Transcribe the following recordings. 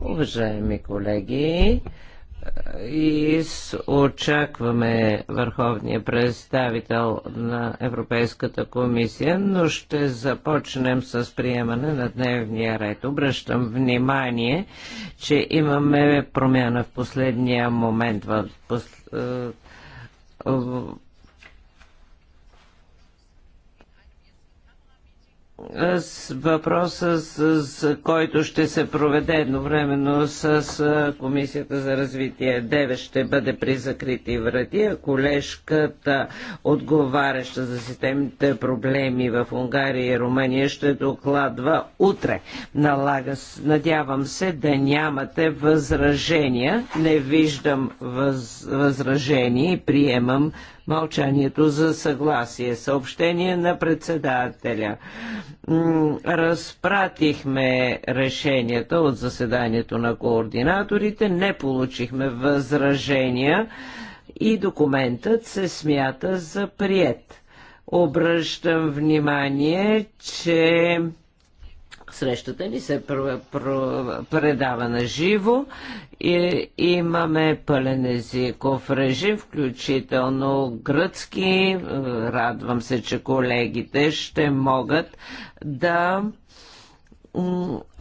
Уважаеми колеги, и очакваме върховния представител на Европейската комисия, но ще започнем с приемане на дневния ред. Обръщам внимание, че имаме промяна в последния момент в, е, в с въпроса, с, с който ще се проведе едновременно с, с Комисията за развитие Деве ще бъде при закрити врати, а колежката, отговаряща за системните проблеми в Унгария и Румъния, ще докладва утре. Налага, надявам се да нямате възражения. Не виждам въз, възражения и приемам мълчанието за съгласие. Съобщение на председателя. Разпратихме решенията от заседанието на координаторите, не получихме възражения и документът се смята за прият. Обръщам внимание, че Срещата ни се пр- пр- предава на живо и имаме пълен езиков режим, включително гръцки. Е, радвам се, че колегите ще могат да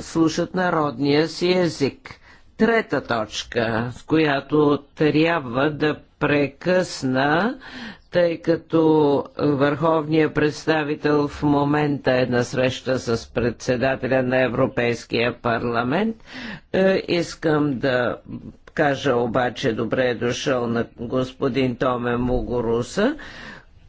слушат народния си език трета точка, с която трябва да прекъсна, тъй като върховният представител в момента е на среща с председателя на Европейския парламент. Е, искам да кажа обаче добре е дошъл на господин Томе Мугоруса,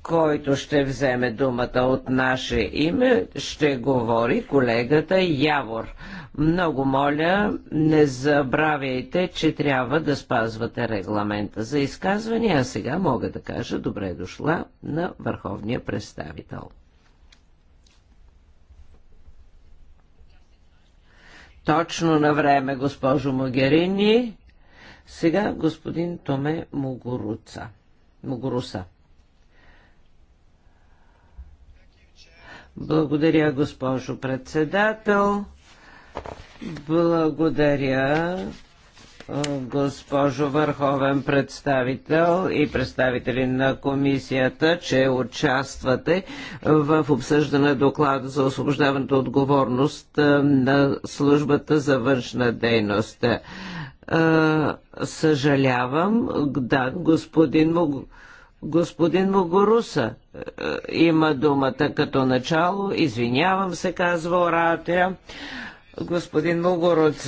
който ще вземе думата от наше име, ще говори колегата Явор. Много моля, не забравяйте, че трябва да спазвате регламента за изказвания, а сега мога да кажа добре дошла на върховния представител. Точно на време, госпожо Могерини. Сега господин Томе Могоруца. Могоруса. Благодаря, госпожо председател. Благодаря, госпожо Върховен представител и представители на комисията, че участвате в обсъждане доклада за освобождаването отговорност на службата за външна дейност. Съжалявам, да, господин Мог... Господин Могоруса има думата като начало. Извинявам се, казва оратора. Господин Лугород,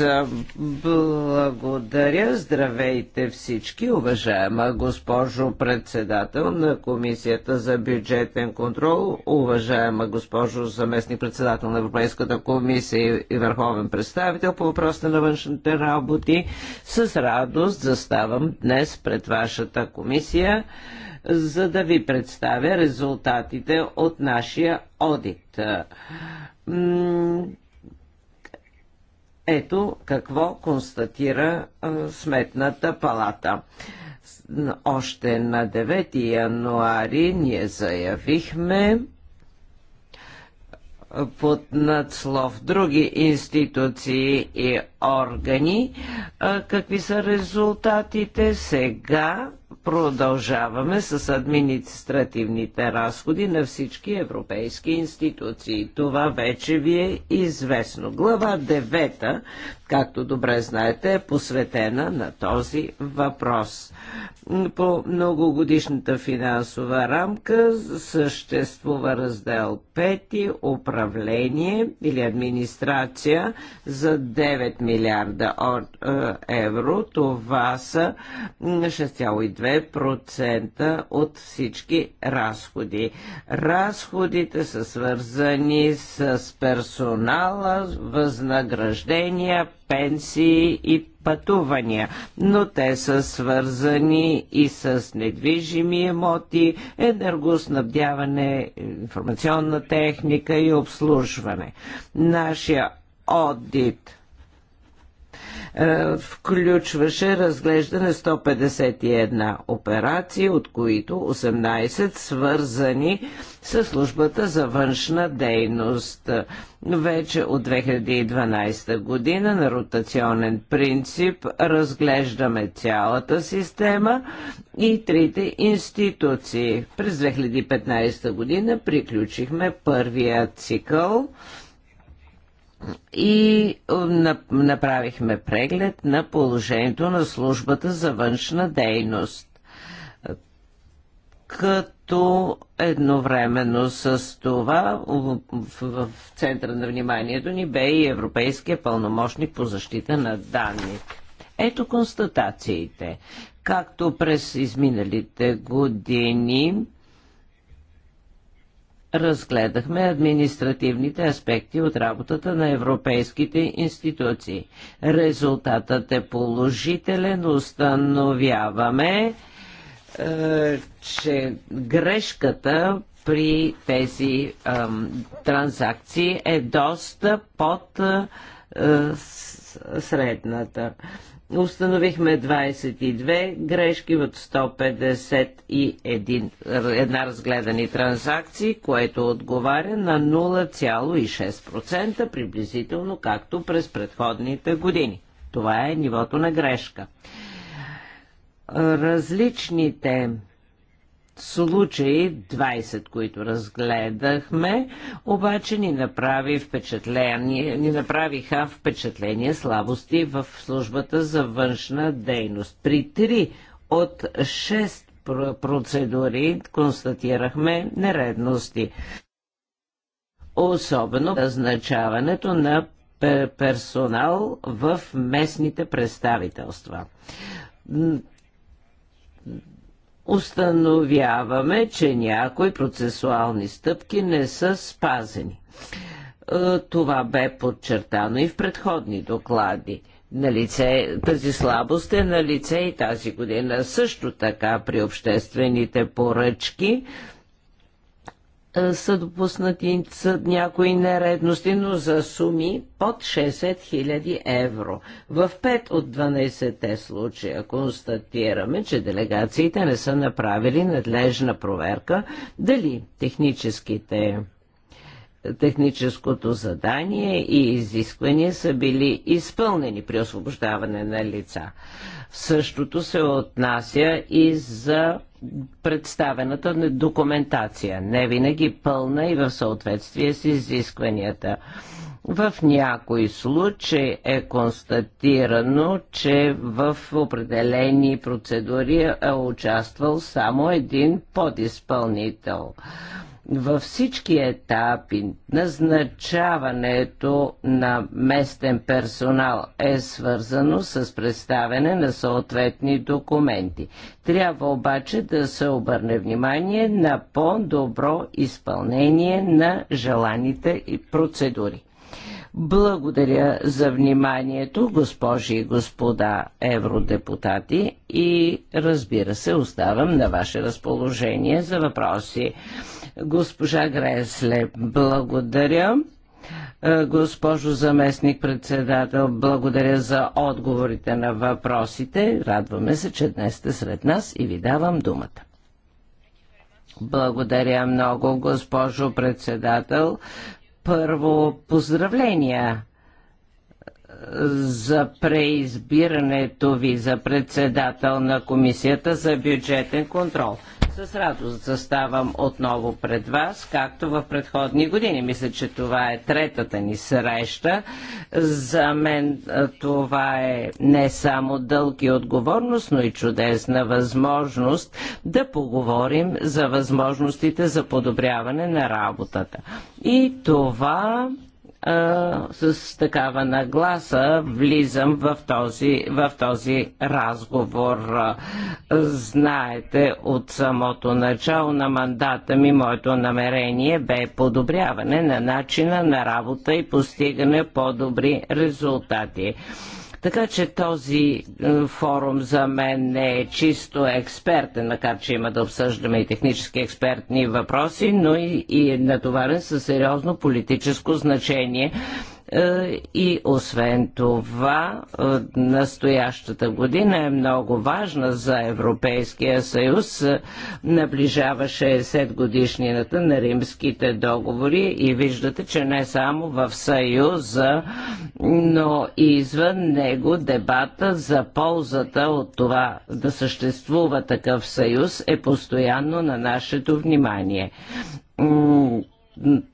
благодаря. Здравейте всички, уважаема госпожо председател на Комисията за бюджетен контрол, уважаема госпожо заместник председател на Европейската комисия и върховен представител по въпросите на външните работи. С радост заставам днес пред вашата комисия, за да ви представя резултатите от нашия одит ето какво констатира а, Сметната палата. Още на 9 януари ние заявихме под надслов други институции и органи. А, какви са резултатите сега? Продължаваме с административните разходи на всички европейски институции. Това вече ви е известно. Глава 9 както добре знаете, е посветена на този въпрос. По многогодишната финансова рамка съществува раздел 5 управление или администрация за 9 милиарда е, евро. Това са 6,2% от всички разходи. Разходите са свързани с персонала, възнаграждения, пенсии и пътувания, но те са свързани и с недвижими емоти, енергоснабдяване, информационна техника и обслужване. Нашия одит е, включваше разглеждане 151 операции, от които 18 свързани с службата за външна дейност. Вече от 2012 година на ротационен принцип разглеждаме цялата система и трите институции. През 2015 година приключихме първия цикъл и е, направихме преглед на положението на службата за външна дейност. Като едновременно с това в центъра на вниманието ни бе и Европейския пълномощник по защита на данни. Ето констатациите. Както през изминалите години разгледахме административните аспекти от работата на европейските институции. Резултатът е положителен. Установяваме, е, че грешката при тези транзакции е доста под е, средната. Установихме 22 грешки от 151 разгледани транзакции, което отговаря на 0,6% приблизително както през предходните години. Това е нивото на грешка. Различните случаи, 20, които разгледахме, обаче ни, направи впечатление, ни направиха впечатление слабости в службата за външна дейност. При 3 от 6 процедури констатирахме нередности. Особено назначаването на персонал в местните представителства установяваме, че някои процесуални стъпки не са спазени. Е, това бе подчертано и в предходни доклади. На лице, тази слабост е на лице и тази година. Също така при обществените поръчки е, са допуснати са някои нередности, но за суми под 60 000 евро. В 5 от 12-те случая констатираме, че делегациите не са направили надлежна проверка дали техническите техническото задание и изисквания са били изпълнени при освобождаване на лица. Същото се отнася и за представената документация. Не винаги пълна и в съответствие с изискванията. В някои случаи е констатирано, че в определени процедури е участвал само един подизпълнител във всички етапи назначаването на местен персонал е свързано с представяне на съответни документи. Трябва обаче да се обърне внимание на по-добро изпълнение на желаните и процедури. Благодаря за вниманието, госпожи и господа евродепутати и разбира се, оставам на ваше разположение за въпроси. Госпожа Гресле, благодаря. Е, госпожо заместник председател, благодаря за отговорите на въпросите. Радваме се, че днес сте сред нас и ви давам думата. Благодаря много, госпожо председател. Първо, поздравления е, за преизбирането ви за председател на Комисията за бюджетен контрол. С радост заставам отново пред вас, както в предходни години. Мисля, че това е третата ни среща. За мен това е не само дълги и отговорност, но и чудесна възможност да поговорим за възможностите за подобряване на работата. И това а, с такава нагласа влизам в този, в този разговор. Знаете от самото начало на мандата ми, моето намерение бе подобряване на начина на работа и постигане по-добри резултати. Така че този е, форум за мен не е чисто експертен, макар че има да обсъждаме и технически експертни въпроси, но и, и е натоварен със сериозно политическо значение е, и освен това, е, настоящата година е много важна за Европейския съюз. Е, наближава 60 годишнината на римските договори и виждате, че не само в съюза, но и извън него дебата за ползата от това да съществува такъв съюз е постоянно на нашето внимание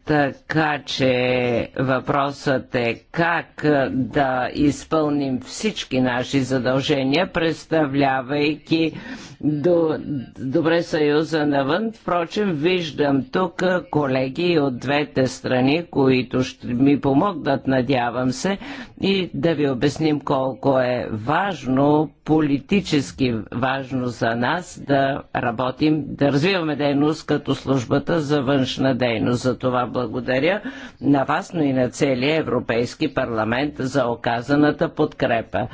така че въпросът е как да изпълним всички наши задължения, представлявайки до, добре Съюза навън. Впрочем, виждам тук колеги от двете страни, които ще ми помогнат, надявам се, и да ви обясним колко е важно политически важно за нас да работим, да развиваме дейност като службата за външна дейност. За това благодаря на вас, но и на целия Европейски парламент за оказаната подкрепа.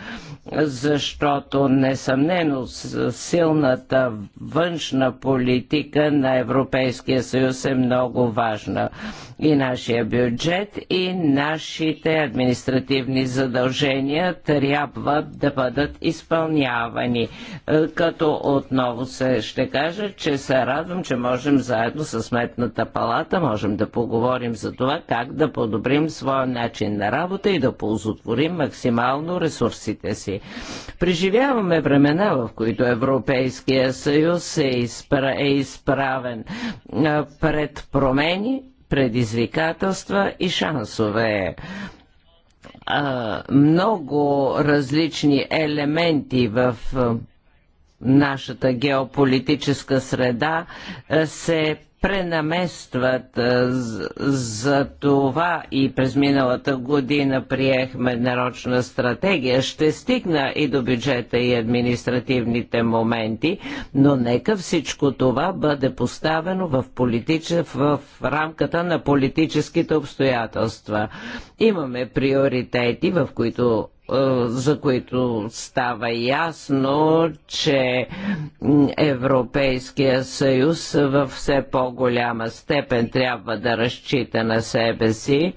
Защото несъмнено силната външна политика на Европейския съюз е много важна. И нашия бюджет, и нашите административни задължения трябва да бъдат изпълнени изпълнявани. Е, като отново се ще кажа, че се радвам, че можем заедно с Сметната палата, можем да поговорим за това как да подобрим своя начин на работа и да ползотворим максимално ресурсите си. Преживяваме времена, в които Европейския съюз е, изпра... е изправен е, пред промени, предизвикателства и шансове много различни елементи в нашата геополитическа среда се пренаместват. За това и през миналата година приехме нарочна стратегия. Ще стигна и до бюджета и административните моменти, но нека всичко това бъде поставено в, политич... в рамката на политическите обстоятелства. Имаме приоритети, в които е, за които става ясно, че Европейския съюз в все по-голяма степен трябва да разчита на себе си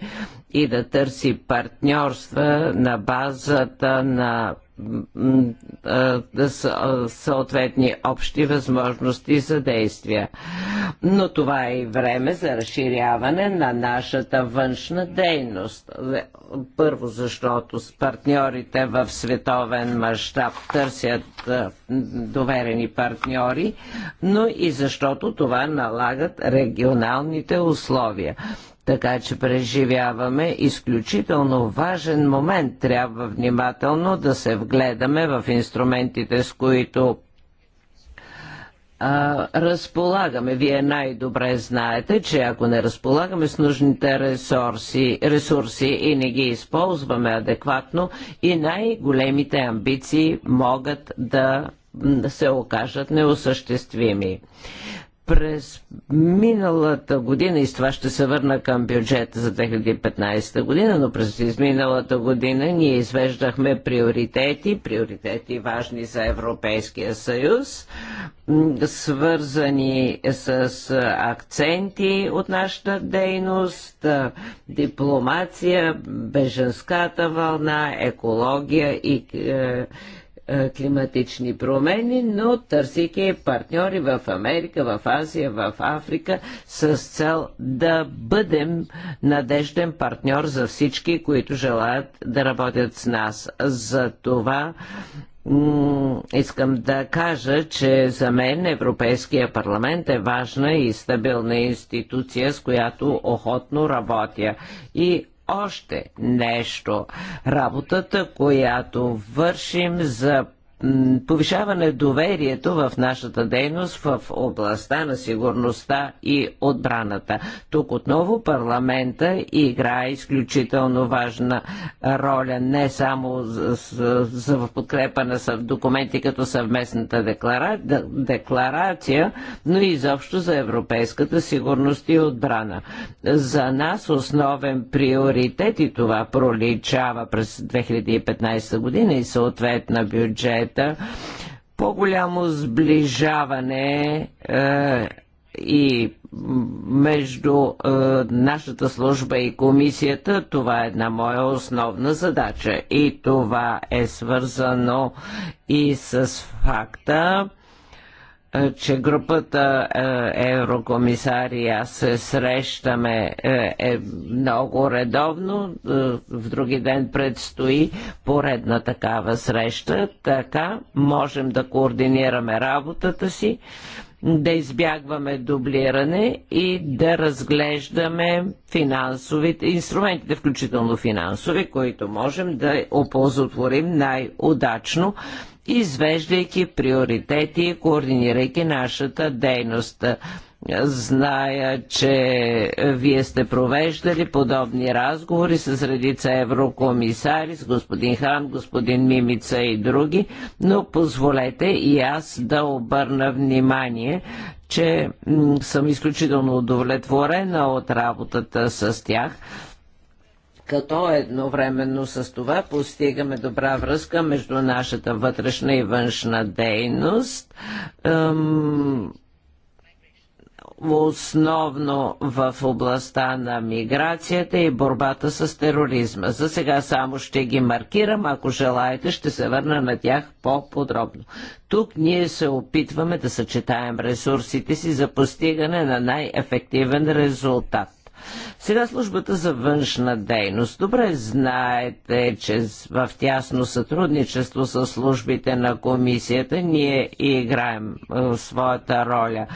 и да търси партньорства на базата на съответни общи възможности за действия. Но това е и време за разширяване на нашата външна дейност. Първо, защото с партньорите в световен мащаб търсят доверени партньори, но и защото това налагат регионалните условия. Така че преживяваме изключително важен момент. Трябва внимателно да се вгледаме в инструментите, с които а, разполагаме. Вие най-добре знаете, че ако не разполагаме с нужните ресурси, ресурси и не ги използваме адекватно, и най-големите амбиции могат да се окажат неосъществими през миналата година, и с това ще се върна към бюджета за 2015 година, но през изминалата година ние извеждахме приоритети, приоритети важни за Европейския съюз, свързани с акценти от нашата дейност, дипломация, беженската вълна, екология и е, е, климатични промени, но търсики партньори в Америка, в Азия, в Африка, с цел да бъдем надежден партньор за всички, които желаят да работят с нас. За това Искам да кажа, че за мен Европейския парламент е важна и стабилна институция, с която охотно работя. И още нещо. Работата, която вършим за повишаване доверието в нашата дейност в областта на сигурността и отбраната. Тук отново парламента играе изключително важна роля не само за, за в подкрепа на документи като съвместната деклара, декларация, но и заобщо за европейската сигурност и отбрана. За нас основен приоритет и това проличава през 2015 година и съответна бюджет бюджета, по-голямо сближаване е, и между е, нашата служба и комисията, това е една моя основна задача. И това е свързано и с факта, е, че групата е, еврокомисари и аз се срещаме е, е много редовно. В други ден предстои поредна такава среща. Така можем да координираме работата си, да избягваме дублиране и да разглеждаме финансовите инструментите, включително финансови, които можем да оползотворим най-удачно извеждайки приоритети и координирайки нашата дейност. Зная, че вие сте провеждали подобни разговори с редица еврокомисари, с господин Хан, господин Мимица и други, но позволете и аз да обърна внимание, че съм изключително удовлетворена от работата с тях като едновременно с това постигаме добра връзка между нашата вътрешна и външна дейност основно в областта на миграцията и борбата с тероризма. За сега само ще ги маркирам, ако желаете ще се върна на тях по-подробно. Тук ние се опитваме да съчетаем ресурсите си за постигане на най-ефективен резултат. Сега службата за външна дейност. Добре знаете, че в тясно сътрудничество с службите на комисията ние играем своята роля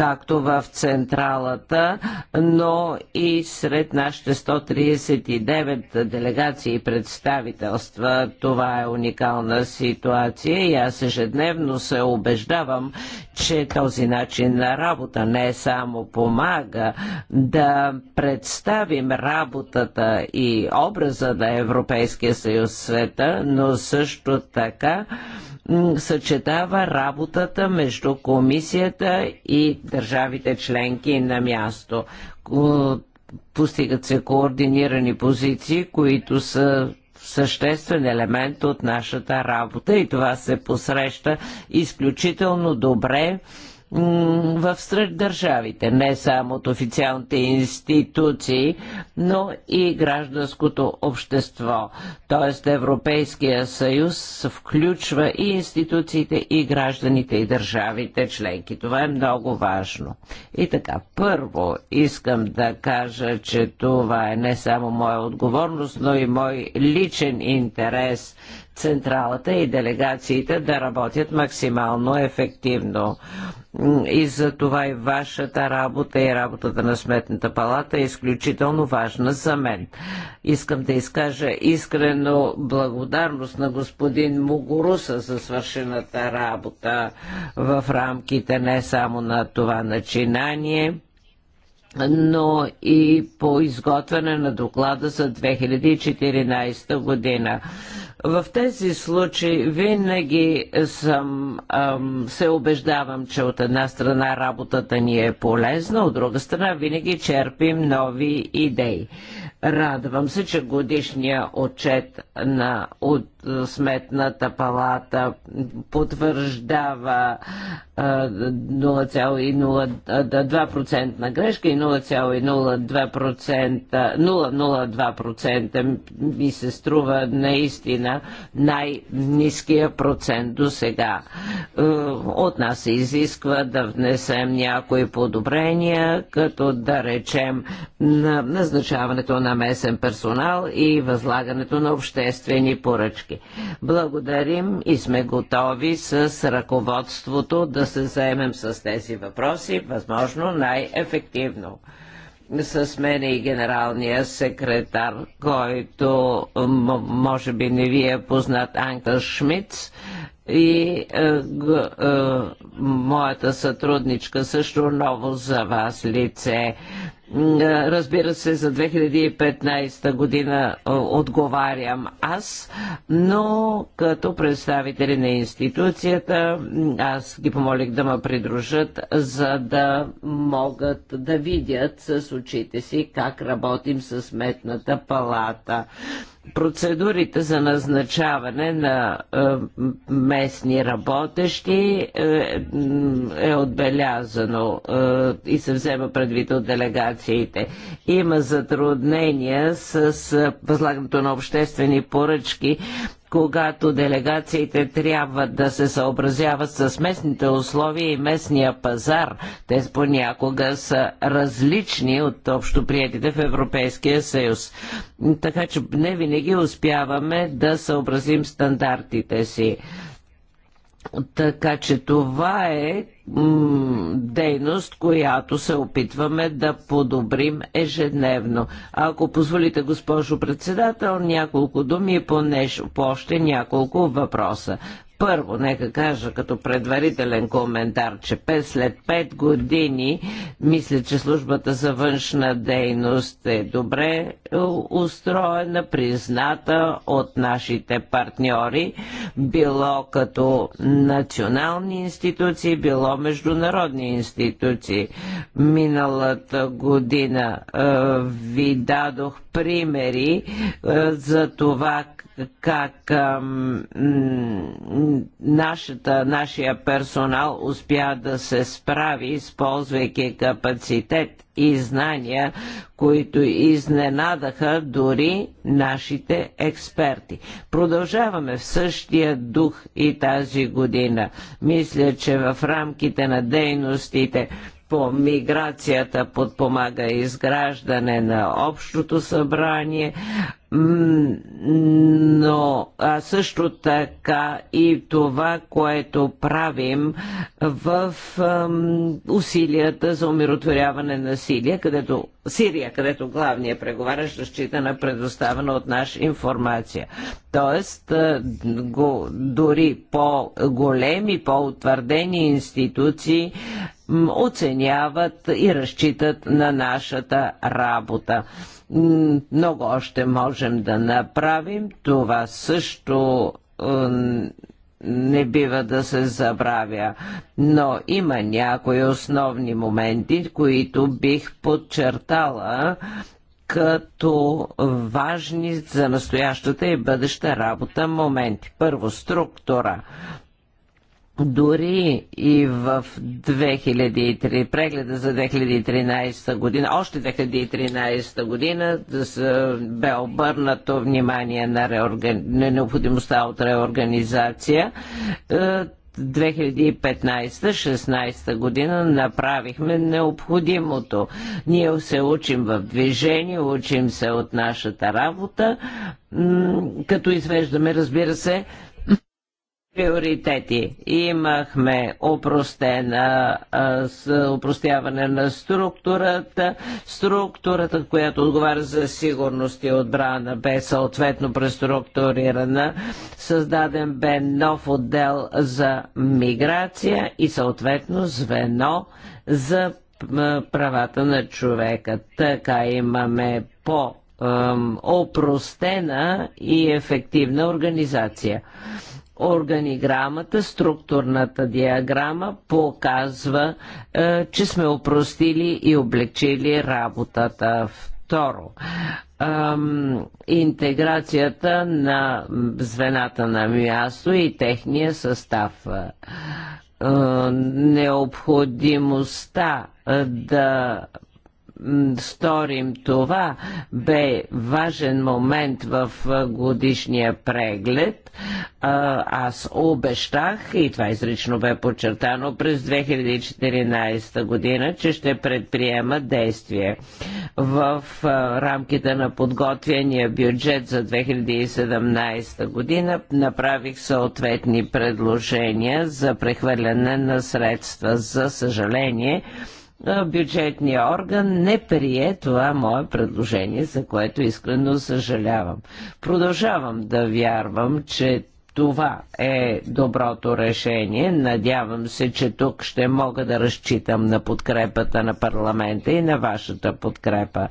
както в централата, но и сред нашите 139 делегации и представителства. Това е уникална ситуация и аз ежедневно се убеждавам, че този начин на работа не само помага да представим работата и образа на Европейския съюз света, но също така съчетава работата между комисията и държавите членки на място. Постигат се координирани позиции, които са съществен елемент от нашата работа и това се посреща изключително добре в сред държавите, не само от официалните институции, но и гражданското общество. Тоест Европейския съюз включва и институциите, и гражданите, и държавите членки. Това е много важно. И така, първо искам да кажа, че това е не само моя отговорност, но и мой личен интерес централата и делегациите да работят максимално ефективно. И за това и вашата работа и работата на Сметната палата е изключително важна за мен. Искам да изкажа искрено благодарност на господин Мугуруса за свършената работа в рамките не само на това начинание, но и по изготвяне на доклада за 2014 година. В тези случаи винаги съм, ам, се убеждавам, че от една страна работата ни е полезна, от друга страна винаги черпим нови идеи. Радвам се, че годишния отчет на от Сметната палата потвърждава 0,02% на грешка и 0,02% 0,02% ми се струва наистина най-низкия процент до сега. Е, от нас се изисква да внесем някои подобрения, като да речем на назначаването на месен персонал и възлагането на обществени поръчки всички. Благодарим и сме готови с ръководството да се заемем с тези въпроси, възможно най-ефективно с мен и генералния секретар, който може би не ви е познат Анка Шмидц и е, е, моята сътрудничка също ново за вас лице. Е, разбира се, за 2015 година е, отговарям аз, но като представители на институцията, аз ги помолих да ме придружат, за да могат да видят с очите си как работим с Сметната палата. Процедурите за назначаване на е, местни работещи е, е, е отбелязано и се взема предвид от делегациите. Има затруднения с възлагането на обществени поръчки когато делегациите трябва да се съобразяват с местните условия и местния пазар. Те понякога са различни от общо приятите в Европейския съюз. Така че не винаги успяваме да съобразим стандартите си. Така че това е дейност, която се опитваме да подобрим ежедневно. Ако позволите, госпожо председател, няколко думи по, неш... по още няколко въпроса. Първо, нека кажа като предварителен коментар, че 5, след 5 години мисля, че службата за външна дейност е добре е, устроена, призната от нашите партньори, било като национални институции, било международни институции. Миналата година е, ви дадох примери е, за това как нашата, нашия персонал успя да се справи, използвайки капацитет и знания, които изненадаха дори нашите експерти. Продължаваме в същия дух и тази година. Мисля, че в рамките на дейностите по миграцията подпомага изграждане на общото събрание, но а също така и това, което правим в ам, усилията за умиротворяване на Сирия, където, Сирия, където главният преговарящ защита на предоставена от наш информация. Тоест, а, го, дори по-големи, по-утвърдени институции оценяват и разчитат на нашата работа. Много още можем да направим. Това също е, не бива да се забравя, но има някои основни моменти, които бих подчертала като важни за настоящата и бъдеща работа моменти. Първо, структура дори и в 2003, прегледа за 2013 година, още 2013 година бе обърнато внимание на, реорган... на необходимостта от реорганизация. 2015-16 е, година направихме необходимото. Ние се учим в движение, учим се от нашата работа, като извеждаме, разбира се, приоритети. Имахме опростена, с опростяване на структурата, структурата, която отговаря за сигурност и отбрана, бе съответно преструктурирана. Създаден бе нов отдел за миграция и съответно звено за правата на човека. Така имаме по опростена и ефективна организация. Органиграмата, структурната диаграма показва, е, че сме упростили и облегчили работата. Второ, интеграцията на звената на място и техния състав. Е, е, необходимостта да сторим това, бе важен момент в годишния преглед. Аз обещах, и това изрично бе подчертано през 2014 година, че ще предприема действие в рамките на подготвяния бюджет за 2017 година. Направих съответни предложения за прехвърляне на средства. За съжаление, бюджетния орган не прие това мое предложение, за което искрено съжалявам. Продължавам да вярвам, че това е доброто решение. Надявам се, че тук ще мога да разчитам на подкрепата на парламента и на вашата подкрепа.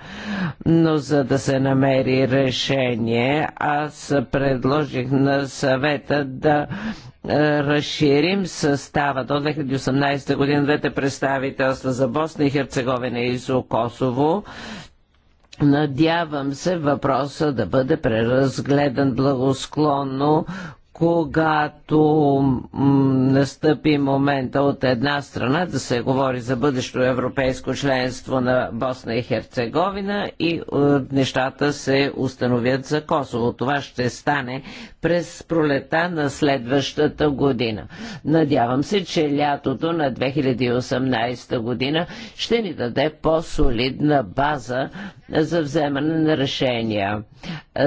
Но за да се намери решение, аз предложих на съвета да е, разширим състава до 2018 година двете представителства за Босна и Херцеговина и за Косово. Надявам се въпроса да бъде преразгледан благосклонно когато настъпи момента от една страна да се говори за бъдещо европейско членство на Босна и Херцеговина и е, нещата се установят за Косово. Това ще стане през пролета на следващата година. Надявам се, че лятото на 2018 година ще ни даде по-солидна база за вземане на решения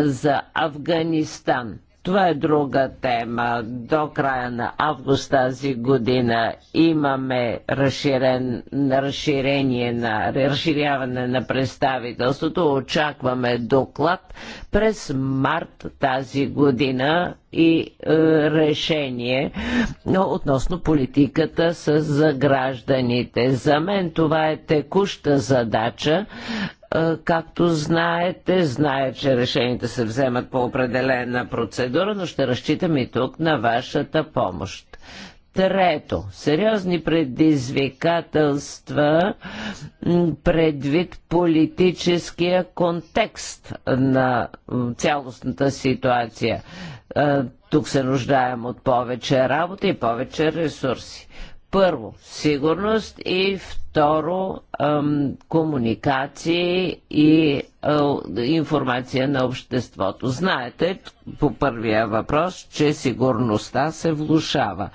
за Афганистан това е друга тема. До края на август тази година имаме разширен, разширение на, разширяване на представителството. Очакваме доклад през март тази година и е, решение относно политиката с за гражданите. За мен това е текуща задача е, както знаете, знае, че решенията се вземат по определена процедура, но ще разчитам и тук на вашата помощ. Трето, сериозни предизвикателства предвид политическия контекст на цялостната ситуация. Е, тук се нуждаем от повече работа и повече ресурси. Първо, сигурност и второ, второ комуникации и информация на обществото. Знаете, по първия въпрос, че сигурността се влушава.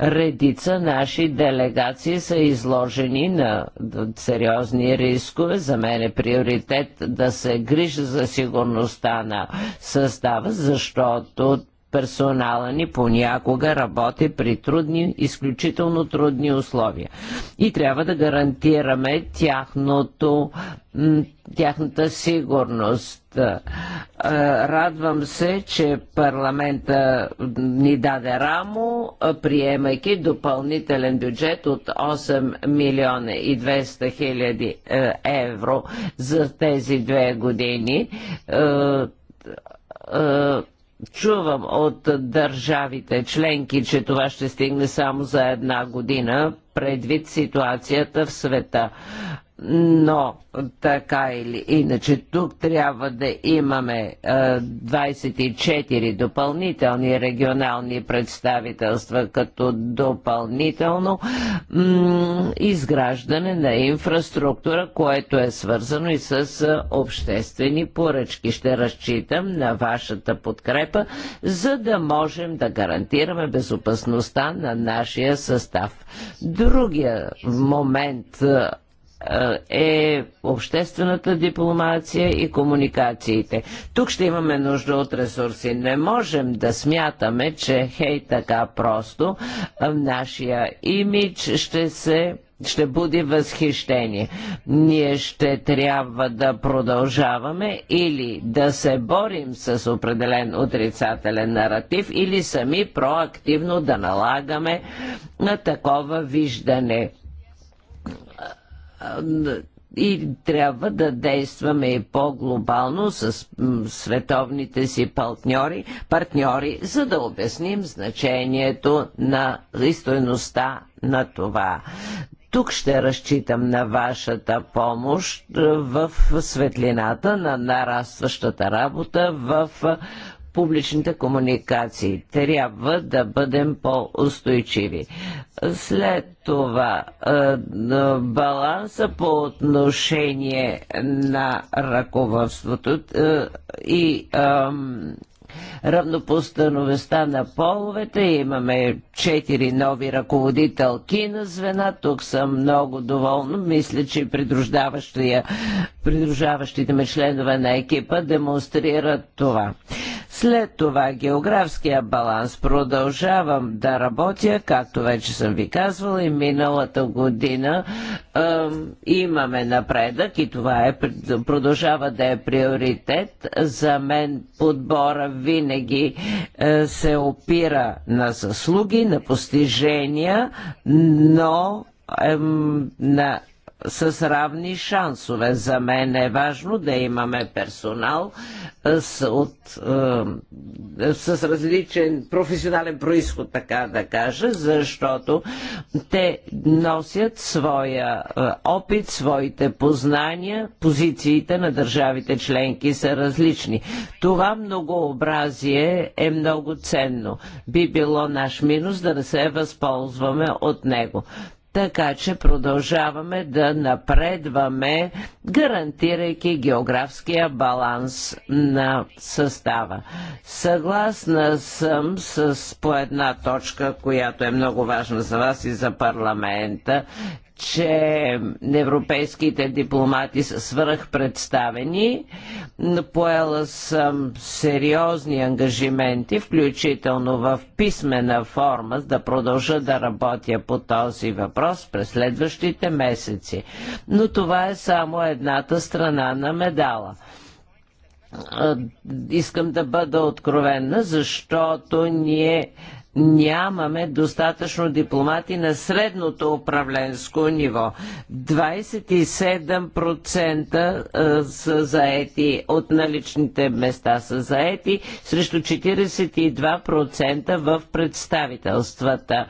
Редица наши делегации са изложени на сериозни рискове. За мен е приоритет да се грижа за сигурността на състава, защото персонала ни понякога работи при трудни, изключително трудни условия. И трябва да гарантираме тяхното, тяхната сигурност. Радвам се, че парламента ни даде рамо, приемайки допълнителен бюджет от 8 милиона и 200 хиляди е, евро за тези две години чувам от държавите членки, че това ще стигне само за една година, предвид ситуацията в света но така или иначе тук трябва да имаме 24 допълнителни регионални представителства като допълнително изграждане на инфраструктура, което е свързано и с обществени поръчки. Ще разчитам на вашата подкрепа, за да можем да гарантираме безопасността на нашия състав. Другия момент е, е обществената дипломация и комуникациите. Тук ще имаме нужда от ресурси. Не можем да смятаме, че хей така просто нашия имидж ще се ще буди възхищение. Ние ще трябва да продължаваме или да се борим с определен отрицателен наратив, или сами проактивно да налагаме на такова виждане и трябва да действаме и по-глобално с световните си партньори, партньори, за да обясним значението на и стоеността на това. Тук ще разчитам на вашата помощ в светлината на нарастващата работа в публичните комуникации. Трябва да бъдем по-устойчиви. След това е, е, баланса по отношение на ръководството е, и равнопостановеста на половете. Имаме четири нови ръководителки на звена. Тук съм много доволна. Мисля, че придружаващите ме членове на екипа демонстрират това. След това географския баланс продължавам да работя, както вече съм ви казвала и миналата година е, имаме напредък и това е, продължава да е приоритет. За мен подбора винаги е, се опира на заслуги, на постижения, но на с равни шансове. За мен е важно да имаме персонал с, от, е, с различен професионален происход, така да кажа, защото те носят своя е, опит, своите познания, позициите на държавите членки са различни. Това многообразие е много ценно. Би било наш минус да не се възползваме от него така че продължаваме да напредваме, гарантирайки географския баланс на състава. Съгласна съм с по една точка, която е много важна за вас и за парламента, че европейските дипломати са свръхпредставени. Поела съм сериозни ангажименти, включително в писмена форма, да продължа да работя по този въпрос през следващите месеци. Но това е само едната страна на медала искам да бъда откровенна, защото ние нямаме достатъчно дипломати на средното управленско ниво. 27% са заети от наличните места са заети, срещу 42% в представителствата.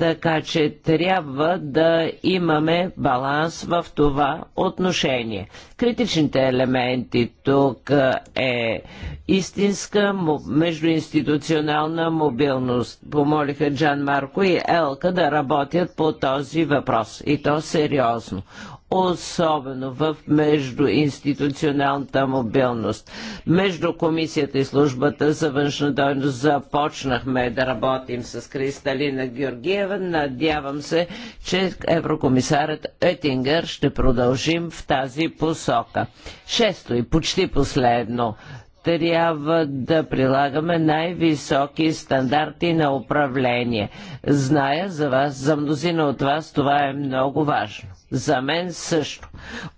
Така че трябва да имаме баланс в това отношение. Критичните елементи тук е истинска междуинституционална мобилност. Помолиха Джан Марко и Елка да работят по този въпрос. И то сериозно особено в междуинституционалната мобилност. Между комисията и службата за външна дойност започнахме да работим с Кристалина Георгиева. Надявам се, че еврокомисарът Етингър ще продължим в тази посока. Шесто и почти последно трябва да прилагаме най-високи стандарти на управление. Зная за вас, за мнозина от вас това е много важно. За мен също.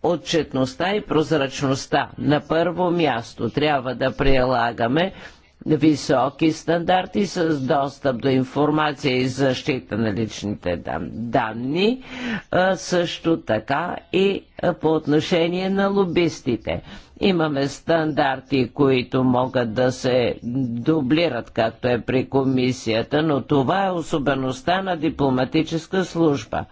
Отчетността и прозрачността на първо място трябва да прилагаме високи стандарти с достъп до информация и защита на личните данни, също така и по отношение на лобистите. Имаме стандарти, които могат да се дублират, както е при комисията, но това е особеността на дипломатическа служба.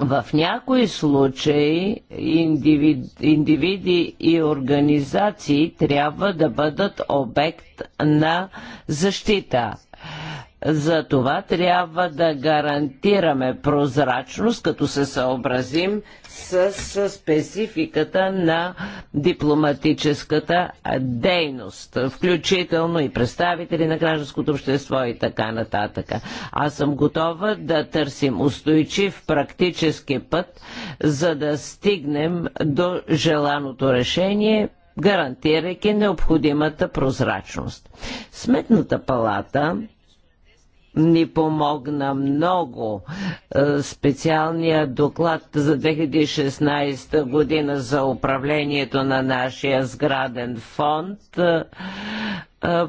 В някои случаи индивид, индивиди и организации трябва да бъдат обект на защита за това трябва да гарантираме прозрачност, като се съобразим с, с спецификата на дипломатическата дейност, включително и представители на гражданското общество и така нататък. Аз съм готова да търсим устойчив практически път, за да стигнем до желаното решение гарантирайки необходимата прозрачност. Сметната палата ни помогна много. Е, специалният доклад за 2016 година за управлението на нашия сграден фонд е, е,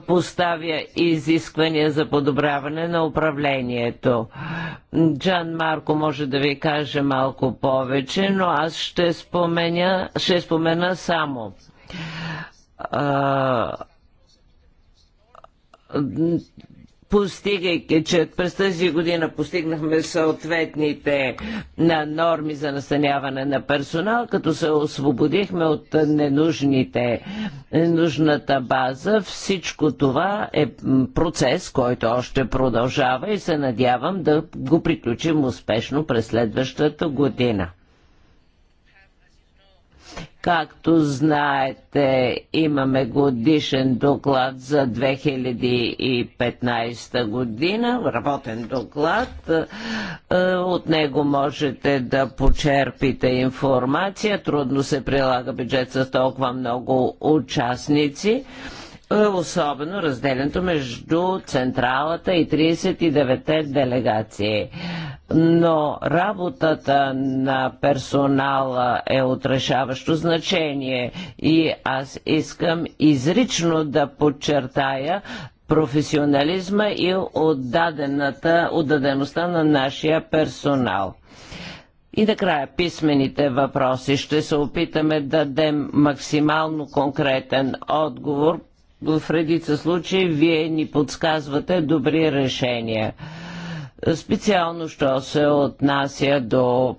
поставя изисквания за подобряване на управлението. Джан Марко може да ви каже малко повече, но аз ще спомена, ще спомена само постигайки, че през тази година постигнахме съответните на норми за настаняване на персонал, като се освободихме от ненужните, нужната база. Всичко това е процес, който още продължава и се надявам да го приключим успешно през следващата година. Както знаете, имаме годишен доклад за 2015 година, работен доклад. Е, от него можете да почерпите информация. Трудно се прилага бюджет с толкова много участници. Е, особено разделянето между централата и 39-те делегации. Но работата на персонала е от решаващо значение и аз искам изрично да подчертая професионализма и отдадената, отдадеността на нашия персонал. И накрая писмените въпроси. Ще се опитаме да дадем максимално конкретен отговор в редица случаи вие ни подсказвате добри решения. Специално, що се отнася до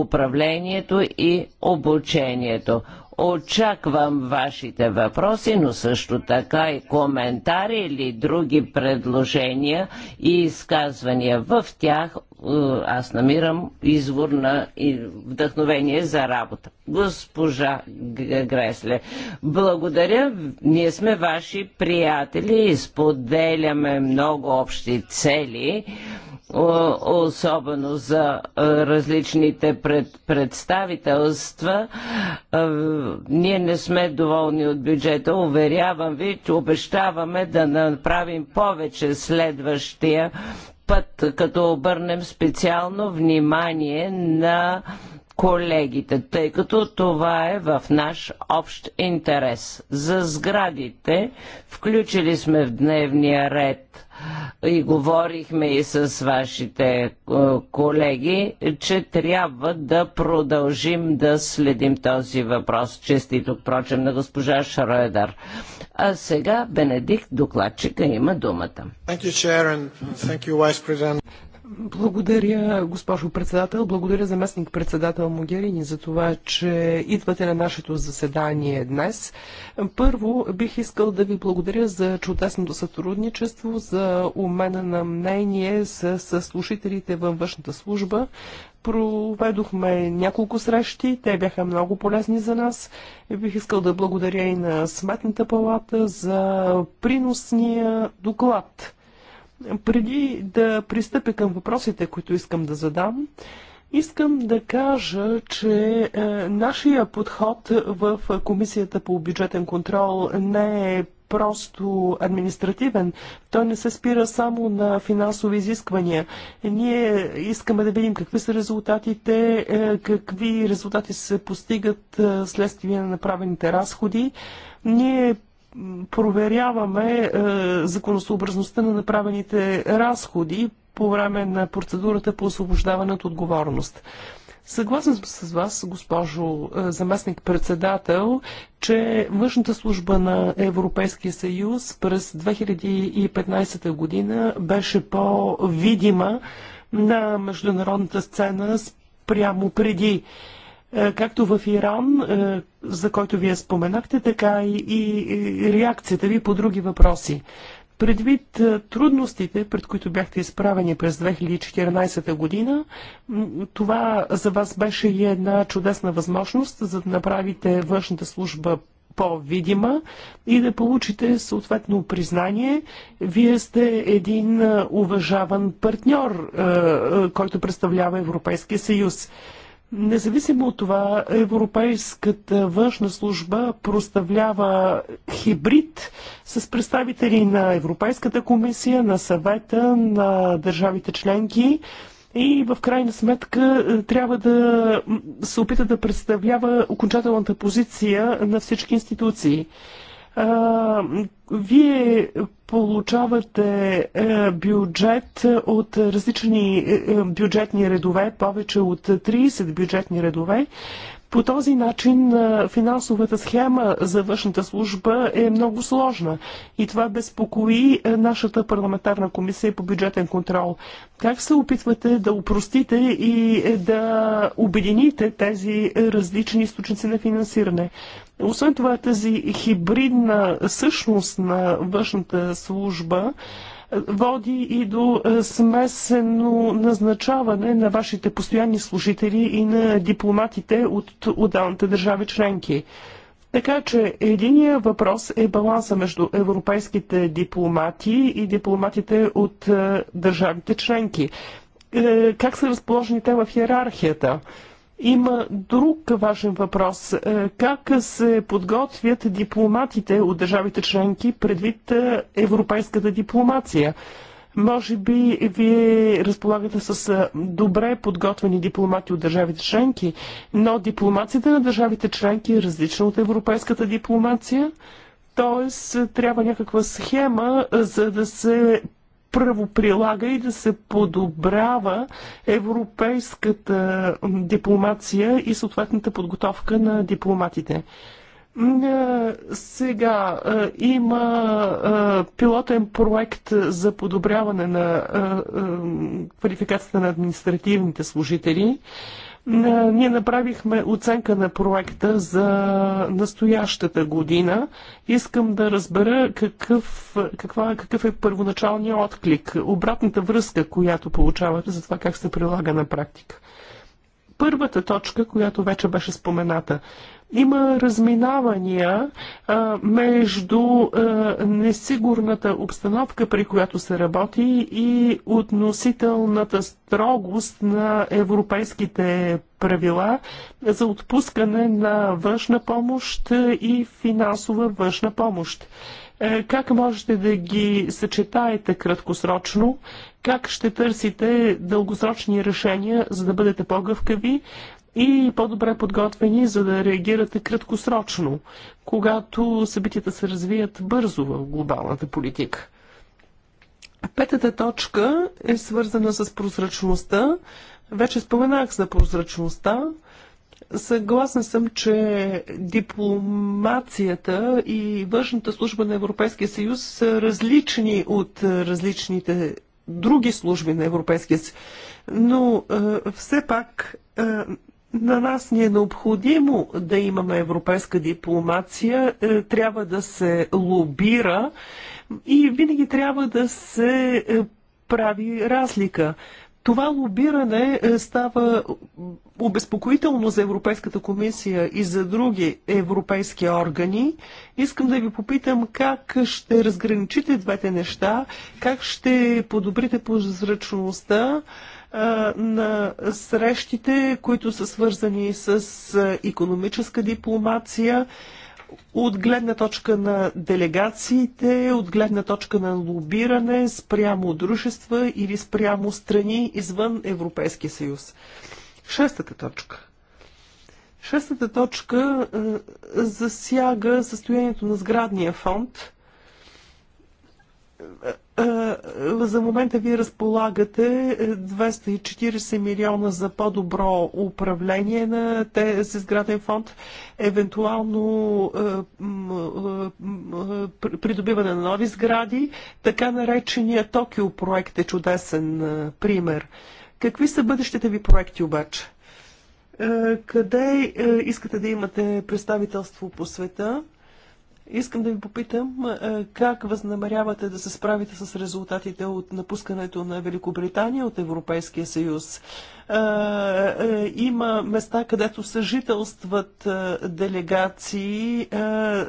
управлението и обучението. Очаквам вашите въпроси, но също така и коментари или други предложения и изказвания в тях. Е, аз намирам извор на вдъхновение за работа. Госпожа Гресле, благодаря. Ние сме ваши приятели и споделяме много общи цели особено за различните пред, представителства. Ние не сме доволни от бюджета. Уверявам ви, че обещаваме да направим повече следващия път, като обърнем специално внимание на колегите, тъй като това е в наш общ интерес. За сградите включили сме в дневния ред и говорихме и с вашите е, колеги, че трябва да продължим да следим този въпрос. Честито, прочем, на госпожа Шройдер. А сега Бенедикт, докладчика, има думата. Благодаря, госпожо председател. Благодаря заместник председател Могерини за това, че идвате на нашето заседание днес. Първо бих искал да ви благодаря за чудесното сътрудничество, за умена на мнение с, с слушателите във външната служба. Проведохме няколко срещи, те бяха много полезни за нас. Бих искал да благодаря и на Сметната палата за приносния доклад. Преди да пристъпя към въпросите, които искам да задам, Искам да кажа, че е, нашия подход в Комисията по бюджетен контрол не е просто административен. Той не се спира само на финансови изисквания. Ние искаме да видим какви са резултатите, е, какви резултати се постигат е, следствие на направените разходи. Ние проверяваме е, законосъобразността на направените разходи по време на процедурата по освобождаване от отговорност. Съгласен съм с вас, госпожо е, заместник-председател, че външната служба на Европейския съюз през 2015 година беше по-видима на международната сцена спрямо преди. Е, както в Иран, е, за който вие споменахте, така и, и реакцията ви по други въпроси. Предвид е, трудностите, пред които бяхте изправени през 2014 година, това за вас беше и една чудесна възможност, за да направите външната служба по-видима и да получите съответно признание. Вие сте един уважаван партньор, който представлява Европейския съюз. Независимо от това, Европейската външна служба проставлява хибрид с представители на Европейската комисия, на съвета, на държавите членки и в крайна сметка е, трябва да се опита да представлява окончателната позиция на всички институции вие получавате е, бюджет от различни е, е, бюджетни редове, повече от 30 бюджетни редове по този начин финансовата схема за външната служба е много сложна и това безпокои нашата парламентарна комисия по бюджетен контрол. Как се опитвате да упростите и е, да обедините тези е, различни източници на финансиране? Освен това, тази хибридна същност на външната служба води и до е, смесено назначаване на вашите постоянни служители и на дипломатите от отдалните държави членки. Така че единия въпрос е баланса между европейските дипломати и дипломатите от е, държавите членки. Е, как са разположени те в иерархията? Има друг важен въпрос. Е, как се подготвят дипломатите от държавите членки предвид е, европейската дипломация? Може би вие разполагате с е, добре подготвени дипломати от държавите членки, но дипломацията на държавите членки е различна от европейската дипломация. Тоест, трябва някаква схема, за да се правоприлага и да се подобрява европейската дипломация и съответната подготовка на дипломатите. Сега има пилотен проект за подобряване на квалификацията на административните служители. Ние направихме оценка на проекта за настоящата година. Искам да разбера какъв, каква, какъв е първоначалният отклик, обратната връзка, която получавате за това как се прилага на практика. Първата точка, която вече беше спомената има разминавания а, между а, несигурната обстановка, при която се работи и относителната строгост на европейските правила за отпускане на външна помощ и финансова външна помощ. Е, как можете да ги съчетаете краткосрочно? Как ще търсите дългосрочни решения, за да бъдете по-гъвкави, и по-добре подготвени, за да реагирате краткосрочно, когато събитията се развият бързо в глобалната политика. Петата точка е свързана с прозрачността. Вече споменах за прозрачността. Съгласна съм, че дипломацията и външната служба на Европейския съюз са различни от различните други служби на Европейския съюз. Но е, все пак е, на нас ни е необходимо да имаме европейска дипломация, е, трябва да се лобира и винаги трябва да се е, прави разлика. Това лобиране е, става обезпокоително за Европейската комисия и за други европейски органи. Искам да ви попитам как ще разграничите двете неща, как ще подобрите прозрачността. По на срещите, които са свързани с економическа дипломация, от гледна точка на делегациите, от гледна точка на лобиране спрямо дружества или спрямо страни извън Европейския съюз. Шестата точка. Шестата точка засяга състоянието на сградния фонд е, за момента вие разполагате 240 е, милиона за по-добро управление на тези сграден фонд, евентуално е, придобиване на нови сгради. Така наречения Токио проект е чудесен пример. Какви са бъдещите ви проекти обаче? Къде искате да имате представителство по света? Искам да ви попитам как възнамерявате да се справите с резултатите от напускането на Великобритания от Европейския съюз. Има места, където съжителстват делегации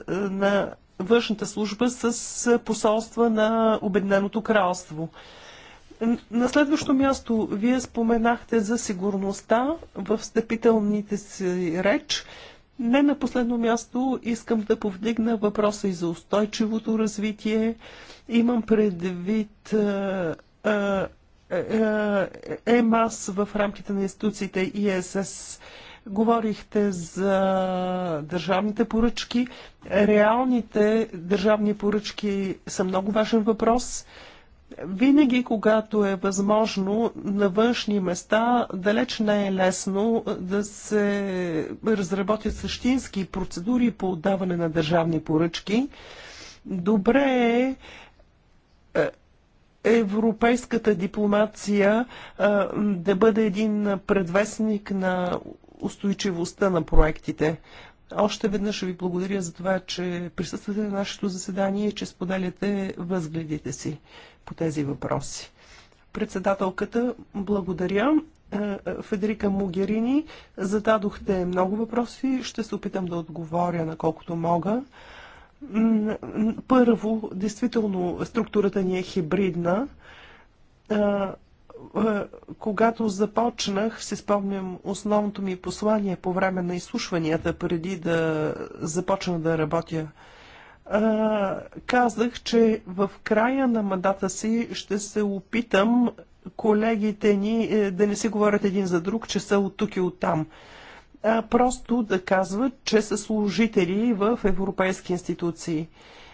на външната служба с посолства на Обединеното кралство. На следващо място, вие споменахте за сигурността в степителните си реч. Не на последно място искам да повдигна въпроса и за устойчивото развитие. Имам предвид ЕМАС е, в рамките на институциите ИСС. Е Говорихте за държавните поръчки. Реалните държавни поръчки са много важен въпрос. Винаги, когато е възможно на външни места, далеч не е лесно да се разработят същински процедури по отдаване на държавни поръчки. Добре е, е европейската дипломация е, да бъде един предвестник на устойчивостта на проектите. Още веднъж ви благодаря за това, че присъствате на нашето заседание и че споделяте възгледите си по тези въпроси. Председателката, благодаря. Е, е, Федерика Могерини, зададохте много въпроси. Ще се опитам да отговоря на колкото мога. Първо, действително, структурата ни е хибридна е, когато започнах, се спомням основното ми послание по време на изслушванията, преди да започна да работя казах, че в края на мандата си ще се опитам колегите ни е, да не си говорят един за друг, че са от тук и от там. А просто да казват, че са служители в европейски институции.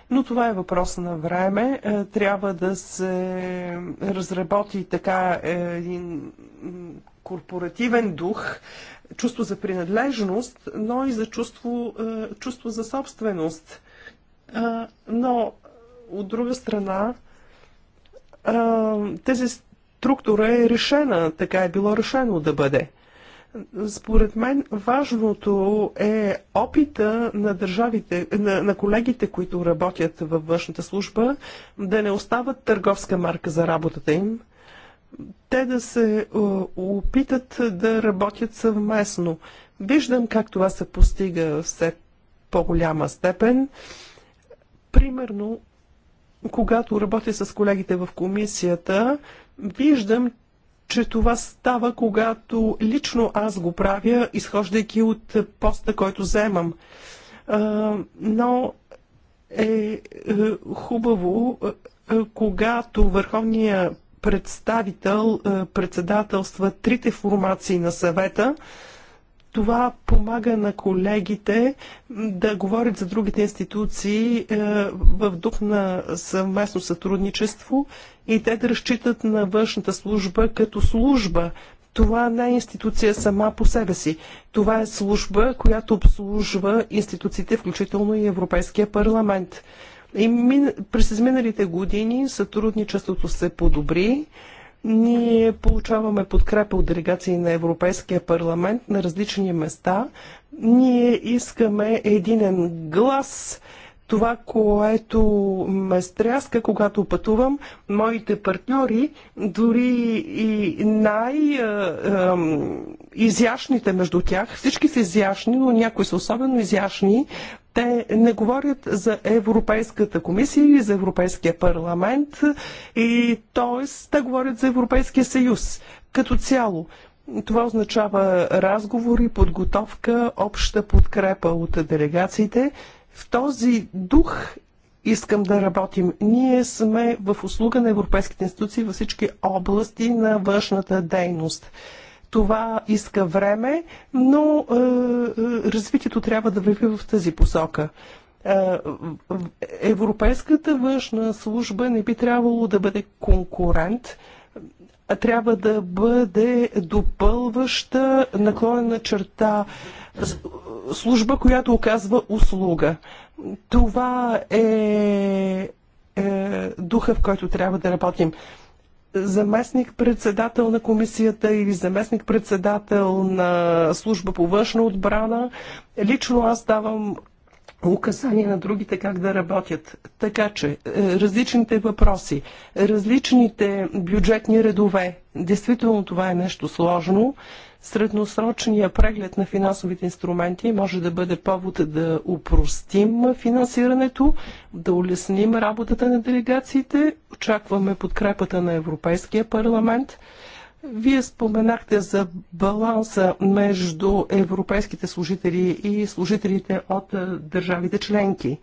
Но това е въпрос на време. Е, трябва да се разработи така е, един корпоративен дух, чувство за принадлежност, но и за чувство, чувство за собственост но от друга страна тези структура е решена, така е било решено да бъде. Според мен важното е опита на държавите, на, на колегите, които работят във външната служба, да не остават търговска марка за работата им. Те да се опитат да работят съвместно. Виждам как това се постига все по-голяма степен. Примерно, когато работя с колегите в комисията, виждам, че това става, когато лично аз го правя, изхождайки от поста, който вземам. Но е, е хубаво, е, е, когато върховният представител председателства трите формации на съвета, това помага на колегите да говорят за другите институции е, в дух на съвместно сътрудничество и те да разчитат на външната служба като служба, това не е институция сама по себе си. Това е служба, която обслужва институциите, включително и Европейския парламент. И през изминалите години сътрудничеството се подобри. Ние получаваме подкрепа от делегации на Европейския парламент на различни места. Ние искаме единен глас – това, което ме стряска, когато пътувам, моите партньори, дори и най-изящните между тях, всички са изящни, но някои са особено изящни, те не говорят за Европейската комисия и за Европейския парламент, и т.е. те говорят за Европейския съюз като цяло. Това означава разговори, подготовка, обща подкрепа от делегациите. В този дух искам да работим. Ние сме в услуга на европейските институции във всички области на външната дейност. Това иска време, но е, е развитието трябва да върви в тази посока. Е, европейската външна служба не би трябвало да бъде конкурент, а трябва да бъде допълваща наклонена черта служба, която оказва услуга. Това е, е духа, в който трябва да работим заместник-председател на комисията или заместник-председател на служба по външна отбрана. Лично аз давам указания на другите как да работят. Така че е, различните въпроси, различните бюджетни редове, действително това е нещо сложно. Средносрочния преглед на финансовите инструменти може да бъде повод да упростим финансирането, да улесним работата на делегациите. Очакваме подкрепата на Европейския парламент. Вие споменахте за баланса между европейските служители и служителите от държавите членки.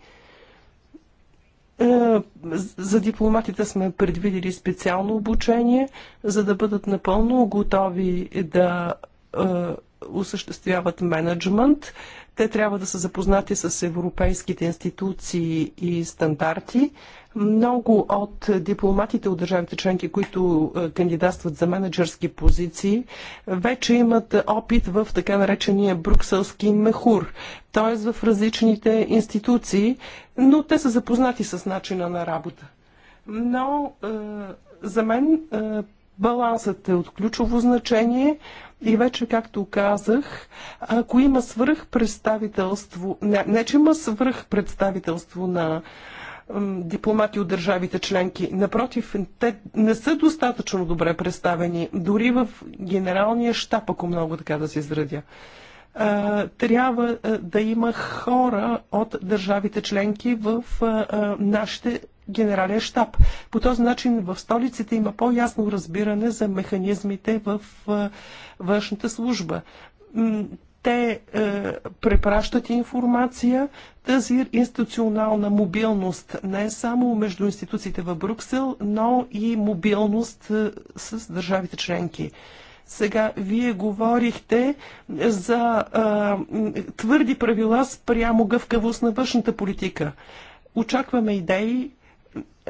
Е, за дипломатите сме предвидели специално обучение, за да бъдат напълно готови да е, осъществяват менеджмент. Те трябва да са запознати с европейските институции и стандарти. Много от дипломатите от държавите членки, които е, кандидатстват за менеджерски позиции, вече имат опит в така наречения брюкселски мехур, т.е. в различните институции, но те са запознати с начина на работа. Но е, за мен Балансът е от ключово значение и вече, както казах, ако има свръхпредставителство, не, не че има свръхпредставителство на дипломати от държавите членки. Напротив, те не са достатъчно добре представени, дори в генералния щаб, ако много така да се изредя трябва да има хора от държавите членки в нашите генерален щаб. По този начин в столиците има по-ясно разбиране за механизмите в външната служба. Те е, препращат информация. Тази институционална мобилност не е само между институциите в Брюксел, но и мобилност е, с държавите членки. Сега вие говорихте за а, твърди правила спрямо гъвкавост на външната политика. Очакваме идеи.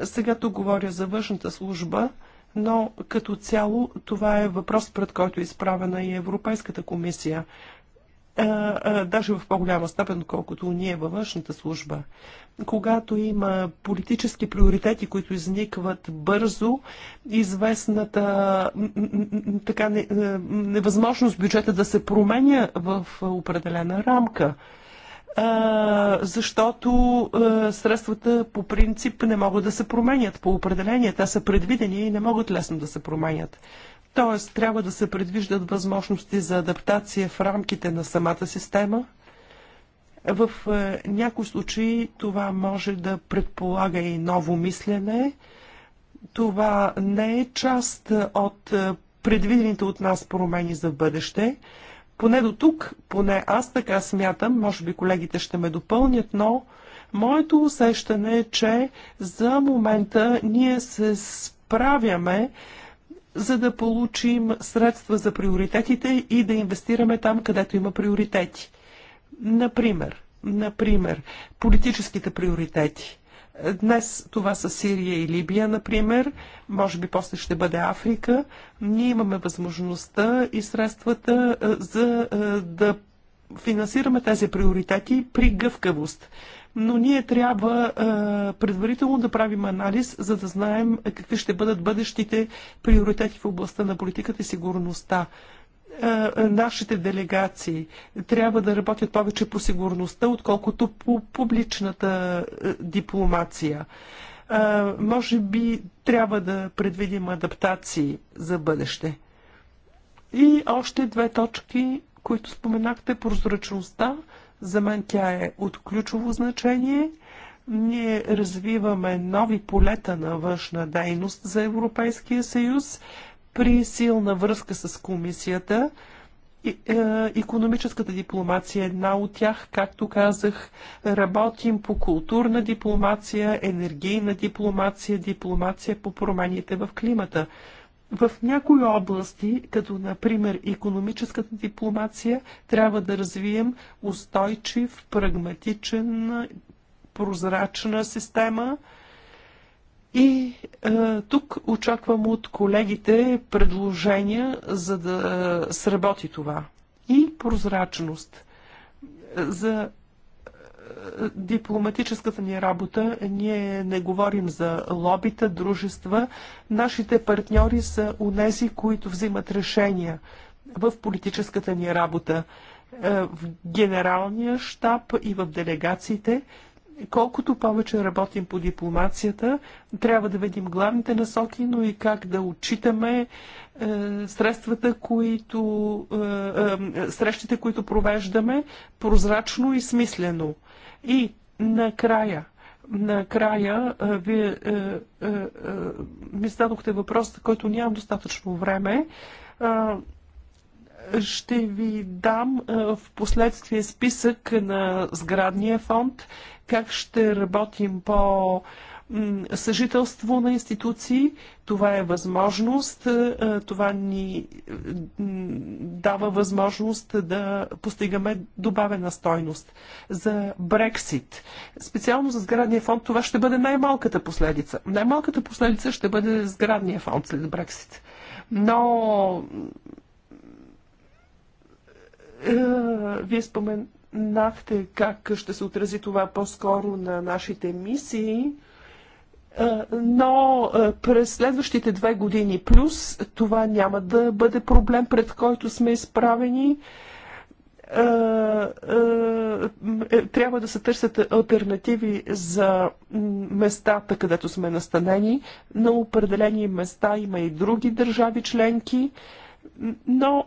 Сега тук говоря за външната служба, но като цяло това е въпрос, пред който е изправена и Европейската комисия даже в по-голяма степен, отколкото ние във външната служба. Когато има политически приоритети, които изникват бързо, известната така невъзможност бюджета да се променя в определена рамка защото средствата по принцип не могат да се променят по определение. Те са предвидени и не могат лесно да се променят. Т.е. трябва да се предвиждат възможности за адаптация в рамките на самата система. В е, някои случаи това може да предполага и ново мислене. Това не е част от е, предвидените от нас промени за бъдеще. Поне до тук, поне аз така смятам, може би колегите ще ме допълнят, но моето усещане е, че за момента ние се справяме за да получим средства за приоритетите и да инвестираме там, където има приоритети. Например, например политическите приоритети. Днес това са Сирия и Либия, например. Може би после ще бъде Африка. Ние имаме възможността и средствата е, за е, да финансираме тези приоритети при гъвкавост но ние трябва е, предварително да правим анализ, за да знаем какви ще бъдат бъдещите приоритети в областта на политиката и сигурността е, е, нашите делегации трябва да работят повече по сигурността, отколкото по публичната дипломация. Може би трябва да предвидим адаптации за бъдеще. И още две точки, които споменахте, прозрачността за мен тя е от ключово значение. Ние развиваме нови полета на външна дейност за Европейския съюз при силна връзка с комисията. Е, економическата дипломация е една от тях. Както казах, работим по културна дипломация, енергийна дипломация, дипломация по промените в климата. В някои области, като например економическата дипломация, трябва да развием устойчив, прагматичен, прозрачна система. И е, тук очаквам от колегите предложения, за да е, сработи това. И прозрачност. Е, за дипломатическата ни работа. Ние не говорим за лобита, дружества. Нашите партньори са унези, които взимат решения в политическата ни работа, е, в генералния щаб и в делегациите. Колкото повече работим по дипломацията, трябва да видим главните насоки, но и как да отчитаме е, средствата, които, е, срещите, които провеждаме, прозрачно и смислено. И накрая, накрая, вие е, е, е, ми зададохте въпрос, за който нямам достатъчно време. Ще ви дам в последствие списък на сградния фонд, как ще работим по съжителство на институции. Това е възможност, е, е, това ни е, дава възможност да постигаме добавена стойност. За Брексит, специално за сградния фонд, това ще бъде най-малката последица. Най-малката последица ще бъде сградния фонд след Брексит. Но вие споменахте как ще се отрази това по-скоро на нашите мисии. Е, но е, през следващите две години плюс това няма да бъде проблем, пред който сме изправени. Е, трябва да се търсят альтернативи за местата, където сме настанени. На определени места има и други държави членки но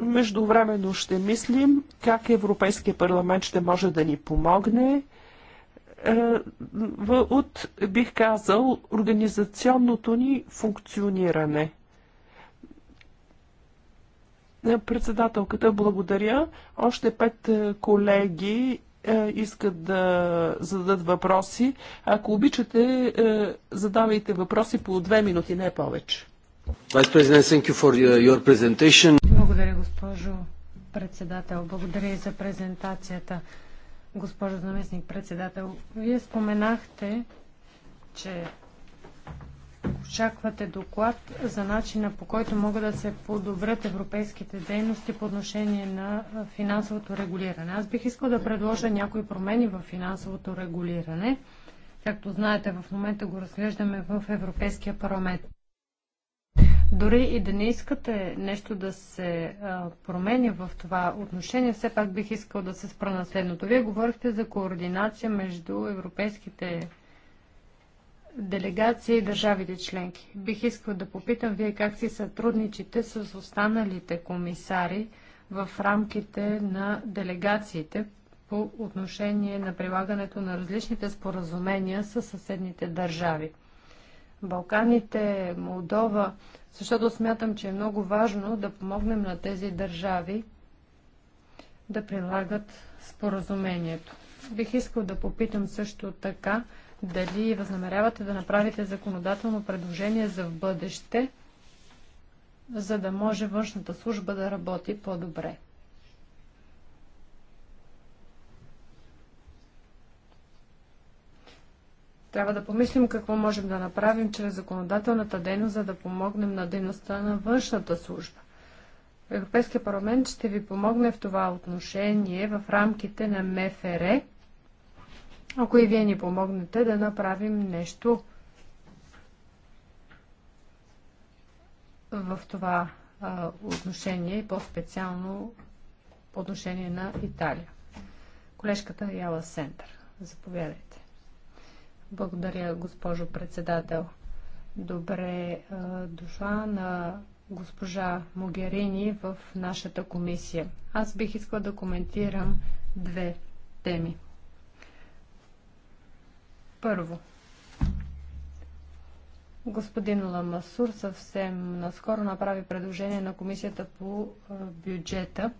междувременно ще мислим как Европейския парламент ще може да ни помогне. Е, от, бих казал, организационното ни функциониране. Е, председателката, благодаря. Още пет е, колеги искат да зададат въпроси. Ако обичате, задавайте въпроси по две минути, не повече. Благодаря, госпожо председател. Благодаря и за презентацията. Госпожо заместник председател, вие споменахте, че очаквате доклад за начина по който могат да се подобрят европейските дейности по отношение на финансовото регулиране. Аз бих искал да предложа някои промени в финансовото регулиране. Както знаете, в момента го разглеждаме в Европейския парламент. Дори и да не искате нещо да се променя в това отношение, все пак бих искал да се спра на следното. Вие говорихте за координация между европейските делегации и държавите членки. Бих искал да попитам вие как си сътрудничите с останалите комисари в рамките на делегациите по отношение на прилагането на различните споразумения с съседните държави. Балканите, Молдова, защото смятам, че е много важно да помогнем на тези държави да прилагат споразумението. Бих искал да попитам също така, дали възнамерявате да направите законодателно предложение за в бъдеще, за да може външната служба да работи по-добре. Трябва да помислим какво можем да направим чрез законодателната дейност, за да помогнем на дейността на външната служба. Европейския парламент ще ви помогне в това отношение в рамките на МФР, ако и вие ни помогнете да направим нещо в това а, отношение и по-специално по отношение на Италия. Колежката Яла Сентър. Заповядайте. Благодаря, госпожо председател. Добре е, дошла на госпожа Могерини в нашата комисия. Аз бих искала да коментирам две теми. Първо, господин Ламасур съвсем наскоро направи предложение на комисията по е, бюджета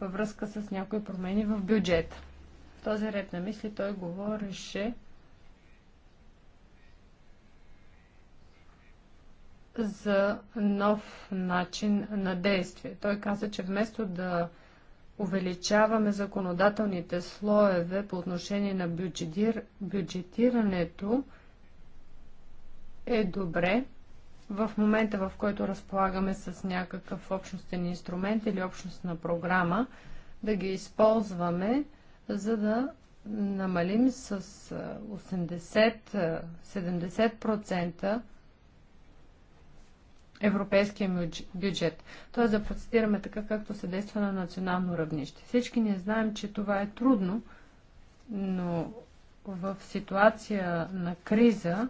във връзка с някои промени в бюджета. В този ред на мисли той говореше за нов начин на действие. Той каза, че вместо да увеличаваме законодателните слоеве по отношение на бюджетир, бюджетирането, е добре в момента, в който разполагаме с някакъв общностен инструмент или общностна програма, да ги използваме, за да намалим с 80-70% европейския бюджет. Т.е. да процедираме така, както се действа на национално равнище. Всички ние знаем, че това е трудно, но в ситуация на криза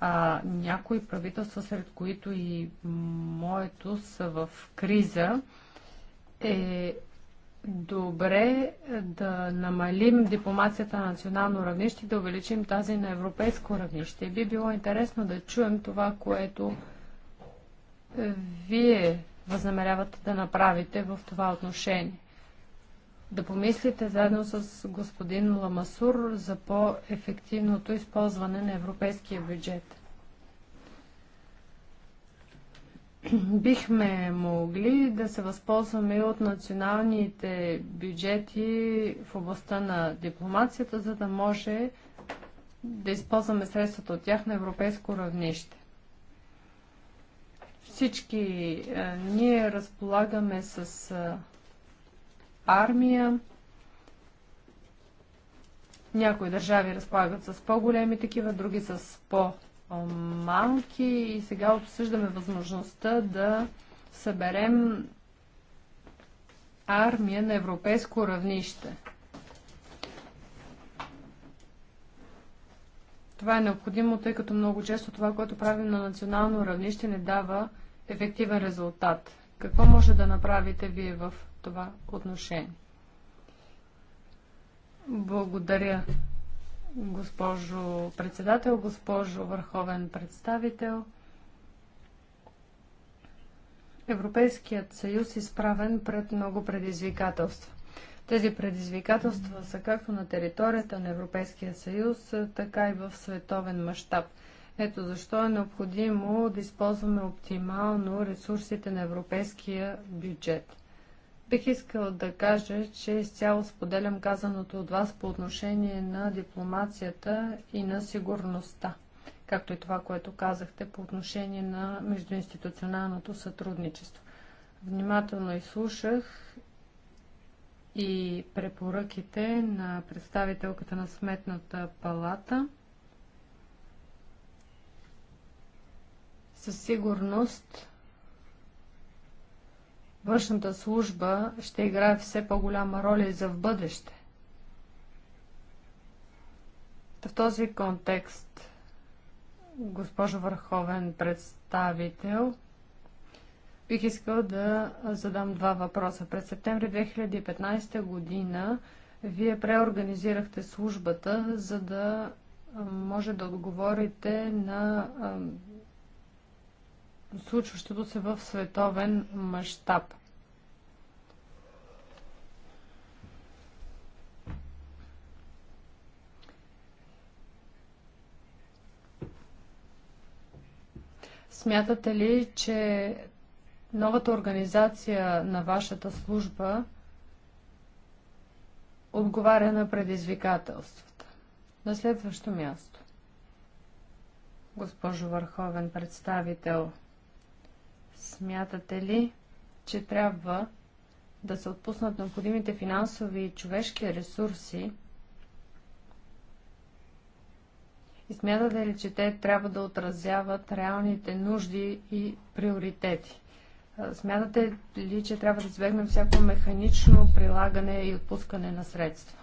а, някои правителства, сред които и моето, са в криза, е добре да намалим дипломацията на национално равнище, и да увеличим тази на европейско равнище. Би било интересно да чуем това, което вие възнамерявате да направите в това отношение? Да помислите заедно с господин Ламасур за по-ефективното използване на европейския бюджет. Бихме могли да се възползваме от националните бюджети в областта на дипломацията, за да може да използваме средствата от тях на европейско равнище. Всички е, ние разполагаме с е, армия. Някои държави разполагат с по-големи такива, други с по-малки. И сега обсъждаме възможността да съберем армия на европейско равнище. Това е необходимо, тъй като много често това, което правим на национално равнище, не дава ефективен резултат. Какво може да направите вие в това отношение? Благодаря, госпожо председател, госпожо върховен представител. Европейският съюз е изправен пред много предизвикателства. Тези предизвикателства са както на територията на Европейския съюз, така и в световен мащаб. Ето защо е необходимо да използваме оптимално ресурсите на европейския бюджет. Бих искал да кажа, че изцяло споделям казаното от вас по отношение на дипломацията и на сигурността, както и това, което казахте по отношение на междуинституционалното сътрудничество. Внимателно изслушах и препоръките на представителката на Сметната палата. Със сигурност външната служба ще играе все по-голяма роля и за в бъдеще. В този контекст, госпожо Върховен представител, Бих искал да задам два въпроса. През септември 2015 година вие преорганизирахте службата, за да може да отговорите на случващото се в световен мащаб. Смятате ли, че новата организация на вашата служба отговаря на предизвикателствата. На следващо място. Госпожо Върховен представител, смятате ли, че трябва да се отпуснат необходимите финансови и човешки ресурси? И смятате ли, че те трябва да отразяват реалните нужди и приоритети? Смятате ли, че трябва да избегнем всяко механично прилагане и отпускане на средства?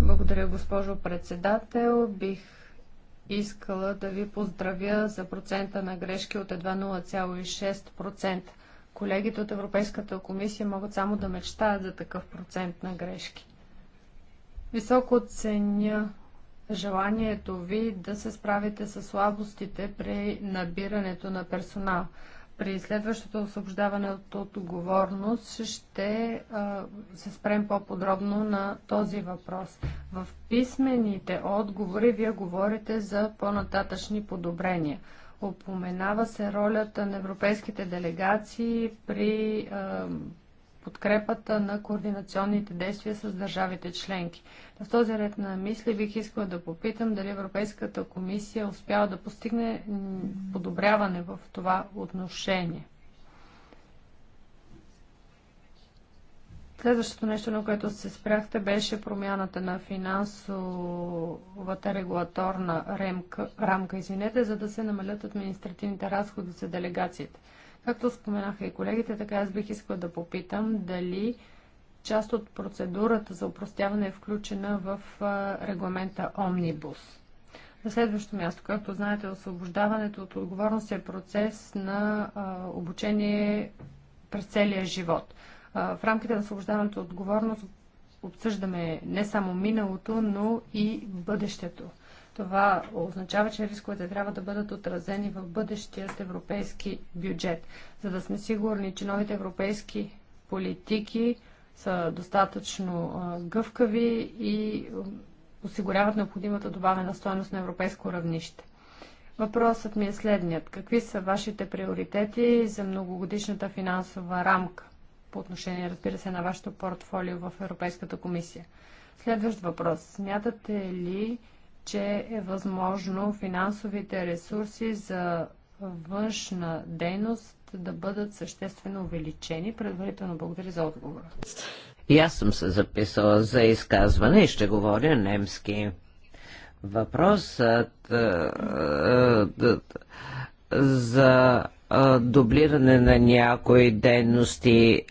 Благодаря, госпожо председател. Бих искала да ви поздравя за процента на грешки от едва 0,6%. Колегите от Европейската комисия могат само да мечтаят за такъв процент на грешки. Високо ценя желанието ви да се справите с слабостите при набирането на персонал. При следващото освобождаване от отговорност ще а, се спрем по-подробно на този въпрос. В писмените отговори вие говорите за по-нататъчни подобрения. Опоменава се ролята на европейските делегации при а, подкрепата на координационните действия с държавите членки. В този ред на мисли бих искала да попитам дали Европейската комисия успява да постигне подобряване в това отношение. Следващото нещо, на което се спряхте, беше промяната на финансовата регулаторна рамка, извинете, за да се намалят административните разходи за делегациите. Както споменаха и колегите, така аз бих искала да попитам дали част от процедурата за упростяване е включена в регламента Омнибус. На следващо място, както знаете, освобождаването от отговорност е процес на обучение през целия живот. В рамките на освобождаването от отговорност обсъждаме не само миналото, но и бъдещето. Това означава, че рисковете трябва да бъдат отразени в бъдещият европейски бюджет, за да сме сигурни, че новите европейски политики са достатъчно гъвкави и осигуряват необходимата добавена стоеност на европейско равнище. Въпросът ми е следният. Какви са вашите приоритети за многогодишната финансова рамка по отношение, разбира се, на вашето портфолио в Европейската комисия? Следващ въпрос. Смятате ли, че е възможно финансовите ресурси за външна дейност да бъдат съществено увеличени. Предварително благодаря за отговора. И аз съм се записала за изказване и ще говоря немски. Въпросът е, е, е, за дублиране на някои дейности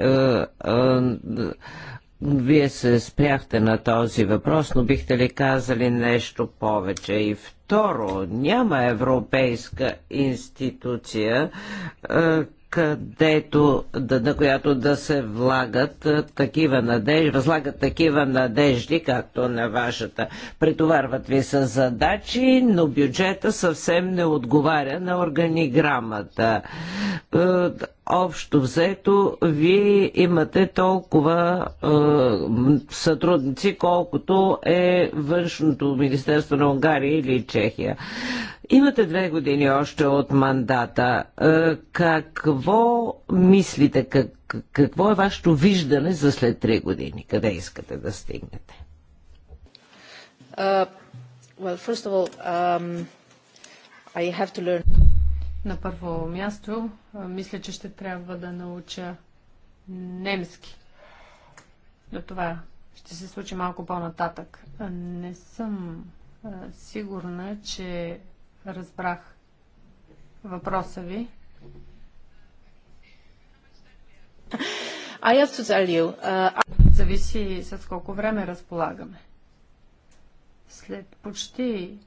вие се спряхте на този въпрос, но бихте ли казали нещо повече? И второ, няма европейска институция, е, където, на която да се влагат е, такива надежди, възлагат такива надежди, както на вашата. Претоварват ви с задачи, но бюджета съвсем не отговаря на органиграмата. Е, Общо взето, вие имате толкова е, сътрудници, колкото е външното Министерство на Унгария или Чехия. Имате две години още от мандата. Е, какво мислите, как, какво е вашето виждане за след три години? Къде искате да стигнете? Uh, well, first of all, um, I have to learn... На първо място, мисля, че ще трябва да науча немски. До това ще се случи малко по-нататък. Не съм сигурна, че разбрах въпроса ви. I have to tell you, uh... Зависи с колко време разполагаме. След почти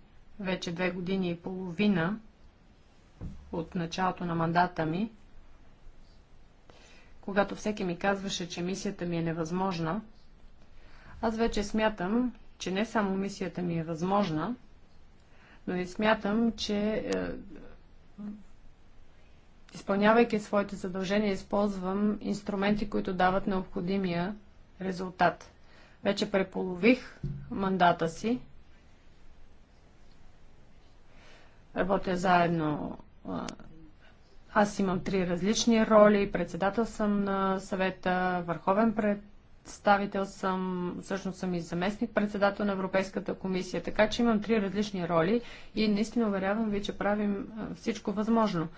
вече две години и половина от началото на мандата ми, когато всеки ми казваше, че мисията ми е невъзможна, аз вече смятам, че не само мисията ми е възможна, но и смятам, че е, изпълнявайки своите задължения, използвам инструменти, които дават необходимия резултат. Вече преполових мандата си. Работя заедно аз имам три различни роли. Председател съм на съвета, върховен представител съм, всъщност съм и заместник председател на Европейската комисия. Така че имам три различни роли и наистина уверявам ви, че правим всичко възможно.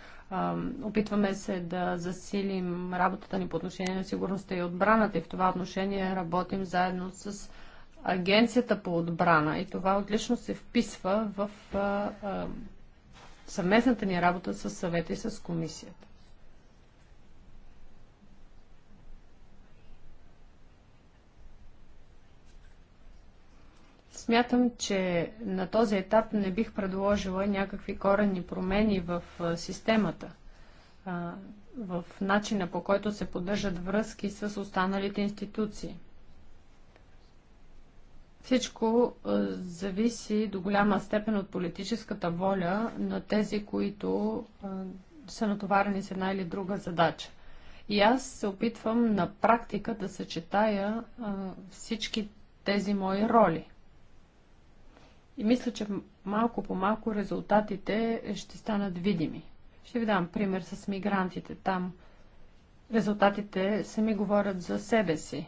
Опитваме се да засилим работата ни по отношение на сигурността и отбраната и в това отношение работим заедно с Агенцията по отбрана и това отлично се вписва в съвместната ни работа с съвета и с комисията. Смятам, че на този етап не бих предложила някакви коренни промени в системата, в начина по който се поддържат връзки с останалите институции. Всичко е, зависи до голяма степен от политическата воля на тези, които е, са натоварени с една или друга задача. И аз се опитвам на практика да съчетая е, всички тези мои роли. И мисля, че малко по малко резултатите ще станат видими. Ще ви дам пример с мигрантите. Там резултатите сами говорят за себе си.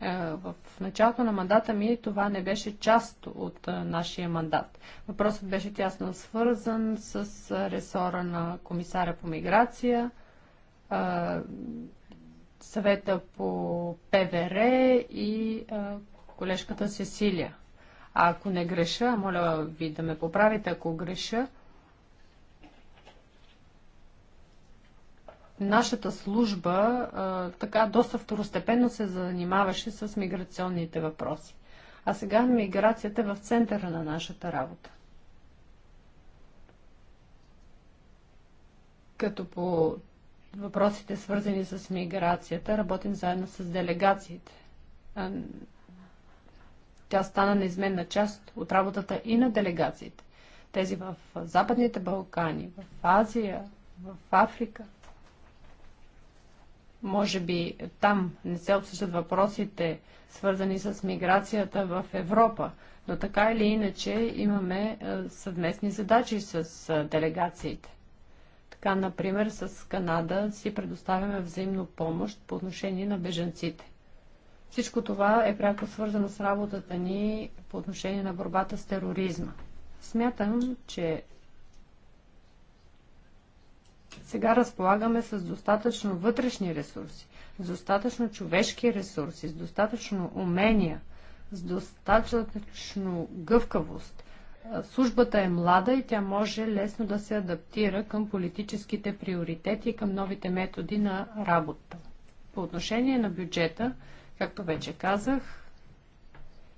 Е, в началото на мандата ми това не беше част от е, нашия мандат. Въпросът беше тясно свързан с е, ресора на комисаря по миграция, съвета по ПВР и колежката Сесилия. А ако не греша, моля ви да ме поправите, ако греша, нашата служба така доста второстепенно се занимаваше с миграционните въпроси. А сега миграцията е в центъра на нашата работа. Като по въпросите свързани с миграцията работим заедно с делегациите. Тя стана неизменна част от работата и на делегациите. Тези в Западните Балкани, в Азия, в Африка. Може би там не се обсъждат въпросите, свързани с миграцията в Европа, но така или иначе имаме е, съвместни задачи с е, делегациите. Така, например, с Канада си предоставяме взаимно помощ по отношение на бежанците. Всичко това е пряко свързано с работата ни по отношение на борбата с тероризма. Смятам, че сега разполагаме с достатъчно вътрешни ресурси, с достатъчно човешки ресурси, с достатъчно умения, с достатъчно гъвкавост. Службата е млада и тя може лесно да се адаптира към политическите приоритети и към новите методи на работа. По отношение на бюджета, както вече казах,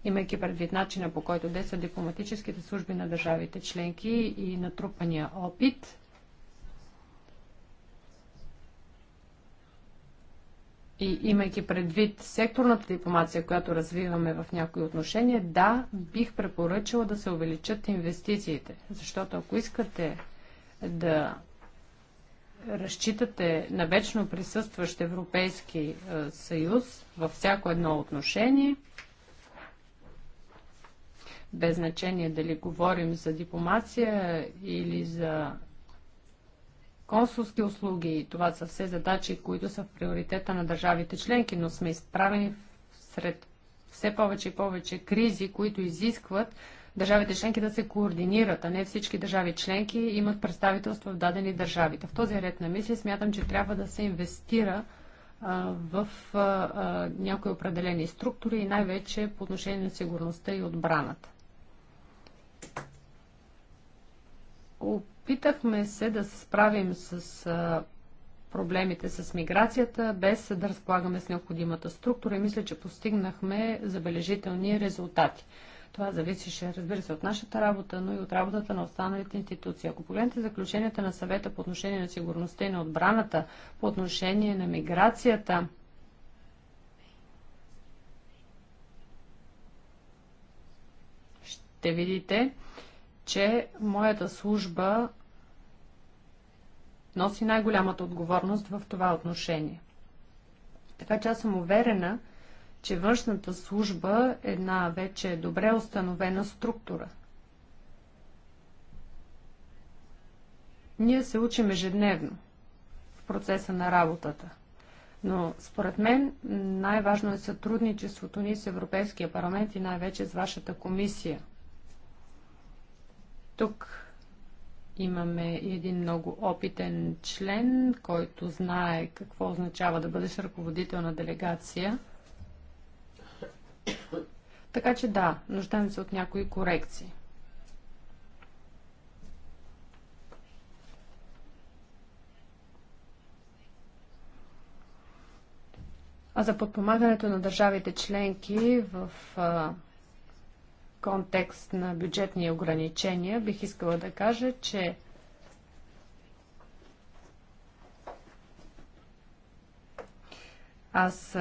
имайки предвид начина по който действат дипломатическите служби на държавите членки и натрупания опит, и имайки предвид секторната дипломация, която развиваме в някои отношения, да, бих препоръчала да се увеличат инвестициите. Защото ако искате да разчитате на вечно присъстващ Европейски е, съюз във всяко едно отношение, без значение дали говорим за дипломация или за консулски услуги. Това са все задачи, които са в приоритета на държавите членки, но сме изправени сред все повече и повече кризи, които изискват държавите членки да се координират, а не всички държави членки имат представителство в дадени държави. В този ред на мисли смятам, че трябва да се инвестира в някои определени структури и най-вече по отношение на сигурността и отбраната Опитахме се да се справим с а, проблемите с миграцията, без да разполагаме с необходимата структура и мисля, че постигнахме забележителни резултати. Това зависеше, разбира се, от нашата работа, но и от работата на останалите институции. Ако погледнете заключенията на съвета по отношение на сигурността и на отбраната, по отношение на миграцията, ще видите, че моята служба носи най-голямата отговорност в това отношение. Така че аз съм уверена, че външната служба е една вече добре установена структура. Ние се учим ежедневно в процеса на работата. Но според мен най-важно е сътрудничеството ни с Европейския парламент и най-вече с вашата комисия. Тук Имаме един много опитен член, който знае какво означава да бъдеш ръководител на делегация. Така че да, нуждаем се от някои корекции. А за подпомагането на държавите членки в а, контекст на бюджетни ограничения, бих искала да кажа, че аз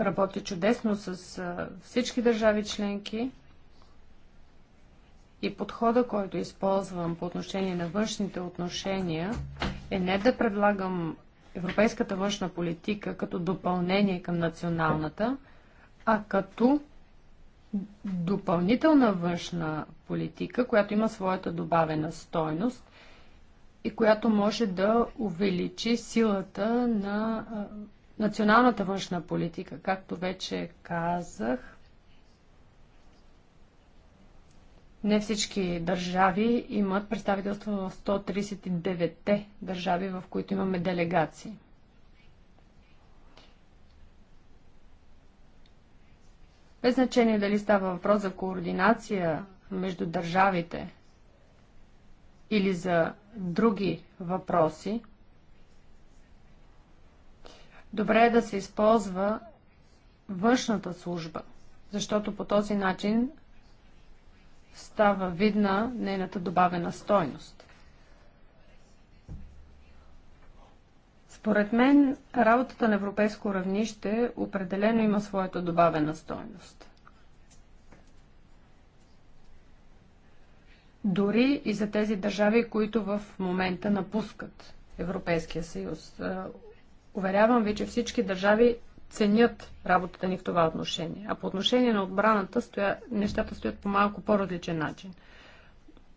работя чудесно с всички държави членки и подхода, който използвам по отношение на външните отношения е не да предлагам европейската външна политика като допълнение към националната, а като допълнителна външна политика, която има своята добавена стойност и която може да увеличи силата на националната външна политика. Както вече казах, не всички държави имат представителство в 139-те държави, в които имаме делегации. Без значение дали става въпрос за координация между държавите или за други въпроси, добре е да се използва външната служба, защото по този начин става видна нейната добавена стойност. Според мен, работата на европейско равнище определено има своята добавена стойност. Дори и за тези държави, които в момента напускат Европейския съюз. Е, уверявам ви, че всички държави ценят работата ни в това отношение. А по отношение на отбраната стоя... нещата стоят по малко по-различен начин –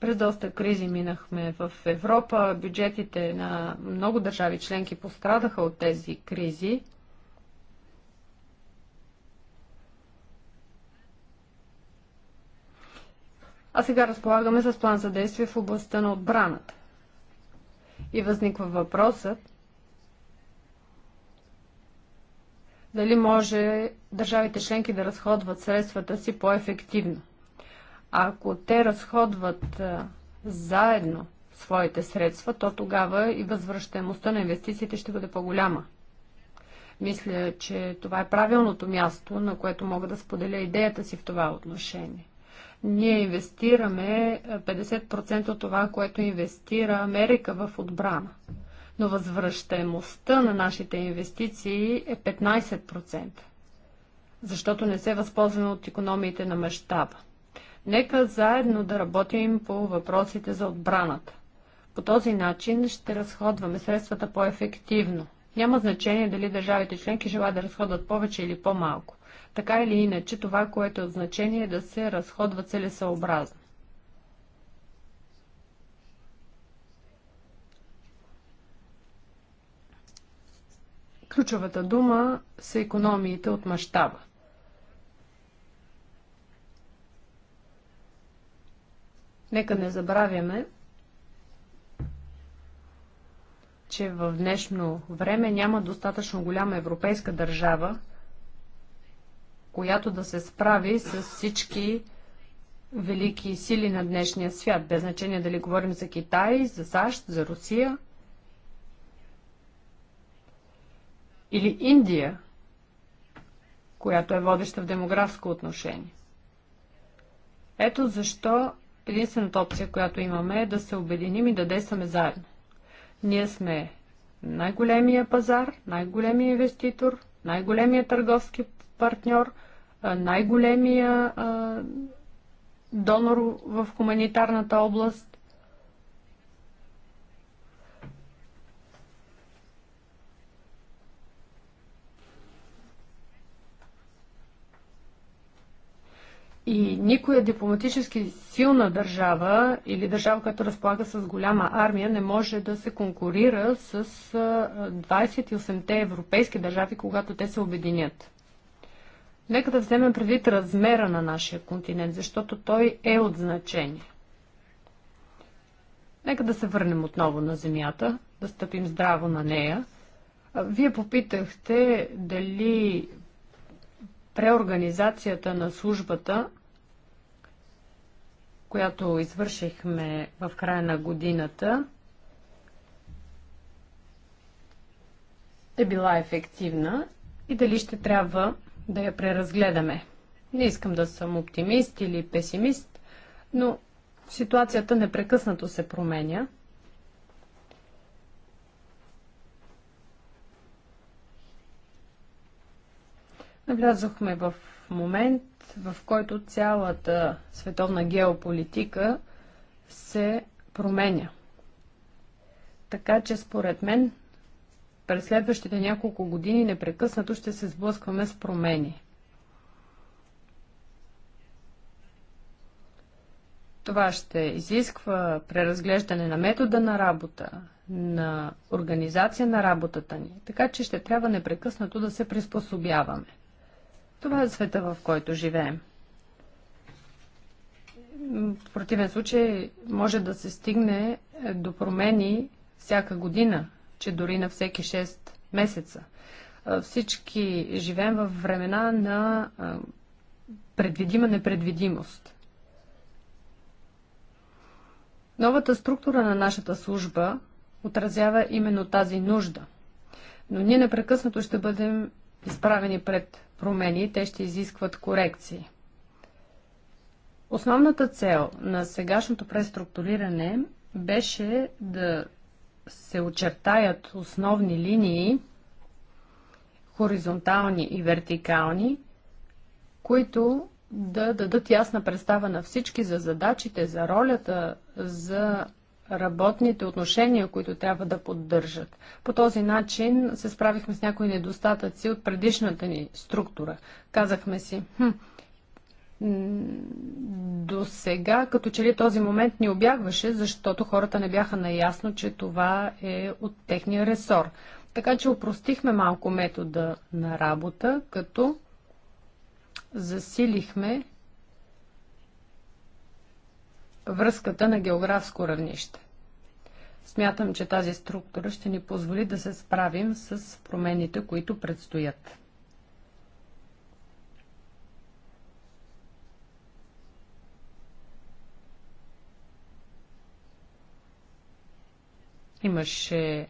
през доста кризи минахме в Европа. Бюджетите на много държави членки пострадаха от тези кризи. А сега разполагаме с план за действие в областта на отбраната. И възниква въпросът дали може държавите членки да разходват средствата си по-ефективно. Ако те разходват заедно своите средства, то тогава и възвръщаемостта на инвестициите ще бъде по-голяма. Мисля, че това е правилното място, на което мога да споделя идеята си в това отношение. Ние инвестираме 50% от това, което инвестира Америка в отбрана. Но възвръщаемостта на нашите инвестиции е 15%, защото не се възползваме от економиите на мащаба. Нека заедно да работим по въпросите за отбраната. По този начин ще разходваме средствата по-ефективно. Няма значение дали държавите членки желаят да разходват повече или по-малко. Така или иначе, това, което е от значение е да се разходва целесъобразно. Ключовата дума са економиите от мащаба. Нека не забравяме, че в днешно време няма достатъчно голяма европейска държава, която да се справи с всички велики сили на днешния свят, без значение дали говорим за Китай, за САЩ, за Русия или Индия, която е водеща в демографско отношение. Ето защо единствената опция, която имаме е да се обединим и да действаме заедно. Ние сме най-големия пазар, най-големия инвеститор, най-големия търговски партньор, най-големия донор в хуманитарната област И никоя дипломатически силна държава или държава, която разполага с голяма армия, не може да се конкурира с 28-те европейски държави, когато те се обединят. Нека да вземем предвид размера на нашия континент, защото той е от значение. Нека да се върнем отново на Земята, да стъпим здраво на нея. Вие попитахте дали преорганизацията на службата, която извършихме в края на годината, е била ефективна и дали ще трябва да я преразгледаме. Не искам да съм оптимист или песимист, но ситуацията непрекъснато се променя – Навлязохме в момент, в който цялата световна геополитика се променя. Така че според мен през следващите няколко години непрекъснато ще се сблъскваме с промени. Това ще изисква преразглеждане на метода на работа, на организация на работата ни, така че ще трябва непрекъснато да се приспособяваме. Това е света, в който живеем. В противен случай може да се стигне е, до промени всяка година, че дори на всеки 6 месеца. Е, всички живеем в времена на е, предвидима непредвидимост. Новата структура на нашата служба отразява именно тази нужда. Но ние непрекъснато ще бъдем изправени пред промени, те ще изискват корекции. Основната цел на сегашното преструктуриране беше да се очертаят основни линии, хоризонтални и вертикални, които да дадат ясна представа на всички за задачите, за ролята, за работните отношения, които трябва да поддържат. По този начин се справихме с някои недостатъци от предишната ни структура. Казахме си, хм, до сега, като че ли този момент ни обягваше, защото хората не бяха наясно, че това е от техния ресор. Така че упростихме малко метода на работа, като засилихме връзката на географско равнище. Смятам, че тази структура ще ни позволи да се справим с промените, които предстоят. Имаше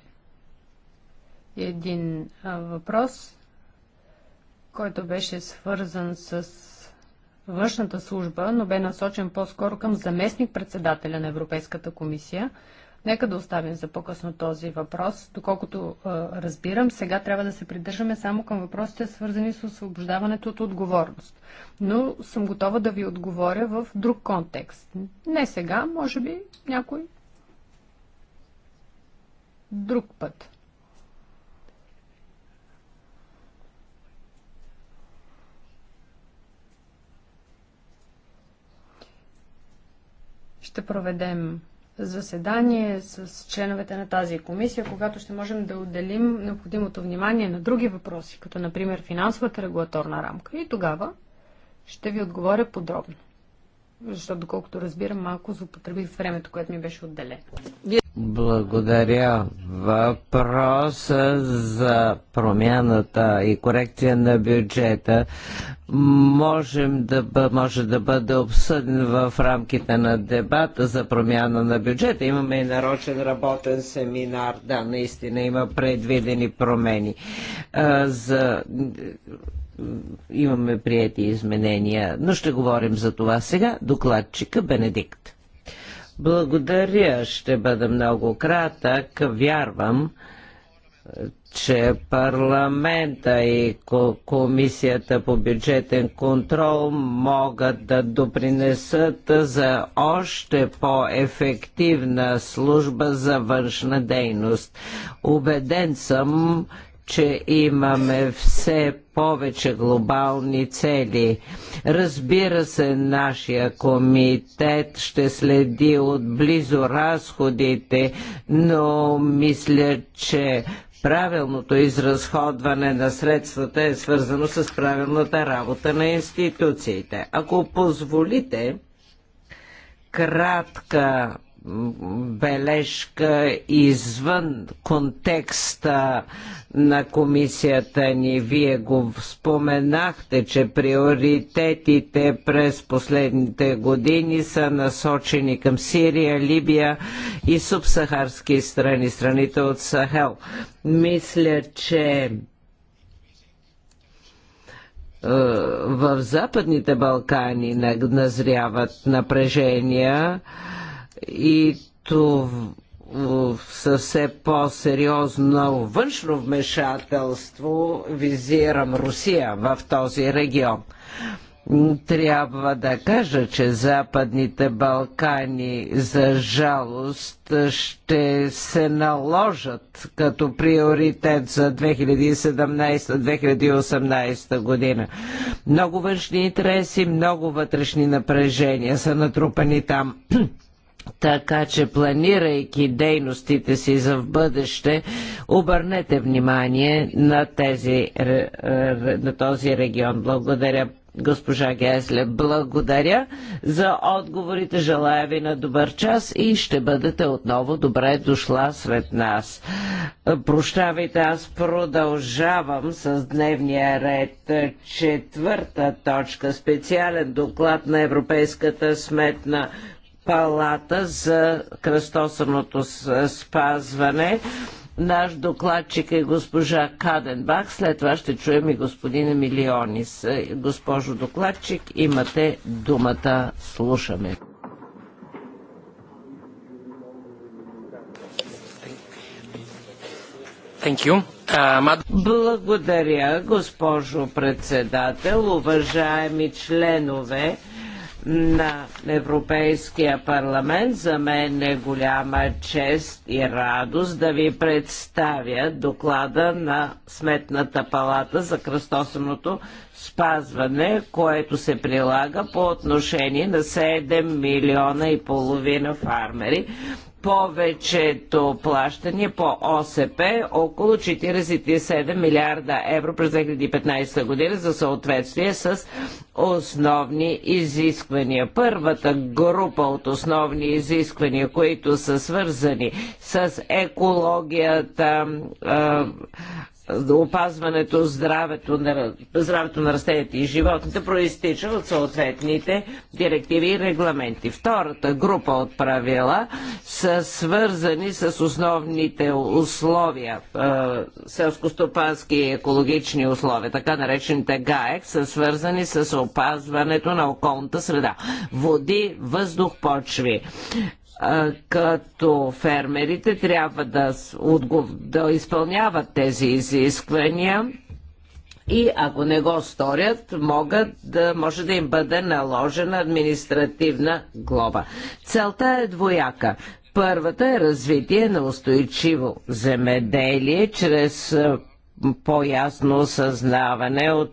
един въпрос, който беше свързан с външната служба, но бе насочен по-скоро към заместник-председателя на Европейската комисия. Нека да оставим за по-късно този въпрос. Доколкото е, разбирам, сега трябва да се придържаме само към въпросите, свързани с освобождаването от отговорност. Но съм готова да ви отговоря в друг контекст. Не сега, може би някой друг път. ще проведем заседание с членовете на тази комисия, когато ще можем да отделим необходимото внимание на други въпроси, като например финансовата регулаторна рамка. И тогава ще ви отговоря подробно. Защото, доколкото разбирам, малко злоупотребих времето, което ми беше отделено. Благодаря. Въпроса за промяната и корекция на бюджета можем да, може да бъде обсъден в рамките на дебата за промяна на бюджета. Имаме и нарочен работен семинар. Да, наистина има предвидени промени. А, за имаме прияти изменения, но ще говорим за това сега. Докладчика Бенедикт. Благодаря, ще бъда много кратък. Вярвам, че парламента и комисията по бюджетен контрол могат да допринесат за още по-ефективна служба за външна дейност. Убеден съм, че имаме все повече глобални цели. Разбира се, нашия комитет ще следи отблизо разходите, но мисля, че правилното изразходване на средствата е свързано с правилната работа на институциите. Ако позволите, кратка бележка извън контекста на комисията ни. Вие го споменахте, че приоритетите през последните години са насочени към Сирия, Либия и субсахарски страни, страните от Сахел. Мисля, че е, в Западните Балкани назряват напрежения и то със все по-сериозно външно вмешателство визирам Русия в този регион. Трябва да кажа, че Западните Балкани за жалост ще се наложат като приоритет за 2017-2018 година. Много външни интереси, много вътрешни напрежения са натрупани там. Така че планирайки дейностите си за в бъдеще, обърнете внимание на, тези, на този регион. Благодаря госпожа Гесле. Благодаря за отговорите. Желая ви на добър час и ще бъдете отново добре дошла сред нас. Прощавайте, аз продължавам с дневния ред. Четвърта точка. Специален доклад на Европейската сметна палата за кръстосаното спазване. Наш докладчик е госпожа Каденбах, след това ще чуем и господин Емилионис. Госпожо докладчик, имате думата, слушаме. Uh, Благодаря, госпожо председател, уважаеми членове на Европейския парламент. За мен е голяма чест и радост да ви представя доклада на Сметната палата за кръстосаното спазване, което се прилага по отношение на 7 милиона и половина фармери повечето плащания по ОСП, около 47 милиарда евро през 2015 година за съответствие с основни изисквания. Първата група от основни изисквания, които са свързани с екологията, опазването здравето на, здравето на растенията и животните проистича от съответните директиви и регламенти. Втората група от правила са свързани с основните условия, е, селскостопански и екологични условия, така наречените ГАЕК, са свързани с опазването на околната среда. Води, въздух, почви като фермерите трябва да, отгов... да изпълняват тези изисквания и ако не го сторят, могат да, може да им бъде наложена административна глоба. Целта е двояка. Първата е развитие на устойчиво земеделие чрез по-ясно осъзнаване от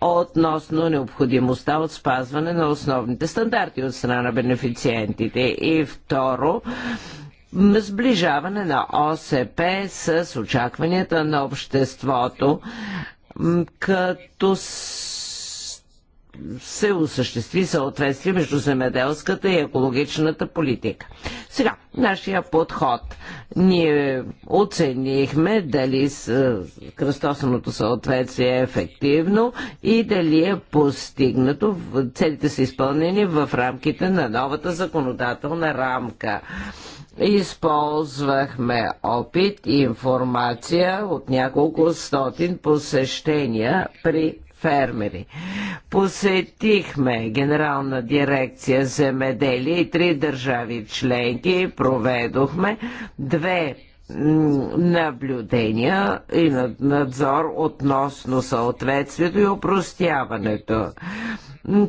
относно необходимостта от спазване на основните стандарти от страна на бенефициентите. И второ, сближаване на ОСП с очакванията на обществото, като се осъществи съответствие между земеделската и екологичната политика. Сега, нашия подход. Ние оценихме дали е, кръстосаното съответствие е ефективно и дали е постигнато, целите са изпълнени в рамките на новата законодателна рамка. Използвахме опит и информация от няколко стотин посещения при фермери. Посетихме Генерална дирекция земеделие и три държави членки. и Проведохме две наблюдения и надзор относно съответствието и опростяването.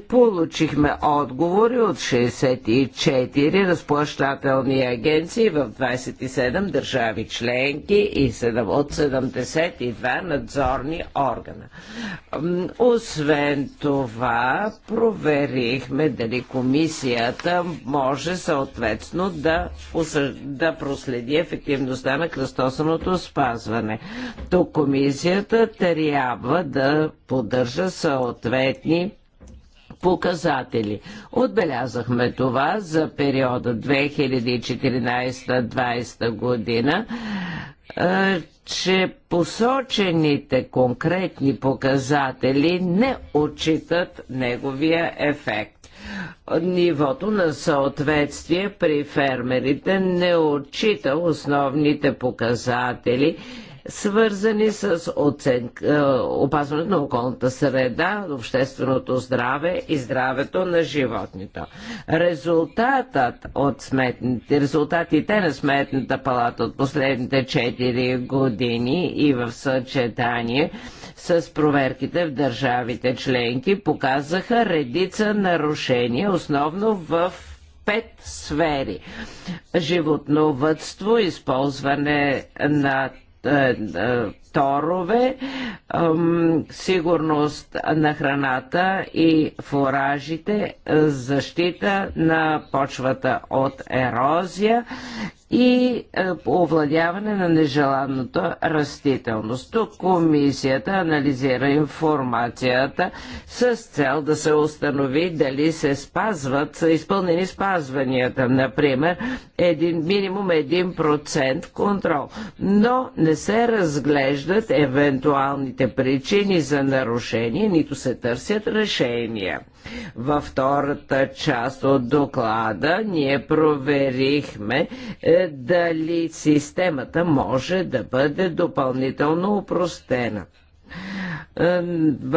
Получихме отговори от 64 разплащателни агенции в 27 държави членки и 7, от 72 надзорни органа. Освен това, проверихме дали комисията може съответно да, да проследи ефективността областта на кръстосаното спазване. Тук комисията трябва да поддържа съответни показатели. Отбелязахме това за периода 2014-2020 година, че посочените конкретни показатели не отчитат неговия ефект. Нивото на съответствие при фермерите не отчита основните показатели, свързани с оценка, е, опазването на околната среда, общественото здраве и здравето на животните. Резултатът от сметните, резултатите на сметната палата от последните 4 години и в съчетание с проверките в държавите членки показаха редица нарушения, основно в пет сфери. Животновътство, използване на е, е, торове, сигурност на храната и фуражите, защита на почвата от ерозия и е, овладяване на нежеланата растителност. Тук комисията анализира информацията с цел да се установи дали се спазват, са изпълнени спазванията, например, един, минимум 1% контрол. Но не се разглежда разглеждат евентуалните причини за нарушение, нито се търсят решения. Във втората част от доклада ние проверихме е, дали системата може да бъде допълнително упростена.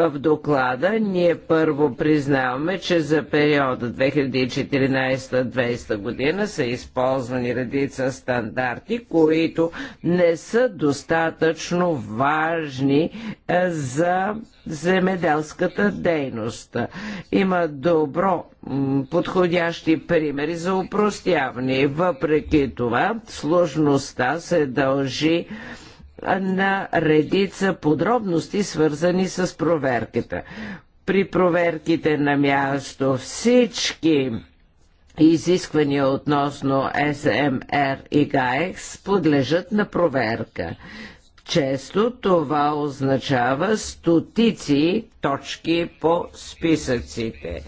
В доклада ние първо признаваме, че за периода 2014-2020 година са използвани редица стандарти, които не са достатъчно важни е, за земеделската дейност. Има добро подходящи примери за упростяване. Въпреки това, сложността се дължи на редица подробности, свързани с проверката. При проверките на място всички изисквания относно СМР и ГАЕКС подлежат на проверка. Често това означава стотици точки по списъците.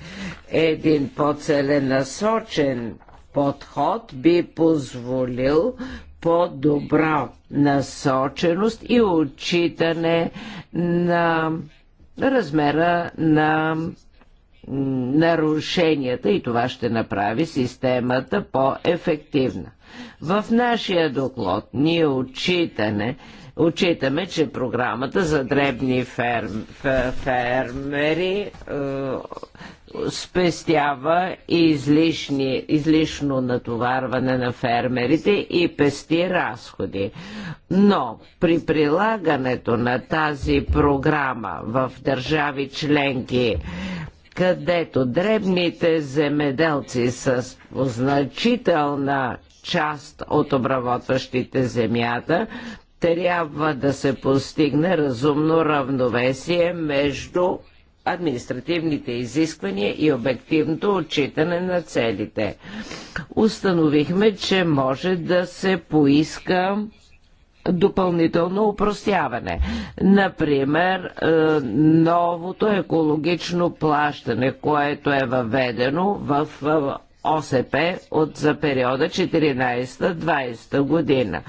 Един по-целенасочен подход би позволил по-добра насоченост и отчитане на размера на нарушенията и това ще направи системата по-ефективна. В нашия доклад ние отчитане Отчитаме, че програмата за дребни ферм, фермери е, спестява излишни, излишно натоварване на фермерите и пести разходи. Но при прилагането на тази програма в държави членки, където дребните земеделци са значителна част от обработващите земята трябва да се постигне разумно равновесие между административните изисквания и обективното отчитане на целите. Установихме, че може да се поиска допълнително упростяване. Например, е, новото екологично плащане, което е въведено в е, ОСП от за периода 14-20 година.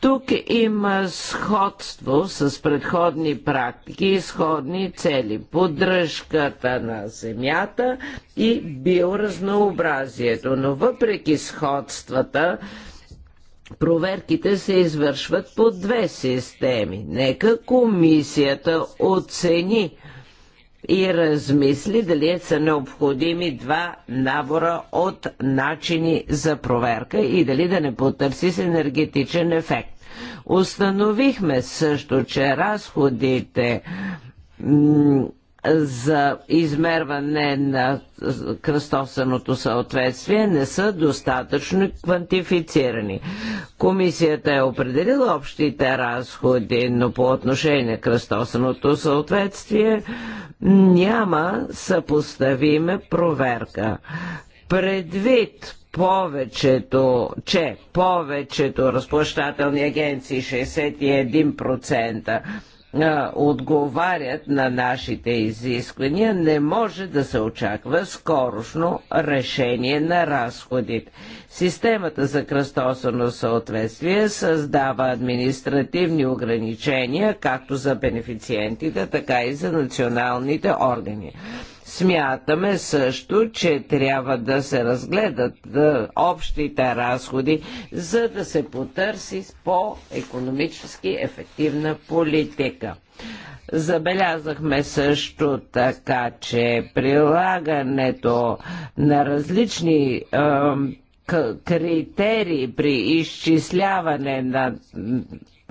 Тук има сходство с предходни практики и сходни цели. Поддръжката на земята и биоразнообразието. Но въпреки сходствата, Проверките се извършват по две системи. Нека комисията оцени и размисли дали са необходими два набора от начини за проверка и дали да не потърси с енергетичен ефект. Установихме също, че разходите за измерване на кръстосаното съответствие не са достатъчно квантифицирани. Комисията е определила общите разходи, но по отношение на кръстосаното съответствие няма съпоставиме проверка. Предвид повечето, че повечето разплащателни агенции, 61%, отговарят на нашите изисквания, не може да се очаква скорошно решение на разходите. Системата за кръстосано съответствие създава административни ограничения както за бенефициентите, така и за националните органи. Смятаме също, че трябва да се разгледат общите разходи, за да се потърси по-економически ефективна политика. Забелязахме също така, че прилагането на различни е, критерии при изчисляване на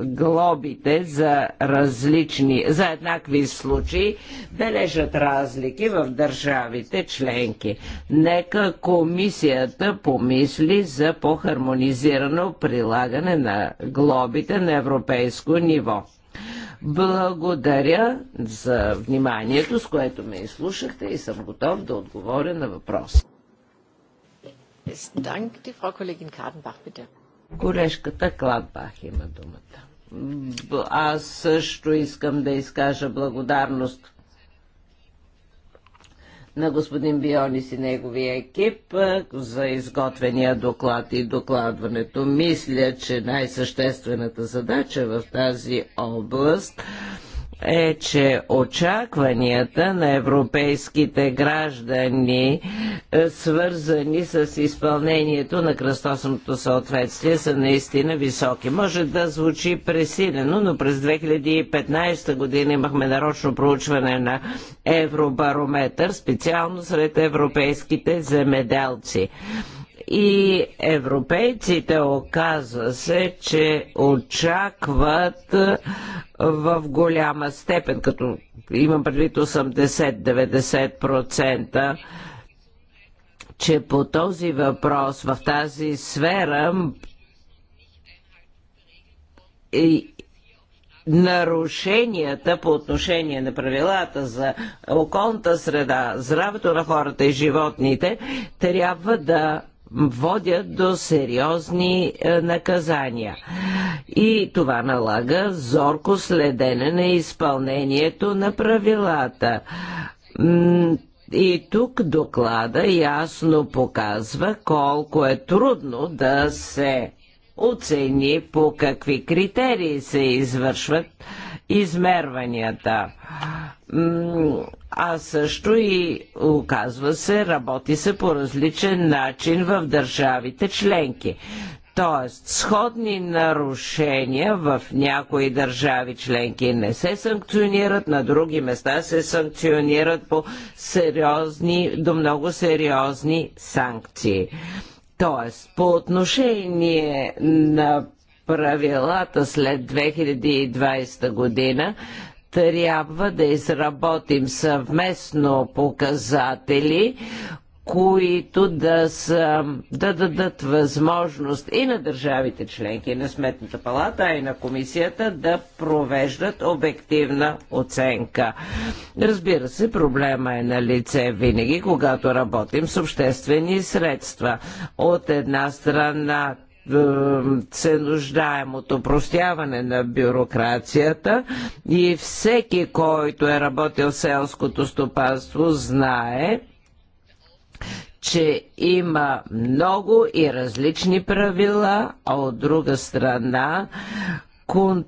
глобите за различни, за еднакви случаи бележат разлики в държавите членки. Нека комисията помисли за по-хармонизирано прилагане на глобите на европейско ниво. Благодаря за вниманието, с което ме изслушахте и съм готов да отговоря на въпроси. Колежката Кладбах има думата аз също искам да изкажа благодарност на господин Бионис и неговия екип за изготвения доклад и докладването. Мисля, че най-съществената задача в тази област е, че очакванията на европейските граждани, е, свързани с изпълнението на кръстосното съответствие, са наистина високи. Може да звучи пресилено, но през 2015 година имахме нарочно проучване на Евробарометър, специално сред европейските земеделци и европейците оказва се, че очакват в голяма степен, като имам предвид 80-90%, че по този въпрос в тази сфера и нарушенията по отношение на правилата за околната среда, здравето на хората и животните, трябва да водят до сериозни е, наказания. И това налага зорко следене на изпълнението на правилата. И тук доклада ясно показва колко е трудно да се оцени по какви критерии се извършват измерванията а също и, оказва се, работи се по различен начин в държавите членки. Тоест, сходни нарушения в някои държави членки не се санкционират, на други места се санкционират по сериозни, до много сериозни санкции. Тоест, по отношение на правилата след 2020 година, трябва да изработим съвместно показатели, които да, са, да дадат възможност и на държавите членки, и на Сметната палата, а и на комисията да провеждат обективна оценка. Разбира се, проблема е на лице винаги, когато работим с обществени средства. От една страна е, се нуждаем от упростяване на бюрокрацията и всеки, който е работил в селското стопанство, знае, че има много и различни правила, а от друга страна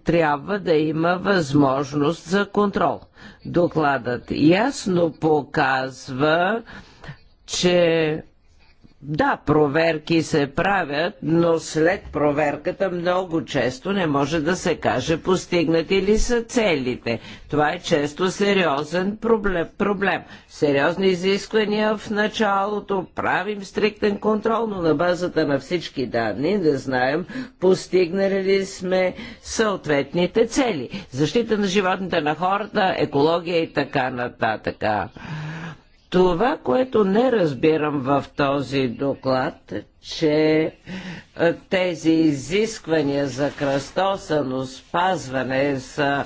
трябва да има възможност за контрол. Докладът ясно показва, че да, проверки се правят, но след проверката много често не може да се каже постигнати ли са целите. Това е често сериозен проблем. проблем. Сериозни изисквания в началото, правим стриктен контрол, но на базата на всички данни да знаем постигнали ли сме съответните цели. Защита на животните на хората, екология и така нататък. Това, което не разбирам в този доклад, е, че е, тези изисквания за кръстосано спазване са,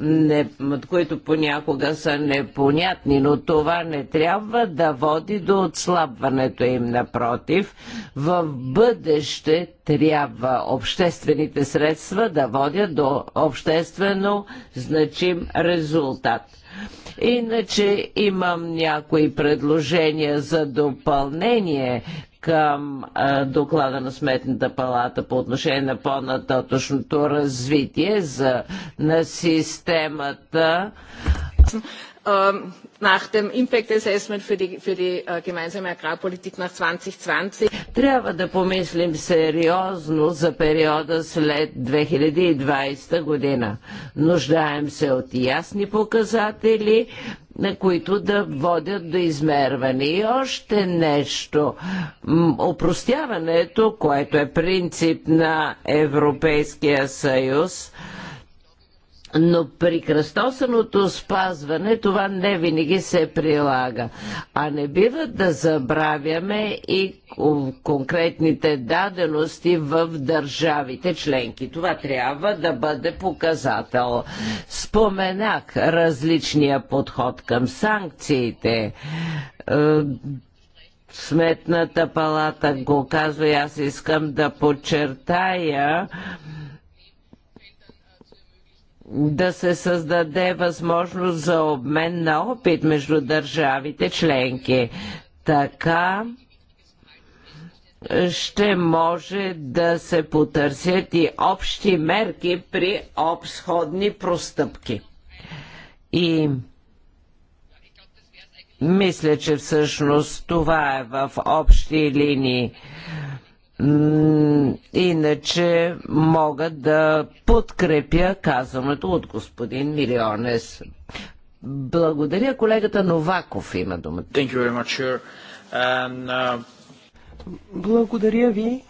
не, които понякога са непонятни, но това не трябва да води до отслабването им. Напротив, в бъдеще трябва обществените средства да водят до обществено значим резултат Иначе имам някои предложения за допълнение към а, доклада на Сметната палата по отношение на по-нататъчното развитие за, на системата. Ähm, nach dem Impact Assessment für die, für die äh, gemeinsame Agrarpolitik nach 2020. Трябва да помислим сериозно за периода след 2020 година. Нуждаем се от ясни показатели, на които да водят до измерване. И още нещо. Опростяването, което е принцип на Европейския съюз, но при кръстосаното спазване това не винаги се прилага. А не бива да забравяме и конкретните дадености в държавите членки. Това трябва да бъде показател. Споменах различния подход към санкциите. Е, Сметната палата го казва и аз искам да подчертая, да се създаде възможност за обмен на опит между държавите членки. Така ще може да се потърсят и общи мерки при обсходни простъпки. И мисля, че всъщност това е в общи линии иначе мога да подкрепя казаното от господин Милионес. Благодаря. Колегата Новаков има думата. Thank you very much, And, uh... Благодаря ви.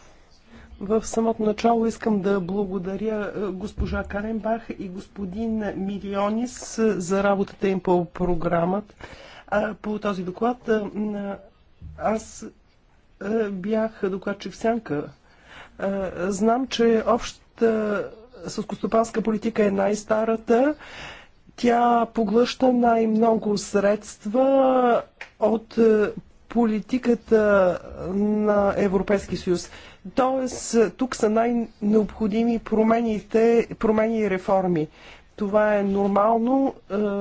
В самото начало искам да благодаря е, госпожа Каренбах и господин Милионис е, за работата им по програмата. По този доклад е, аз е, бях докладчик Сянка. Е, знам, че общата съскостопанска политика е най-старата. Тя поглъща най-много средства от е, политиката на Европейски съюз. Тоест, тук са най-необходими промените, промени и реформи. Това е нормално.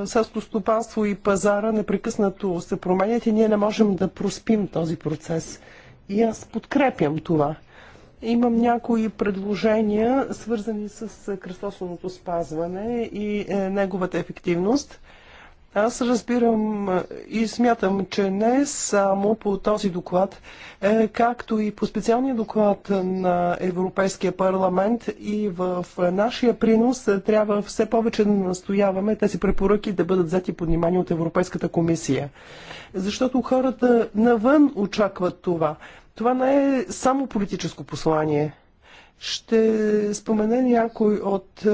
Състо стопанство и пазара непрекъснато се променят и ние не можем да проспим този процес. И аз подкрепям това. Имам някои предложения, свързани с кръстосаното спазване и е, неговата ефективност – аз разбирам и смятам, че не само по този доклад, е, както и по специалния доклад на Европейския парламент и в нашия принос е, трябва все повече да настояваме тези препоръки да бъдат взети под внимание от Европейската комисия. Защото хората навън очакват това. Това не е само политическо послание. Ще спомена някой от е,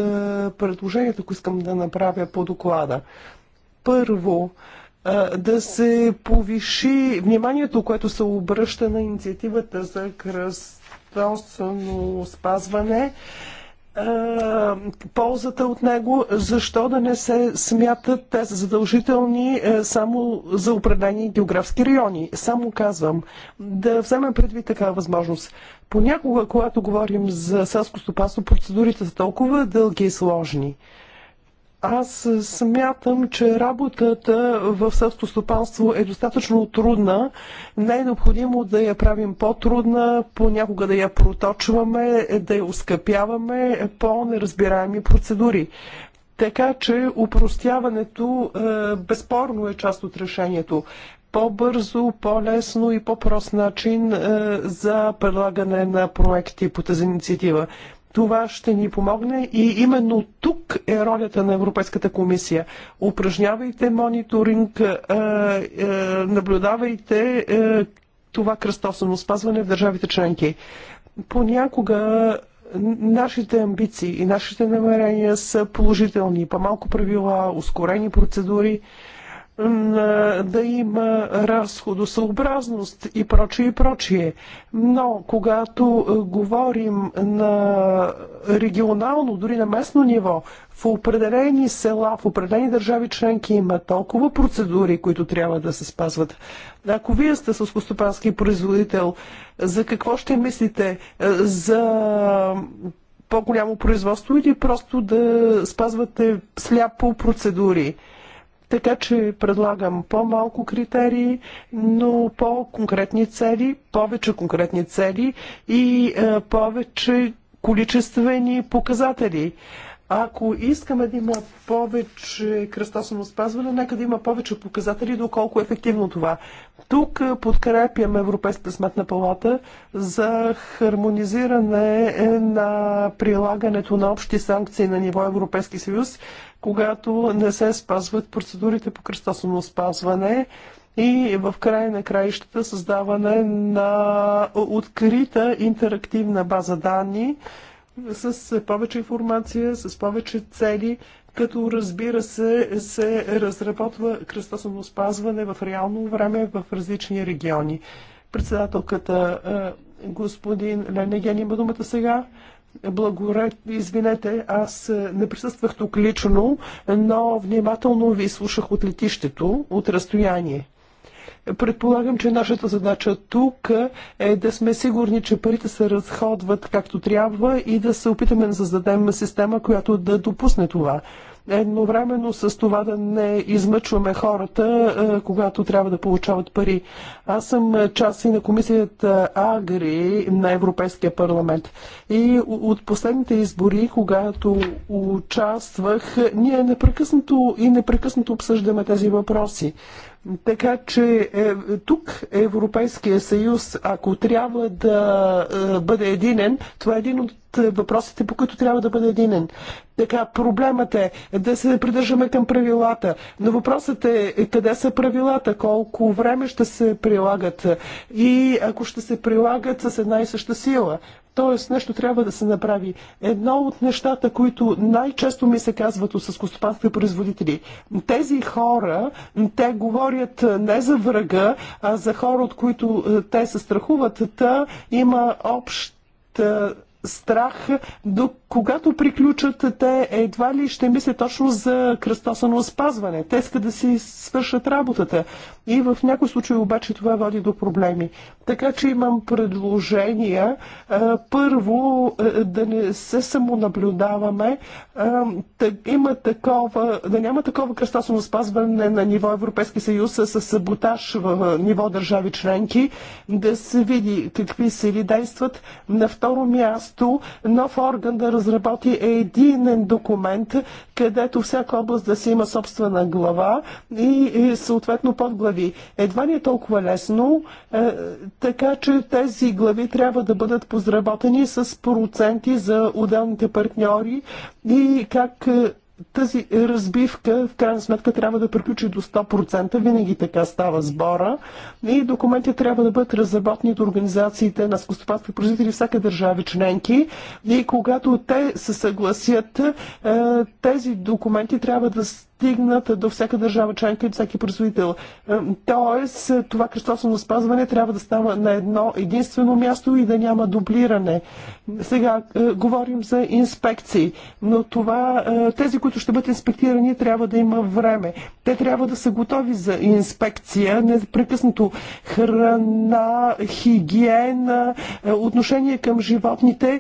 предложението, които искам да направя по доклада. Първо, да се повиши вниманието, което се обръща на инициативата за кръстосано спазване, ползата от него, защо да не се смятат те задължителни само за определени географски райони. Само казвам, да вземем предвид такава възможност. Понякога, когато говорим за селско стопанство, процедурите са толкова дълги и сложни. Аз смятам, че работата в селското стопанство е достатъчно трудна. Не е необходимо да я правим по-трудна, понякога да я проточваме, да я ускъпяваме по неразбираеми процедури. Така че упростяването е, безспорно е част от решението. По-бързо, по-лесно и по-прост начин е, за предлагане на проекти по тази инициатива. Това ще ни помогне и именно тук е ролята на Европейската комисия. Упражнявайте мониторинг, е, е, наблюдавайте е, това кръстосано спазване в държавите членки. Понякога нашите амбиции и нашите намерения са положителни. По-малко правила, ускорени процедури, е, да има разходосъобразност и прочие и прочие. Но когато е, говорим на регионално, дори на местно ниво, в определени села, в определени държави членки има толкова процедури, които трябва да се спазват. Ако вие сте сълскостопански производител, за какво ще мислите? Е, за по-голямо производство или просто да спазвате сляпо процедури? Така че предлагам по-малко критерии, но по-конкретни цели, повече конкретни цели и е, повече количествени показатели. Ако искаме да има повече кръстосано спазване, нека да има повече показатели, доколко е ефективно това. Тук подкрепяме Европейската сметна палата за хармонизиране е, на прилагането на общи санкции на ниво Европейски съюз, когато не се спазват процедурите по кръстосано спазване и в края на краищата създаване на открита интерактивна база данни, с повече информация, с повече цели, като разбира се, се разработва кръстосано спазване в реално време в различни региони. Председателката е, господин Ленеген има думата сега. Благоред, извинете, аз не присъствах тук лично, но внимателно ви слушах от летището, от разстояние. Предполагам, че нашата задача тук е да сме сигурни, че парите се разходват както трябва и да се опитаме да създадем система, която да допусне това. Едновременно с това да не измъчваме хората, е, когато трябва да получават пари. Аз съм част и на комисията Агри на Европейския парламент. И от последните избори, когато участвах, ние непрекъснато и непрекъснато обсъждаме тези въпроси. Така че е, тук Европейския съюз, ако трябва да е, бъде единен, това е един от въпросите, по които трябва да бъде единен. Така, проблемът е да се придържаме към правилата, но въпросът е, е къде са правилата, колко време ще се прилагат и ако ще се прилагат с една и съща сила. Тоест, нещо трябва да се направи. Едно от нещата, които най-често ми се казват от костопанските производители. Тези хора, те говорят не за врага, а за хора, от които е, те се страхуват. Та има общ е, страх, до когато приключат те едва ли ще мисля точно за кръстосано спазване. Те искат да си свършат работата. И в някои случаи обаче това води до проблеми. Така че имам предложения. Първо, да не се самонаблюдаваме. Има такова, да няма такова кръстосано спазване на ниво Европейски съюз с саботаж в ниво държави членки. Да се види какви сили действат. На второ място, Вместо нов орган да разработи единен документ, където всяка област да си има собствена глава и съответно подглави. Едва ни е толкова лесно, е, така че тези глави трябва да бъдат позработени с проценти за отделните партньори и как е, тази разбивка в крайна сметка трябва да приключи до 100%. Винаги така става сбора. И документи трябва да бъдат разработни от организациите на скостопански производители всяка държави членки. И когато те се съгласят, е, тези документи трябва да стигнат до всяка държава членка и до всеки производител. Е, тоест, това кръстосано спазване трябва да става на едно единствено място и да няма дублиране. Сега е, говорим за инспекции, но това, е, тези, които ще бъдат инспектирани, трябва да има време. Те трябва да са готови за инспекция, непрекъснато храна, хигиена, отношение към животните.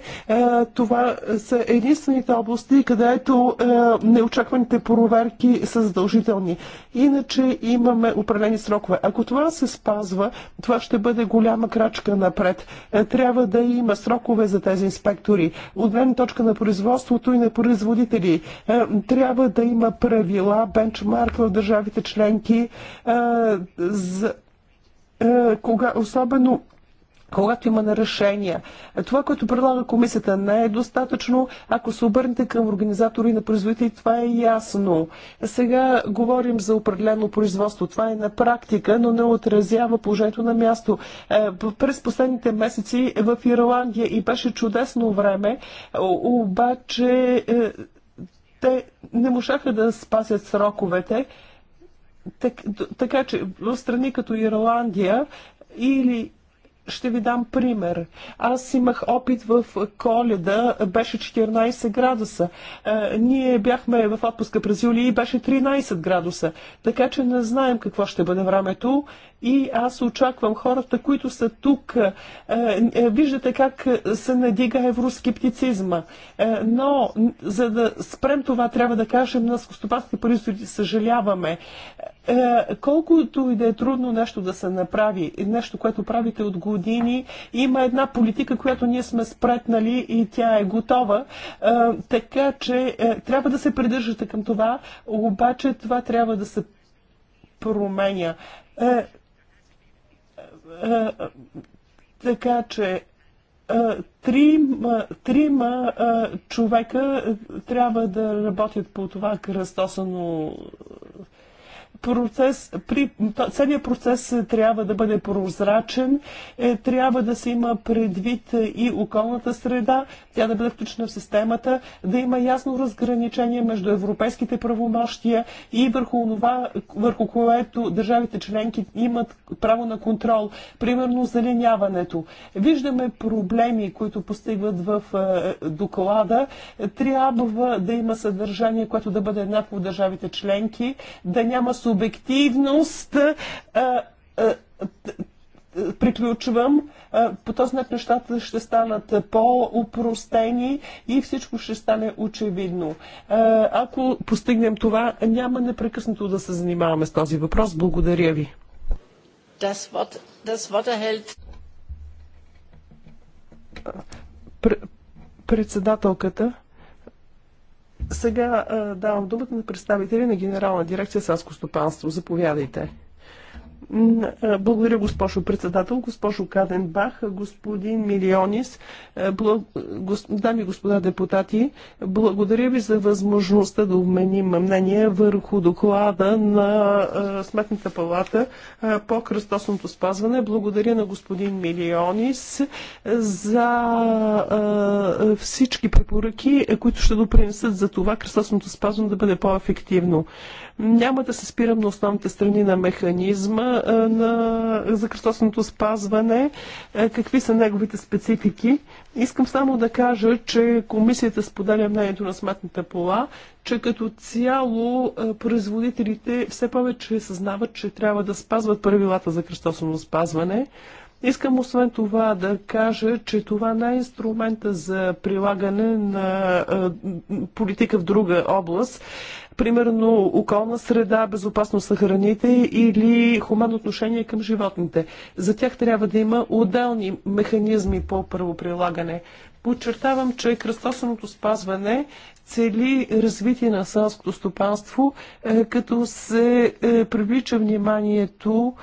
Това са единствените области, където неочакваните проверки членки са задължителни. Иначе имаме определени срокове. Ако това се спазва, това ще бъде голяма крачка напред. Е, трябва да има срокове за тези инспектори. От гледна точка на производството и на производители е, трябва да има правила, бенчмарк в държавите членки, е, за, кога, особено когато има нарешения. Това, което предлага комисията, не е достатъчно. Ако се обърнете към организатори на производители, това е ясно. Сега говорим за определено производство. Това е на практика, но не отразява положението на място. Е, през последните месеци в Ирландия и беше чудесно време, обаче е, те не можаха да спасят сроковете. Така, така че в страни като Ирландия или ще ви дам пример. Аз имах опит в коледа, беше 14 градуса. Е, ние бяхме в отпуска през юли и беше 13 градуса. Така че не знаем какво ще бъде времето и аз очаквам хората, които са тук. Е, е, виждате как се надига евроскептицизма. Е, но за да спрем това, трябва да кажем на скостопански производители съжаляваме. Е, е, колкото и да е трудно нещо да се направи, нещо, което правите от години, има една политика, която ние сме спретнали и тя е готова. Е, така че е, трябва да се придържате към това, обаче това трябва да се променя. Така че трима, трима човека трябва да работят по това кръстосано процес, при, целият процес трябва да бъде прозрачен, е, трябва да се има предвид е, и околната среда, тя да бъде включена в системата, да има ясно разграничение между европейските правомощия и върху това, върху което държавите членки имат право на контрол, примерно зеленяването. Виждаме проблеми, които постигват в е, доклада. Трябва да има съдържание, което да бъде еднакво в държавите членки, да няма субективност. приключвам. По този начин нещата ще станат по-упростени и всичко ще стане очевидно. Ако постигнем това, няма непрекъснато да се занимаваме с този въпрос. Благодаря ви. Председателката. Сега давам думата на представители на Генерална дирекция Селско стопанство. Заповядайте. Благодаря, госпожо председател, госпожо Каденбах, господин Милионис, дами и господа депутати, благодаря ви за възможността да обменим мнение върху доклада на Сметната палата по кръстосното спазване. Благодаря на господин Милионис за всички препоръки, които ще допринесат за това кръстосното спазване да бъде по-ефективно. Няма да се спирам на основните страни на механизма на, за спазване, какви са неговите специфики. Искам само да кажа, че комисията споделя мнението на сметната пола, че като цяло производителите все повече съзнават, че трябва да спазват правилата за кръстосно спазване. Искам освен това да кажа, че това не е инструмента за прилагане на политика в друга област примерно околна среда, безопасност на храните или хуманно отношение към животните. За тях трябва да има отделни механизми по правоприлагане. Подчертавам, че кръстосаното спазване цели развитие на селското стопанство, е, като се е, привлича вниманието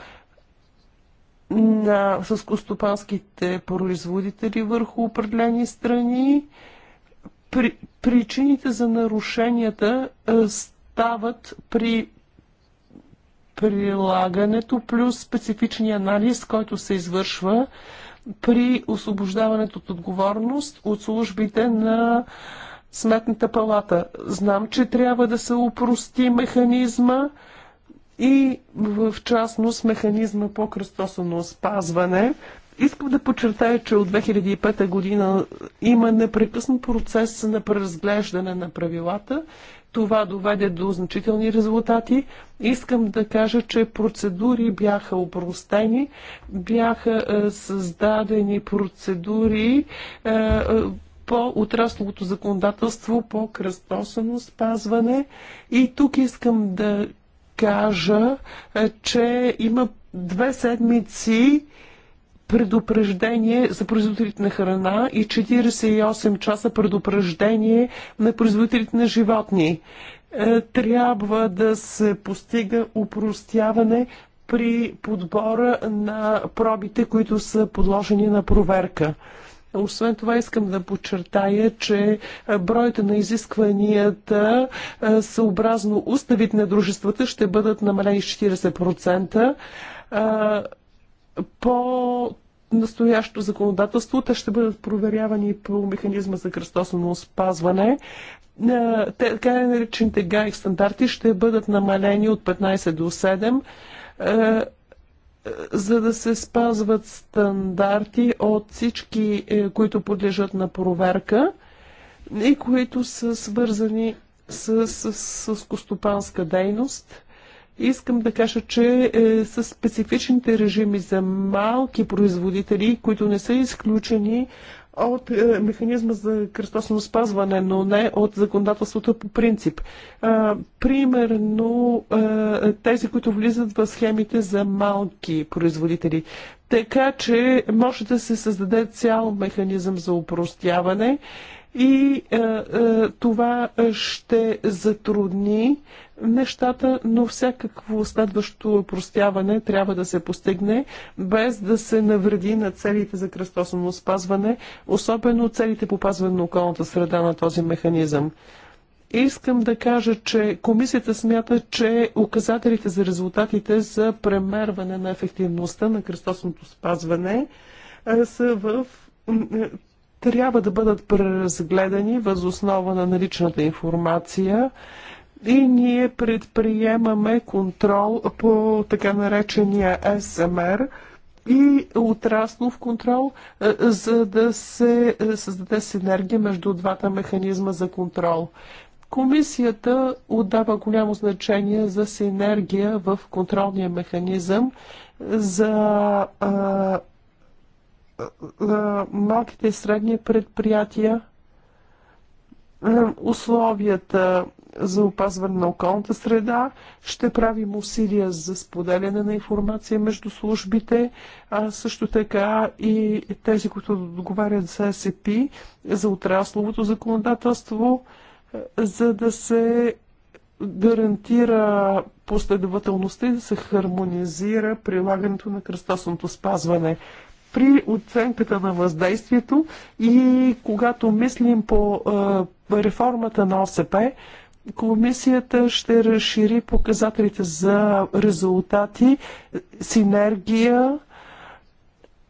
на селскостопанските производители върху определени страни, при, причините за нарушенията е, стават при прилагането плюс специфични анализ, който се извършва при освобождаването от отговорност от службите на Сметната палата. Знам, че трябва да се упрости механизма и в частност механизма по кръстосано спазване, Искам да подчертая, че от 2005 година има непрекъснат процес на преразглеждане на правилата. Това доведе до значителни резултати. Искам да кажа, че процедури бяха упростени, бяха е, създадени процедури е, по отрасловото законодателство, по кръстосано спазване. И тук искам да кажа, е, че има две седмици предупреждение за производителите на храна и 48 часа предупреждение на производителите на животни. Е, трябва да се постига упростяване при подбора на пробите, които са подложени на проверка. Освен това искам да подчертая, че броята на изискванията е, съобразно уставите на дружествата ще бъдат намалени 40% по настоящо законодателство. Те ще бъдат проверявани по механизма за кръстосано спазване. Е, те, така наречените гайк стандарти ще бъдат намалени от 15 до 7 е, е, за да се спазват стандарти от всички, които подлежат на проверка и които са свързани с, с, с костопанска дейност. Искам да кажа, че е, с специфичните режими за малки производители, които не са изключени от е, механизма за кръстосно спазване, но не от законодателството по принцип. Е, примерно е, тези, които влизат в схемите за малки производители. Така че може да се създаде цял механизъм за упростяване. Е, и е, е, това ще затрудни нещата, но всякакво следващо простяване трябва да се постигне, без да се навреди на целите за кръстосано спазване, особено целите по пазване на околната среда на този механизъм. Искам да кажа, че комисията смята, че указателите за резултатите за премерване на ефективността на кръстосното спазване е, са в е, трябва да бъдат преразгледани възоснова на наличната информация и ние предприемаме контрол по така наречения СМР и отраслов контрол, е, за да се е, създаде синергия между двата механизма за контрол. Комисията отдава голямо значение за синергия в контролния механизъм за а, е, малките и средни предприятия, е, условията за опазване на околната среда. Ще правим усилия за споделяне на информация между службите, а също така и тези, които договарят за СП, за отрасловото законодателство, е, за да се гарантира последователността и да се хармонизира прилагането на кръстосното спазване при оценката на въздействието и когато мислим по реформата на ОСП, Комисията ще разшири показателите за резултати, синергия.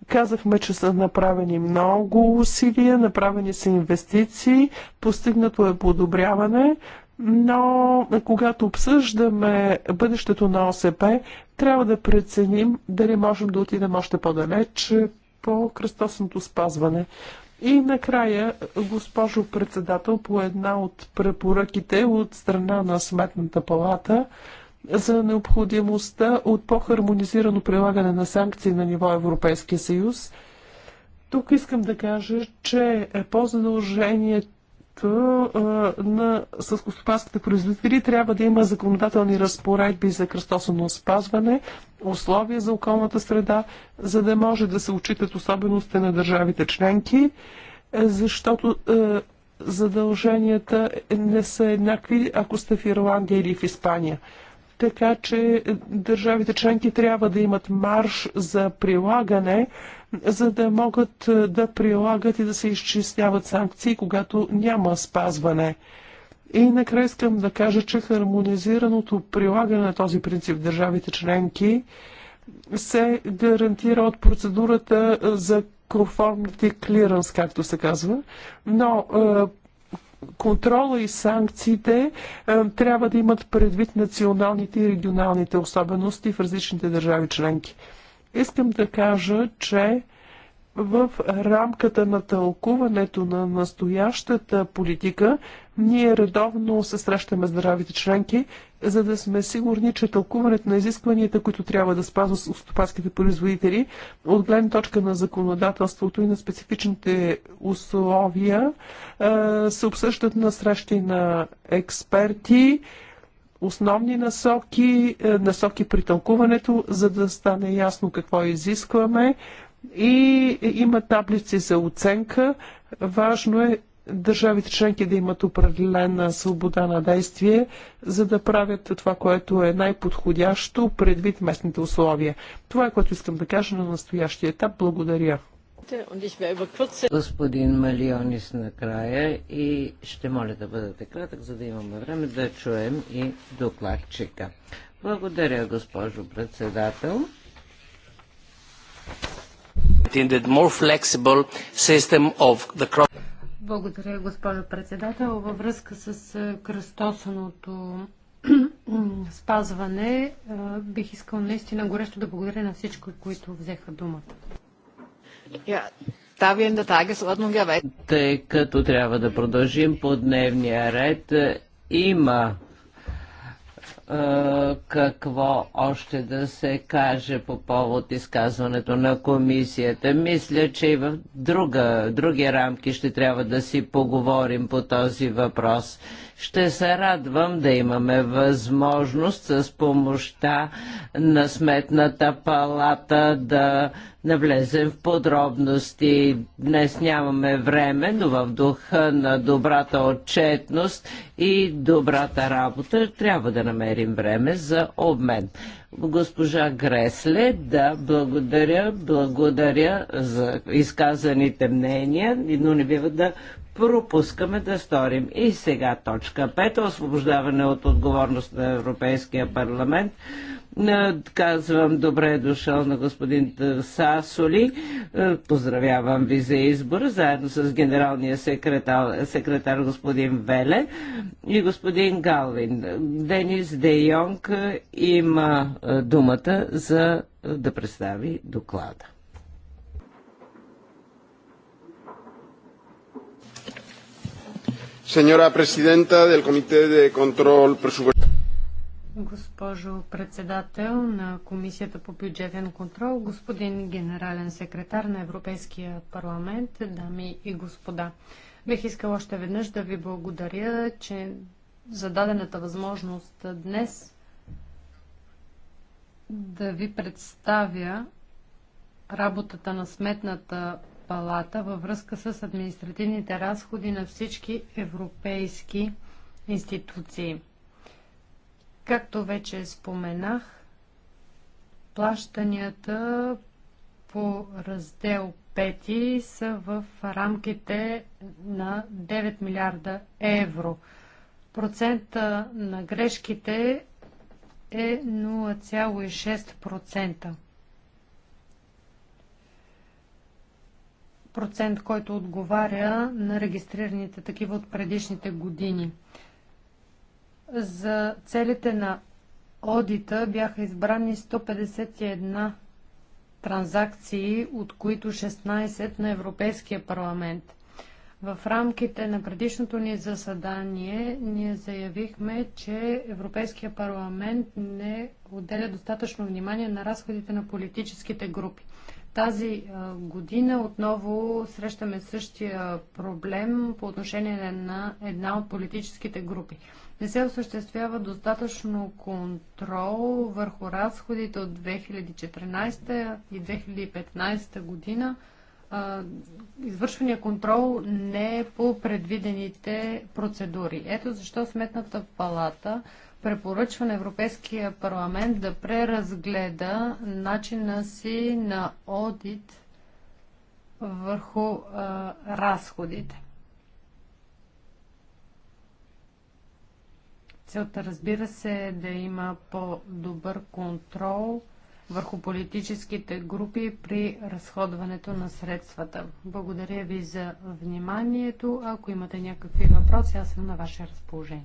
Казахме, че са направени много усилия, направени са инвестиции, постигнато е подобряване но когато обсъждаме бъдещето на ОСП, трябва да преценим дали можем да отидем още по-далеч по кръстосното спазване. И накрая, госпожо председател, по една от препоръките от страна на Сметната палата за необходимостта от по-хармонизирано прилагане на санкции на ниво Европейския съюз, тук искам да кажа, че е по-задължение на съскостопанските производители трябва да има законодателни разпоредби за кръстосано спазване, условия за околната среда, за да може да се отчитат особеностите на държавите членки, е, защото е, задълженията не са еднакви, ако сте в Ирландия или в Испания. Така че е, държавите членки трябва да имат марш за прилагане, за да могат е, да прилагат и да се изчистяват санкции, когато няма спазване. И накрая искам да кажа, че хармонизираното прилагане на този принцип в държавите членки се гарантира от процедурата за конформните клиранс, както се казва, но е, контрола и санкциите е, трябва да имат предвид националните и регионалните особености в различните държави членки. Искам да кажа, че в рамката на тълкуването на настоящата политика, ние редовно се срещаме с членки, за да сме сигурни, че тълкуването на изискванията, които трябва да спазват стопанските производители, от гледна точка на законодателството и на специфичните условия, се обсъщат на срещи на експерти, основни насоки, е, насоки при тълкуването, за да стане ясно какво изискваме. И има таблици за оценка. Важно е държавите членки да имат определена свобода на действие, за да правят това, което е най-подходящо предвид местните условия. Това е което искам да кажа на настоящия етап. Благодаря. Господин Малионис накрая и ще моля да бъдете кратък, за да имаме време да чуем и докладчика. Благодаря, госпожо председател. Благодаря, госпожо председател. Във връзка с кръстосаното спазване, бих искал наистина горещо да благодаря на всички, които взеха думата. Тъй като трябва да продължим по дневния ред, е, има е, какво още да се каже по повод изказването на комисията. Мисля, че и в друга, други рамки ще трябва да си поговорим по този въпрос. Ще се радвам да имаме възможност с помощта на Сметната палата да навлезем в подробности. Днес нямаме време, но в духа на добрата отчетност и добрата работа трябва да намерим време за обмен. Госпожа Гресле, да благодаря, благодаря за изказаните мнения, но не бива да пропускаме да сторим. И сега точка 5. Освобождаване от отговорност на Европейския парламент. Е, казвам добре е дошъл на господин Сасоли. Е, поздравявам ви за избора, заедно с генералния секретар, секретар господин Веле и господин Галвин. Денис Де Йонг има е, думата за да представи доклада. Señora presidenta del Comité de Control Presupuestario. Госпожо председател на Комисията по бюджетен контрол, господин генерален секретар на Европейския парламент, дами и господа. Бих искал още веднъж да ви благодаря, че за дадената възможност днес да ви представя работата на Сметната палата във връзка с административните разходи на всички европейски институции. Както вече споменах, плащанията по раздел 5 са в рамките на 9 милиарда евро. Процента на грешките е 0,6%. процент, който отговаря на регистрираните такива от предишните години. За целите на одита бяха избрани 151 транзакции, от които 16 на Европейския парламент. В рамките на предишното ни заседание ние заявихме, че Европейския парламент не отделя достатъчно внимание на разходите на политическите групи. Тази година отново срещаме същия проблем по отношение на една от политическите групи. Не се осъществява достатъчно контрол върху разходите от 2014 и 2015 година. Извършвания контрол не е по предвидените процедури. Ето защо Сметната палата препоръчва на Европейския парламент да преразгледа начина си на одит върху а, разходите. Целта, разбира се, е да има по-добър контрол – върху политическите групи при разходването на средствата. Благодаря ви за вниманието. Ако имате някакви въпроси, аз съм на ваше разположение.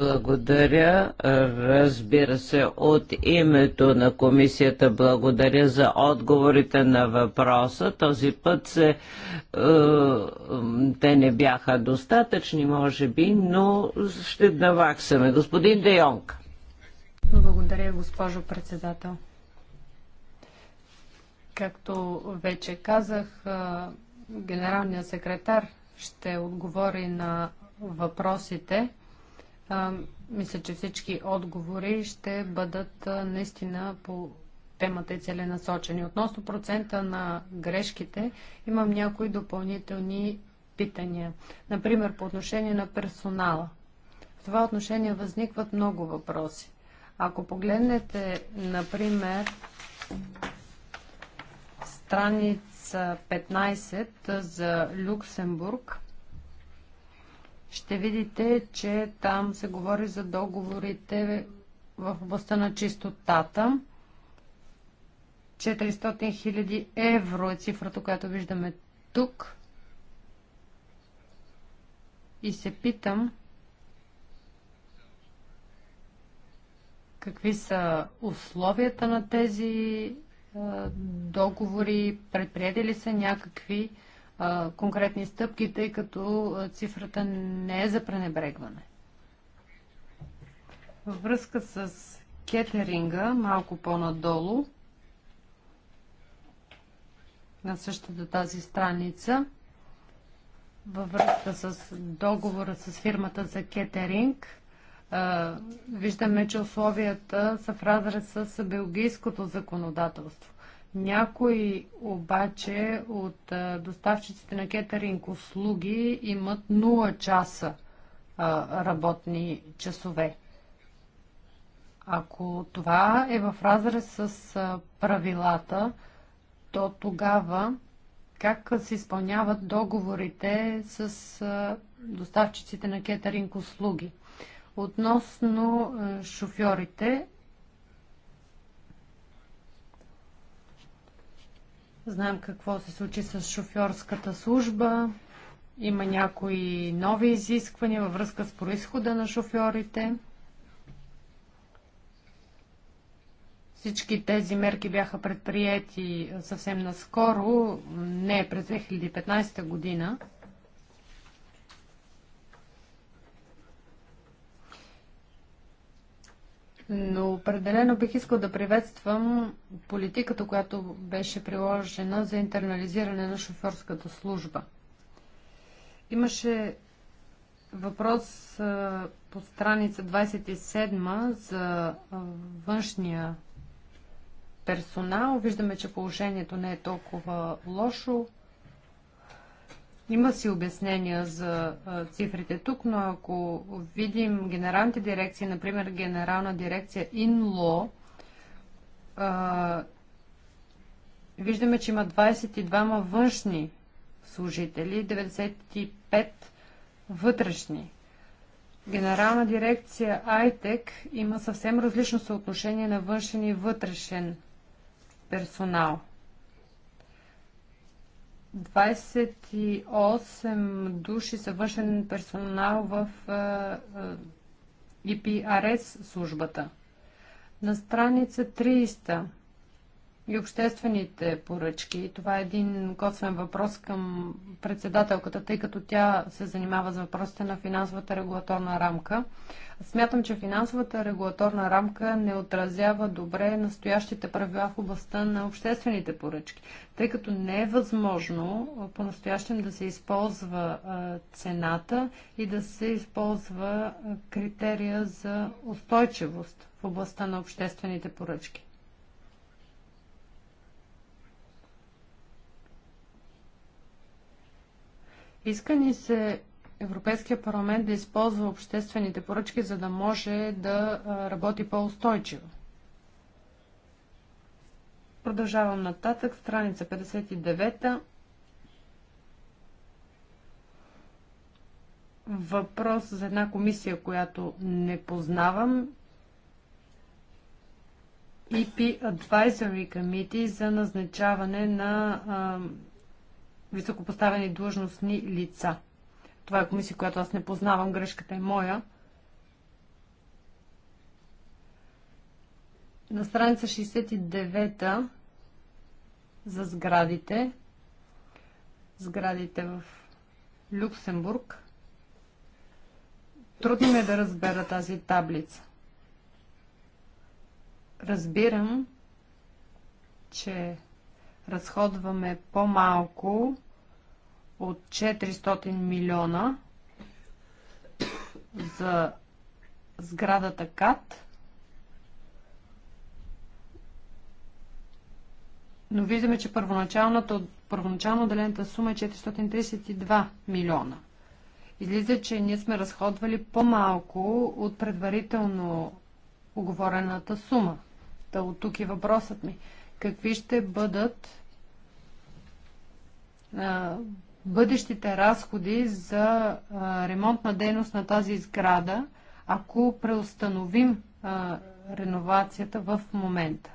Благодаря. Разбира се, от името на комисията благодаря за отговорите на въпроса. Този път се, е, те не бяха достатъчни, може би, но ще наваксаме. Господин Дейонка. Благодаря, госпожо председател. Както вече казах, генералният секретар ще отговори на въпросите. Мисля, че всички отговори ще бъдат наистина по темата и е целенасочени. Относно процента на грешките, имам някои допълнителни питания. Например, по отношение на персонала. В това отношение възникват много въпроси. Ако погледнете, например, страница 15 за Люксембург, ще видите, че там се говори за договорите в областта на чистотата. 400 000 евро е цифрата, която виждаме тук. И се питам, какви са условията на тези договори, предприятели ли са някакви конкретни стъпки, тъй като цифрата не е за пренебрегване. Във връзка с кетеринга, малко по-надолу, на същата тази страница, във връзка с договора с фирмата за кетеринг – виждаме, че условията са в разрез с белгийското законодателство. Някои обаче от доставчиците на кетеринг услуги имат 0 часа работни часове. Ако това е в разрез с правилата, то тогава как се изпълняват договорите с доставчиците на кетеринг услуги? Относно е, шофьорите, знаем какво се случи с шофьорската служба. Има някои нови изисквания във връзка с происхода на шофьорите. Всички тези мерки бяха предприяти съвсем наскоро, не през 2015 година. Но определено бих искал да приветствам политиката, която беше приложена за интернализиране на шофьорската служба. Имаше въпрос по страница 27 за външния персонал. Виждаме, че положението не е толкова лошо. Има си обяснения за цифрите тук, но ако видим генералните дирекции, например генерална дирекция ИНЛО, виждаме, че има 22 външни служители, 95 вътрешни. Генерална дирекция АЙТЕК има съвсем различно съотношение на външен и вътрешен персонал – 28 души съвършен персонал в ИПРС службата. На страница 30 и обществените поръчки. Това е един косвен въпрос към председателката, тъй като тя се занимава с въпросите на финансовата регулаторна рамка. Смятам, че финансовата регулаторна рамка не отразява добре настоящите правила в областта на обществените поръчки, тъй като не е възможно по-настоящем да се използва цената и да се използва критерия за устойчивост в областта на обществените поръчки. Иска ни се Европейския парламент да използва обществените поръчки, за да може да работи по-устойчиво. Продължавам нататък, страница 59. Въпрос за една комисия, която не познавам. EP Advisory Committee за назначаване на високопоставени длъжностни лица. Това е комисия, която аз не познавам, грешката е моя. На страница 69 за сградите, сградите в Люксембург, трудно ми е да разбера тази таблица. Разбирам, че разходваме по-малко от 400 милиона за сградата КАТ. Но виждаме, че първоначалната, първоначално отделената сума е 432 милиона. Излиза, че ние сме разходвали по-малко от предварително оговорената сума. Та от тук и въпросът ми какви ще бъдат а, бъдещите разходи за а, ремонтна дейност на тази сграда, ако преустановим а, реновацията в момента.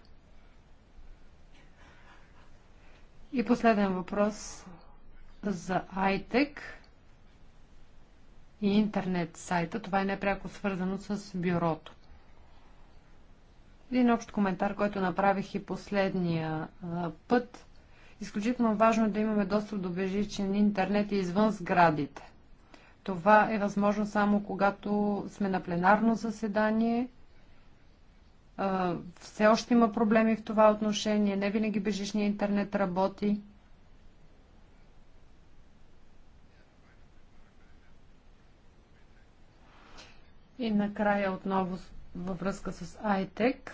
И последен въпрос за iTech и интернет сайта. Това е непряко свързано с бюрото. Един общ коментар, който направих и последния път. Изключително важно е да имаме достъп до бежичен интернет и извън сградите. Това е възможно само когато сме на пленарно заседание. все още има проблеми в това отношение. Не винаги бежичният интернет работи. И накрая отново във връзка с iTech.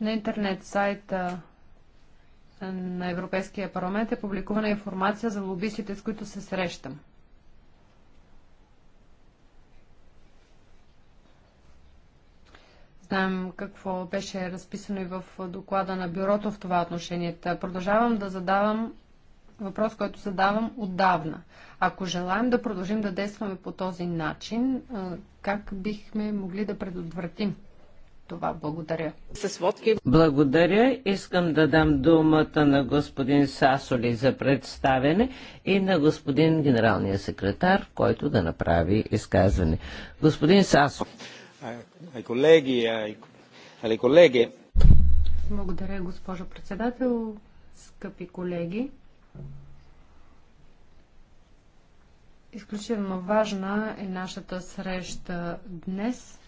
На интернет сайта на Европейския парламент е публикувана информация за лобистите, с които се срещам. знаем какво беше разписано и в доклада на бюрото в това отношение. Продължавам да задавам въпрос, който задавам отдавна. Ако желаем да продължим да действаме по този начин, как бихме могли да предотвратим това? Благодаря. Благодаря. Искам да дам думата на господин Сасоли за представене и на господин генералния секретар, който да направи изказване. Господин Сасоли. Колеги, колеги. Благодаря, госпожо председател. Скъпи колеги, Изключително важна е нашата среща днес.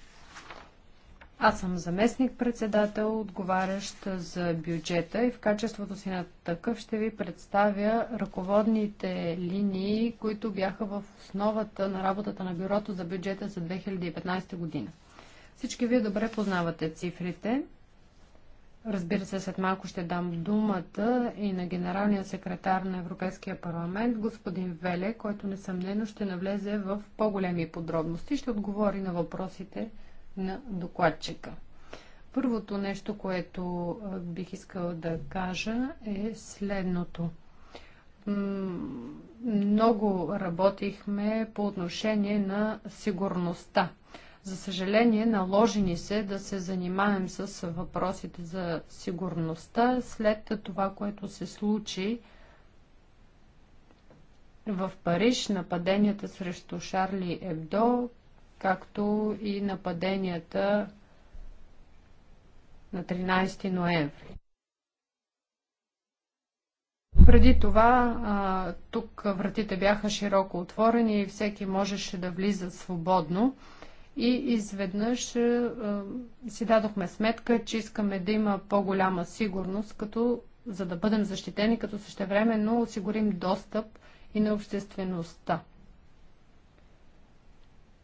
Аз съм заместник-председател, отговарящ за бюджета и в качеството си на такъв ще ви представя ръководните линии, които бяха в основата на работата на Бюрото за бюджета за 2015 година. Всички вие добре познавате цифрите. Разбира се, след малко ще дам думата и на генералния секретар на Европейския парламент, господин Веле, който несъмнено ще навлезе в по-големи подробности и ще отговори на въпросите на докладчика. Първото нещо, което бих искала да кажа е следното. Много работихме по отношение на сигурността за съжаление, наложи ни се да се занимаем с въпросите за сигурността след това, което се случи в Париж, нападенията срещу Шарли Ебдо, както и нападенията на 13 ноември. Преди това тук вратите бяха широко отворени и всеки можеше да влиза свободно и изведнъж е, е, си дадохме сметка, че искаме да има по-голяма сигурност, като, за да бъдем защитени, като същевременно осигурим достъп и на обществеността.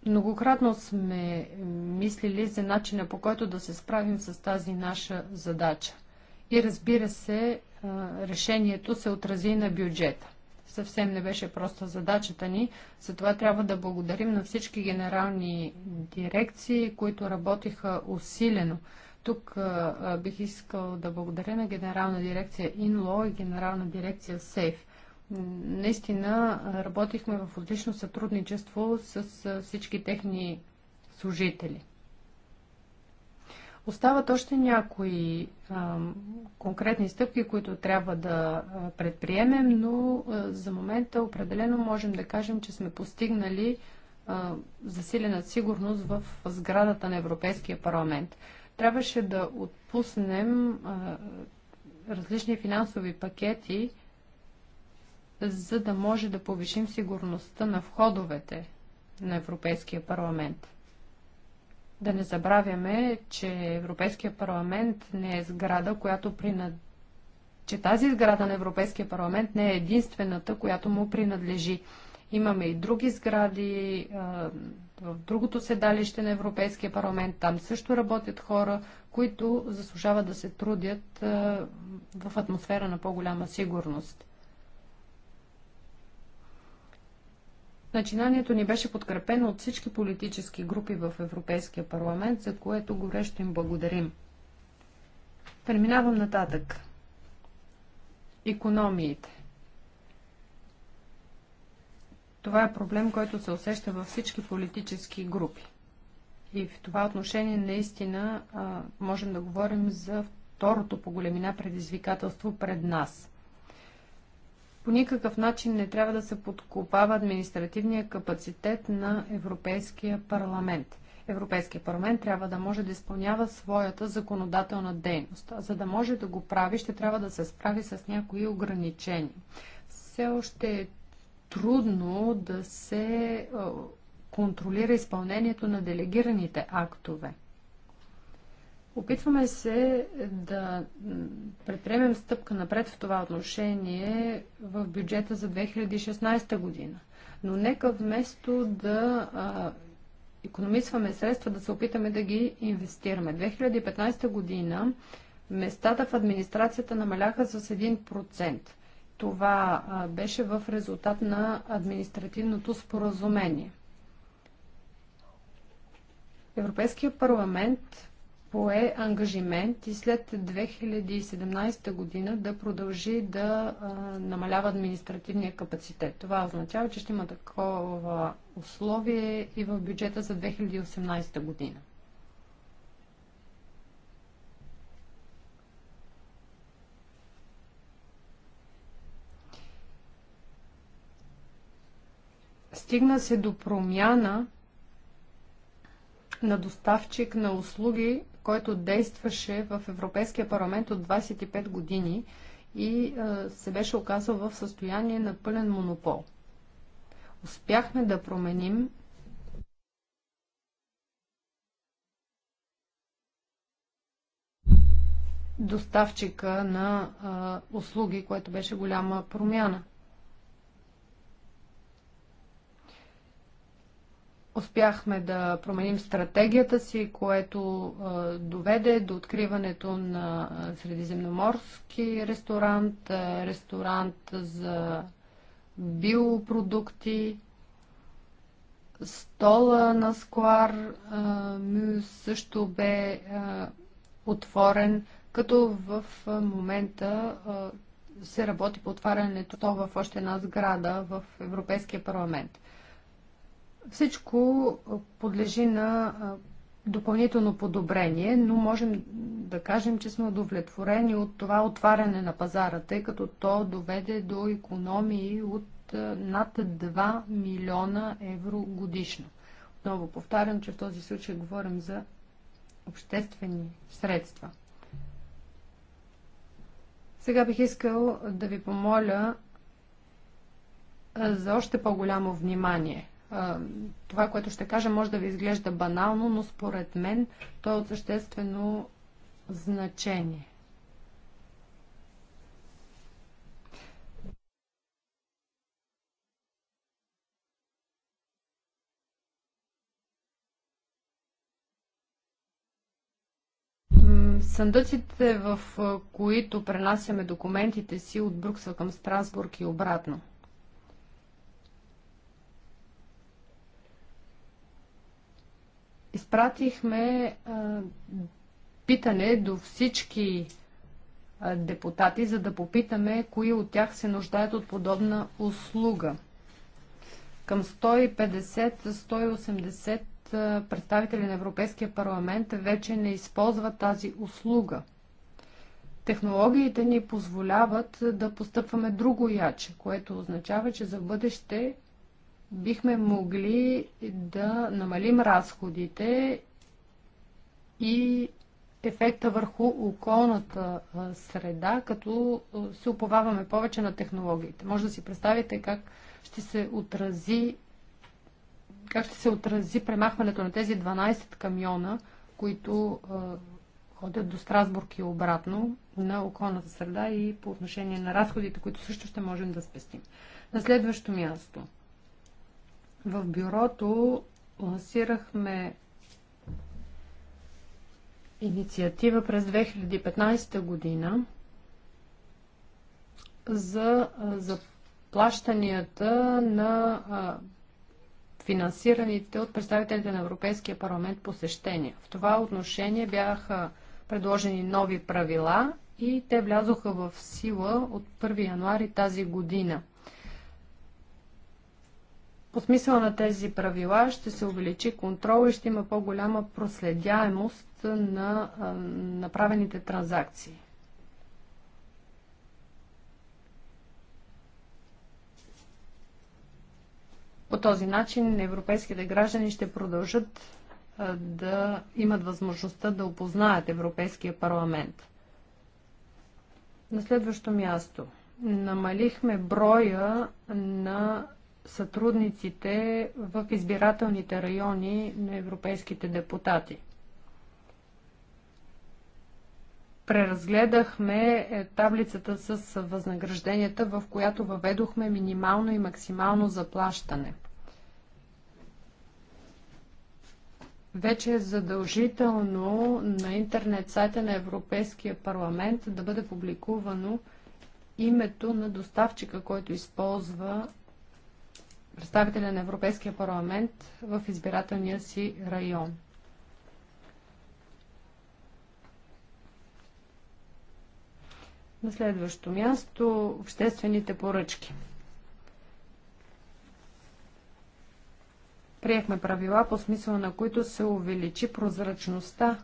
Многократно сме мислили за начина по който да се справим с тази наша задача. И разбира се, е, решението се отрази на бюджета съвсем не беше просто задачата ни. Затова трябва да благодарим на всички генерални дирекции, които работиха усилено. Тук а, бих искал да благодаря на генерална дирекция ИНЛО и генерална дирекция СЕЙФ. Наистина работихме в отлично сътрудничество с всички техни служители. Остават още някои а, конкретни стъпки, които трябва да предприемем, но а, за момента определено можем да кажем, че сме постигнали а, засилена сигурност в сградата на Европейския парламент. Трябваше да отпуснем а, различни финансови пакети, за да може да повишим сигурността на входовете на Европейския парламент. Да не забравяме, че Европейския парламент не е сграда, която принад... че тази сграда на Европейския парламент не е единствената, която му принадлежи. Имаме и други сгради в другото седалище на Европейския парламент. Там също работят хора, които заслужават да се трудят в атмосфера на по-голяма сигурност. Начинанието ни беше подкрепено от всички политически групи в Европейския парламент, за което горещо им благодарим. Преминавам нататък. Економиите. Това е проблем, който се усеща във всички политически групи. И в това отношение наистина а, можем да говорим за второто по големина предизвикателство пред нас – по никакъв начин не трябва да се подкопава административния капацитет на Европейския парламент. Европейския парламент трябва да може да изпълнява своята законодателна дейност. А за да може да го прави, ще трябва да се справи с някои ограничения. Все още е трудно да се контролира изпълнението на делегираните актове. Опитваме се да предприемем стъпка напред в това отношение в бюджета за 2016 година. Но нека вместо да а, економисваме средства, да се опитаме да ги инвестираме. 2015 година местата в администрацията намаляха с 1%. Това а, беше в резултат на административното споразумение. Европейския парламент пое ангажимент и след 2017 година да продължи да а, намалява административния капацитет. Това означава, че ще има такова условие и в бюджета за 2018 година. Стигна се до промяна на доставчик на услуги който действаше в Европейския парламент от 25 години и се беше оказал в състояние на пълен монопол. Успяхме да променим доставчика на а, услуги, което беше голяма промяна. Успяхме да променим стратегията си, което доведе до откриването на средиземноморски ресторант, ресторант за биопродукти, стола на Сквар Мюс също бе отворен, като в момента се работи по отварянето то в още една сграда в Европейския парламент. Всичко подлежи на допълнително подобрение, но можем да кажем, че сме удовлетворени от това отваряне на пазара, тъй като то доведе до економии от над 2 милиона евро годишно. Отново повтарям, че в този случай говорим за обществени средства. Сега бих искал да ви помоля за още по-голямо внимание това, което ще кажа, може да ви изглежда банално, но според мен то е от съществено значение. Съндъците, в които пренасяме документите си от Брюксел към Страсбург и обратно – изпратихме а, питане до всички а, депутати, за да попитаме кои от тях се нуждаят от подобна услуга. Към 150-180 представители на Европейския парламент вече не използват тази услуга. Технологиите ни позволяват да постъпваме друго яче, което означава, че за бъдеще бихме могли да намалим разходите и ефекта върху околната среда, като се уповаваме повече на технологиите. Може да си представите как ще се отрази как ще се отрази премахването на тези 12 камиона, които е, ходят до Страсбург и обратно на околната среда и по отношение на разходите, които също ще можем да спестим. На следващо място – в бюрото лансирахме инициатива през 2015 година за заплащанията на финансираните от представителите на Европейския парламент посещения. В това отношение бяха предложени нови правила и те влязоха в сила от 1 януари тази година. По смисъла на тези правила ще се увеличи контрол и ще има по-голяма проследяемост на направените транзакции. По този начин европейските граждани ще продължат да имат възможността да опознаят Европейския парламент. На следващо място намалихме броя на сътрудниците в избирателните райони на европейските депутати. Преразгледахме е, таблицата с възнагражденията, в която въведохме минимално и максимално заплащане. вече е задължително на интернет сайта на Европейския парламент да бъде публикувано името на доставчика, който използва представителя на Европейския парламент в избирателния си район. На следващо място обществените поръчки. Приехме правила, по смисъла на които се увеличи прозрачността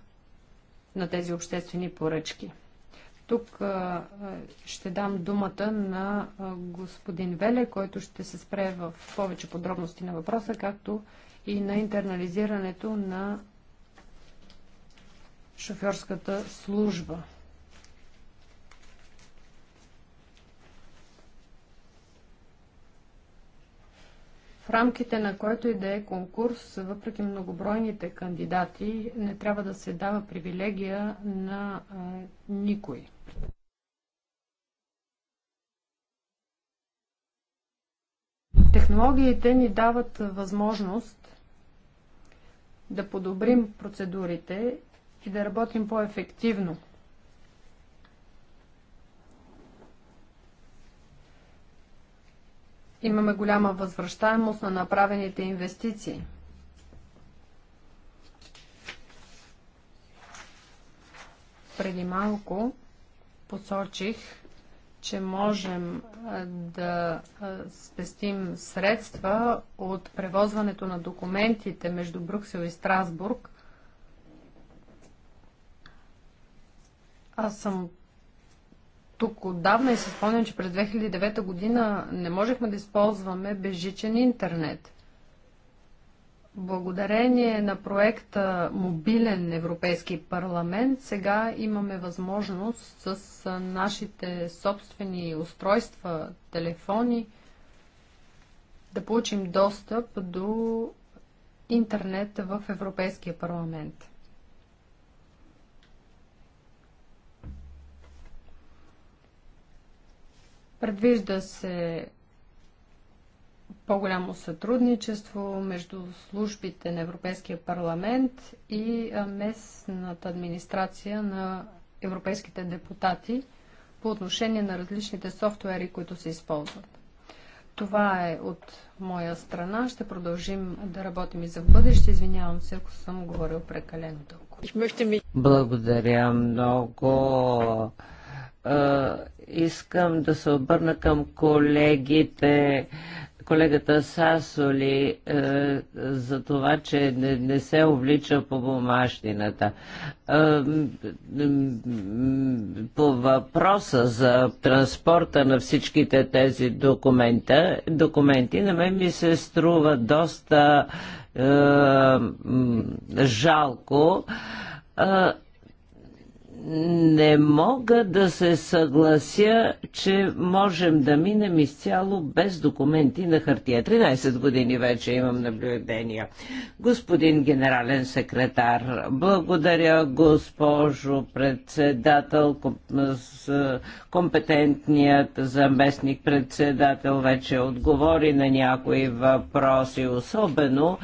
на тези обществени поръчки. Тук ще дам думата на господин Веле, който ще се спре в повече подробности на въпроса, както и на интернализирането на шофьорската служба. в рамките на който и да е конкурс, въпреки многобройните кандидати, не трябва да се дава привилегия на а, никой. Технологиите ни дават възможност да подобрим процедурите и да работим по-ефективно Имаме голяма възвръщаемост на направените инвестиции. Преди малко посочих, че можем да спестим средства от превозването на документите между Брюксел и Страсбург. Аз съм тук отдавна и се спомням, че през 2009 година не можехме да използваме безжичен интернет. Благодарение на проекта Мобилен Европейски парламент сега имаме възможност с нашите собствени устройства, телефони да получим достъп до интернет в Европейския парламент. Предвижда се по-голямо сътрудничество между службите на Европейския парламент и местната администрация на европейските депутати по отношение на различните софтуери, които се използват. Това е от моя страна. Ще продължим да работим и за бъдеще. Извинявам се, ако съм говорил прекалено дълго. Благодаря много искам да се обърна към колегите, колегата Сасоли е, за това, че не, не се увлича по бумащината. Е, по въпроса за транспорта на всичките тези документа, документи, на мен ми се струва доста е, жалко. Е, не мога да се съглася, че можем да минем изцяло без документи на хартия. 13 години вече имам наблюдения. Господин генерален секретар, благодаря госпожо председател, е, компетентният заместник председател вече отговори на някои въпроси, особено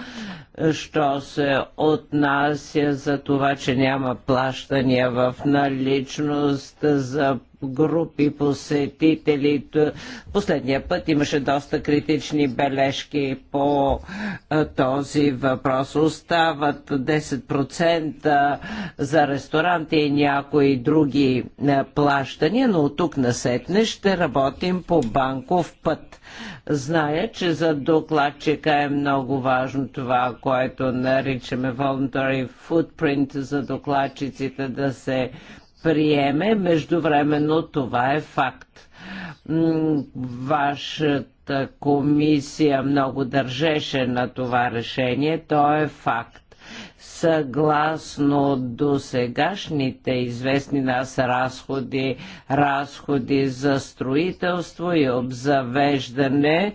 е, що се отнася за това, че няма плащания в на личност за групи посетители. Последния път имаше доста критични бележки по този въпрос. Остават 10% за ресторанти и някои други плащания, но от тук насетне ще работим по банков път. Зная, че за докладчика е много важно това, което наричаме voluntary footprint за докладчиците да се приеме. Междувременно това е факт. Вашата комисия много държеше на това решение. То е факт съгласно до сегашните известни нас разходи, разходи за строителство и обзавеждане, е,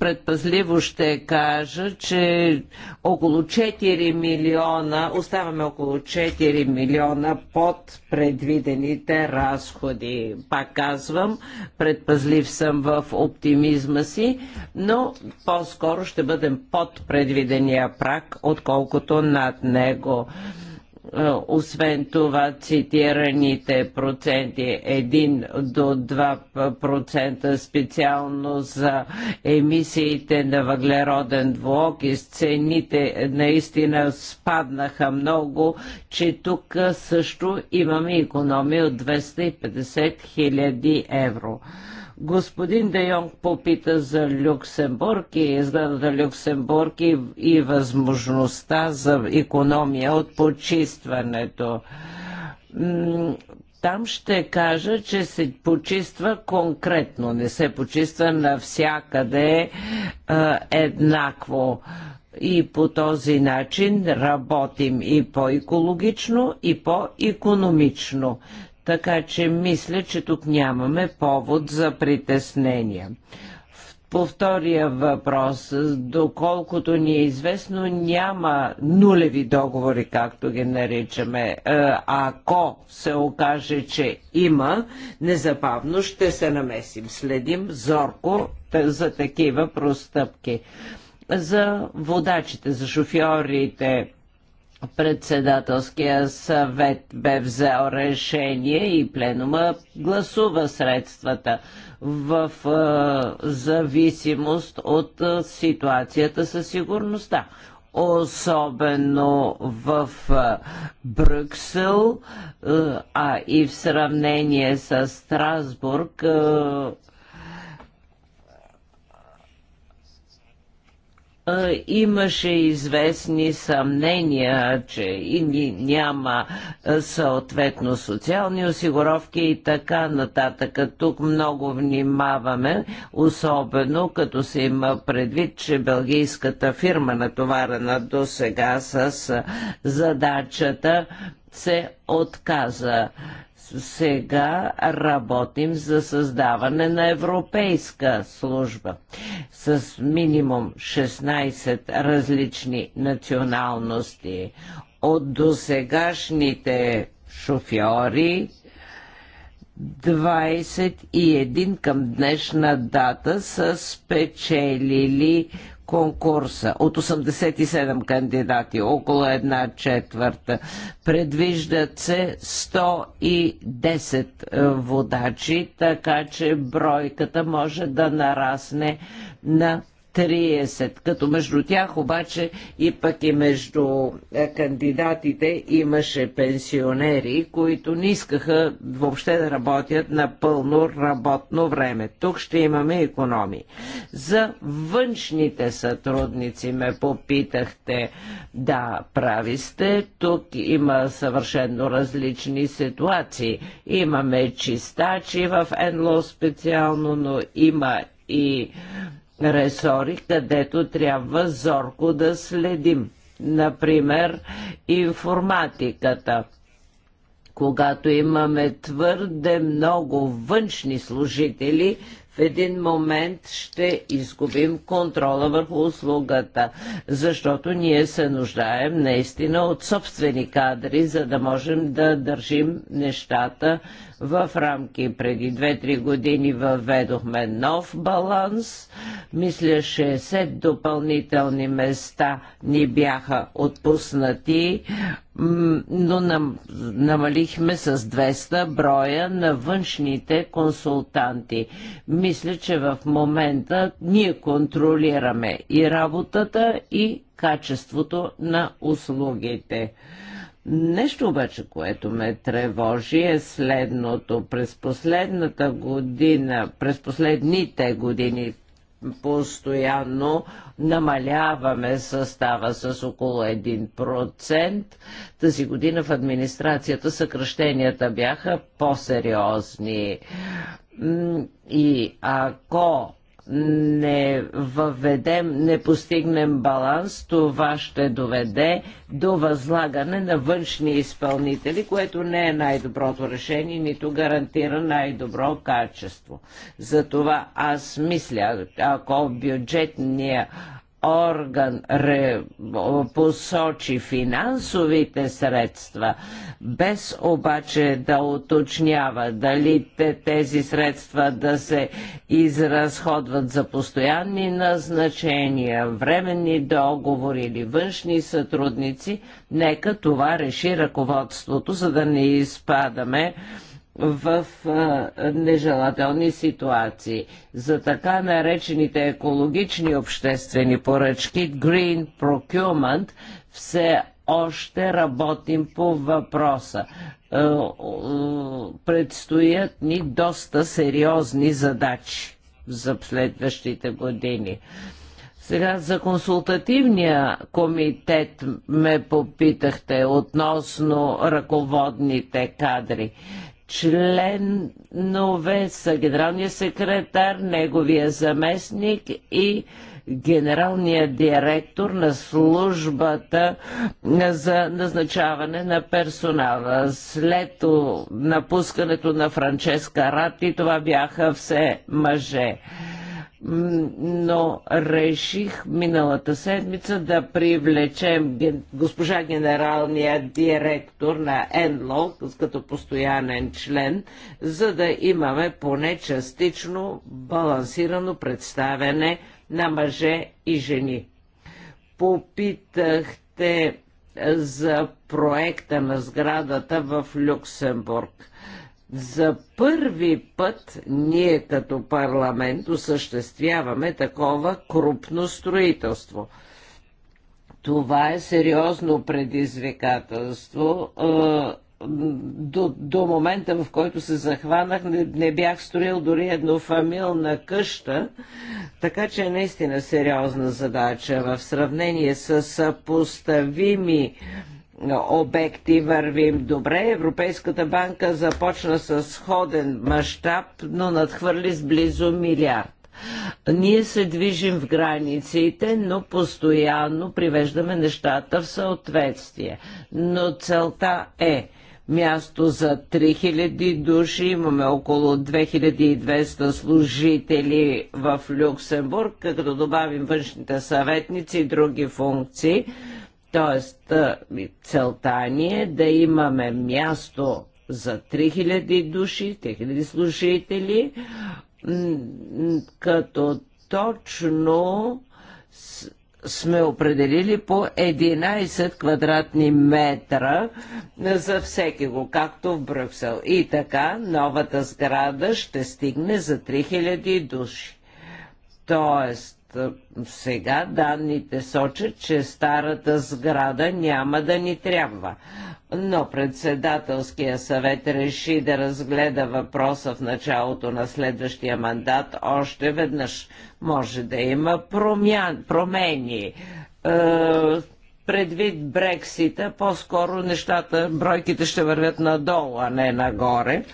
предпазливо ще кажа, че около 4 милиона, оставаме около 4 милиона под предвидените разходи. Пак казвам, предпазлив съм в оптимизма си, но по-скоро ще бъдем под предвидения прак, отколкото нивото над него. Е, освен това, цитираните проценти 1 до 2% процента специално за емисиите на въглероден и цените наистина спаднаха много, че тук също имаме економия от 250 000 евро. Господин Де Йонг попита за Люксембург и изгледата Люксембург и, и възможността за економия от почистването. Там ще кажа, че се почиства конкретно, не се почиства навсякъде е, еднакво. И по този начин работим и по-екологично, и по-економично. Така че мисля, че тук нямаме повод за притеснения. По втория въпрос, доколкото ни е известно, няма нулеви договори, както ги наричаме. Е, ако се окаже, че има, незабавно ще се намесим. Следим зорко за такива простъпки. За водачите, за шофьорите, Председателския съвет бе взел решение и пленума гласува средствата в а, е, зависимост от а, е, ситуацията със сигурността. Особено в а, е, Брюксел, а и в сравнение с Страсбург, имаше известни съмнения, че и няма съответно социални осигуровки и така нататък. Тук много внимаваме, особено като се има предвид, че бългийската фирма натоварена до сега с задачата се отказа сега работим за създаване на европейска служба с минимум 16 различни националности от досегашните шофьори 21 към днешна дата са спечелили конкурса. От 87 кандидати, около една четвърта, предвиждат се 110 е, водачи, така че бройката може да нарасне на 30, като между тях обаче и пък и между е, кандидатите имаше пенсионери, които не искаха въобще да работят на пълно работно време. Тук ще имаме економии. За външните сътрудници ме попитахте. Да, прави сте. Тук има съвършенно различни ситуации. Имаме чистачи в НЛО специално, но има и ресори, където трябва зорко да следим. Например, информатиката когато имаме твърде много външни служители, в един момент ще изгубим контрола върху услугата, защото ние се нуждаем наистина от собствени кадри, за да можем да държим нещата в рамки преди 2-3 години въведохме нов баланс. Мисля, 60 допълнителни места ни бяха отпуснати, но нам, намалихме с 200 броя на външните консултанти. Мисля, че в момента ние контролираме и работата, и качеството на услугите. Нещо обаче, което ме тревожи е следното. През последната година, през последните години постоянно намаляваме състава с около 1%. Тази година в администрацията съкръщенията бяха по-сериозни. И ако не въведем, не постигнем баланс, това ще доведе до възлагане на външни изпълнители, което не е най-доброто решение, нито гарантира най-добро качество. Затова аз мисля, ако бюджетния орган ре, посочи финансовите средства, без обаче да уточнява дали те, тези средства да се изразходват за постоянни назначения, временни договори или външни сътрудници, нека това реши ръководството, за да не изпадаме в нежелателни ситуации. За така наречените екологични обществени поръчки, Green Procurement, все още работим по въпроса. Е, предстоят ни доста сериозни задачи за следващите години. Сега за консултативния комитет ме попитахте относно ръководните кадри членове са генералния секретар, неговия заместник и генералния директор на службата за назначаване на персонала. След напускането на Франческа Рати това бяха все мъже но реших миналата седмица да привлечем госпожа генералния директор на ЕНЛО като постоянен член, за да имаме поне частично балансирано представяне на мъже и жени. Попитахте за проекта на сградата в Люксембург за първи път ние като парламент осъществяваме такова крупно строителство. Това е сериозно предизвикателство. Е, до, до момента, в който се захванах, не, не бях строил дори едно фамилна къща, така че е наистина сериозна задача в сравнение с съпоставими а, обекти вървим добре. Европейската банка започна с сходен мащаб, но надхвърли с близо милиард. Ние се движим в границите, но постоянно привеждаме нещата в съответствие. Но целта е място за 3000 души, имаме около 2200 служители в Люксембург, като добавим външните съветници и други функции т.е. целта ни е да имаме място за 3000 души, 3000 служители, като точно сме определили по 11 квадратни метра за всеки го, както в Брюксел. И така новата сграда ще стигне за 3000 души. Тоест, сега данните сочат, че старата сграда няма да ни трябва. Но председателския съвет реши да разгледа въпроса в началото на следващия мандат още веднъж. Може да има промян, промени. Е, предвид Брексита, по-скоро нещата, бройките ще вървят надолу, а не нагоре.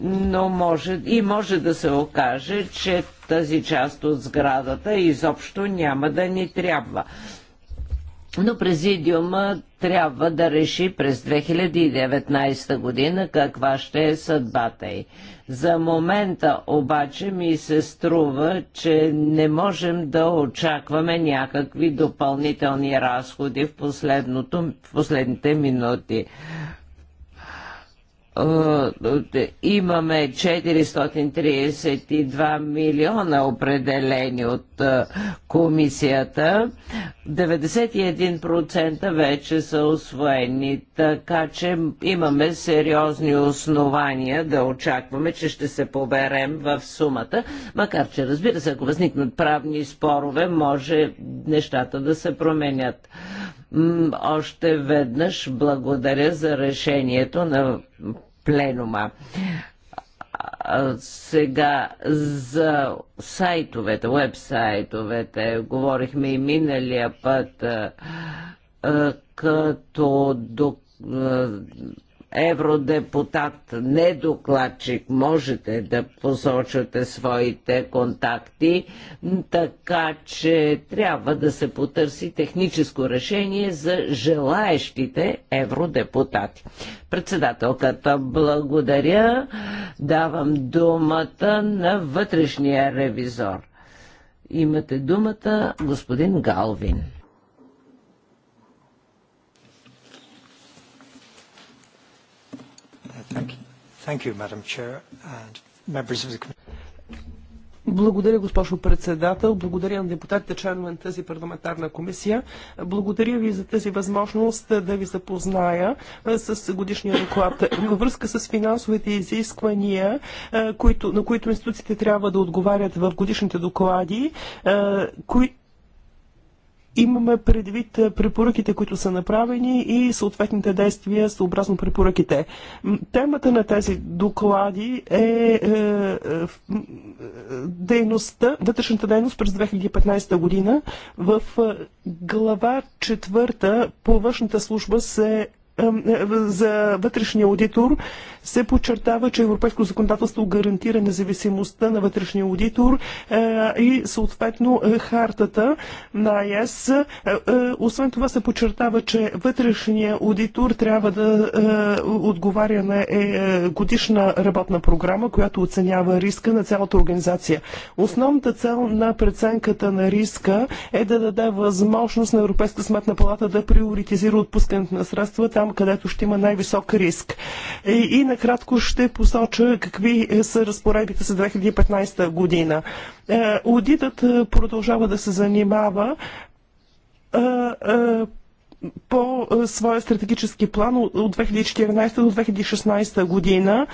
Но може и може да се окаже, че тази част от сградата изобщо няма да ни трябва но президиума трябва да реши през 2019 година каква ще е съдбата й. За момента обаче ми се струва, че не можем да очакваме някакви допълнителни разходи в, в последните минути. Е, имаме 432 милиона определени от е, комисията. 91% вече са освоени, така че имаме сериозни основания да очакваме, че ще се поберем в сумата, макар че разбира се, ако възникнат правни спорове, може нещата да се променят. Още веднъж благодаря за решението на пленума сега за сайтовете, вебсайтовете, говорихме и миналия път, като до, евродепутат, не докладчик, можете да посочвате своите контакти, така че трябва да се потърси техническо решение за желаещите евродепутати. Председателката, благодаря. Давам думата на вътрешния ревизор. Имате думата, господин Галвин. Благодаря, госпожо председател. Благодаря на депутатите, членове на тази парламентарна комисия. Благодаря ви за тази възможност да ви запозная с годишния доклад. Във връзка с финансовите изисквания, които, на които институциите трябва да отговарят в годишните доклади, които Имаме предвид е, препоръките, които са направени и съответните действия съобразно препоръките. Темата на тези доклади е, е, е дейността, вътрешната дейност през 2015 година. В глава четвърта по външната служба се за вътрешния аудитор се подчертава, че европейско законодателство гарантира независимостта на вътрешния аудитор е, и съответно е, хартата на ЕС. Е, освен това се подчертава, че вътрешния аудитор трябва да отговаря на годишна работна програма, която оценява риска на цялата организация. Основната цел на преценката на риска е да даде възможност на Европейска сметна палата да приоритизира отпускането на средства там, където ще има най-висок риск. И, и накратко ще посоча какви е, са разпоредбите за 2015 година. Е, аудитът е, продължава да се занимава по своя стратегически план от 2014 до 2016 година.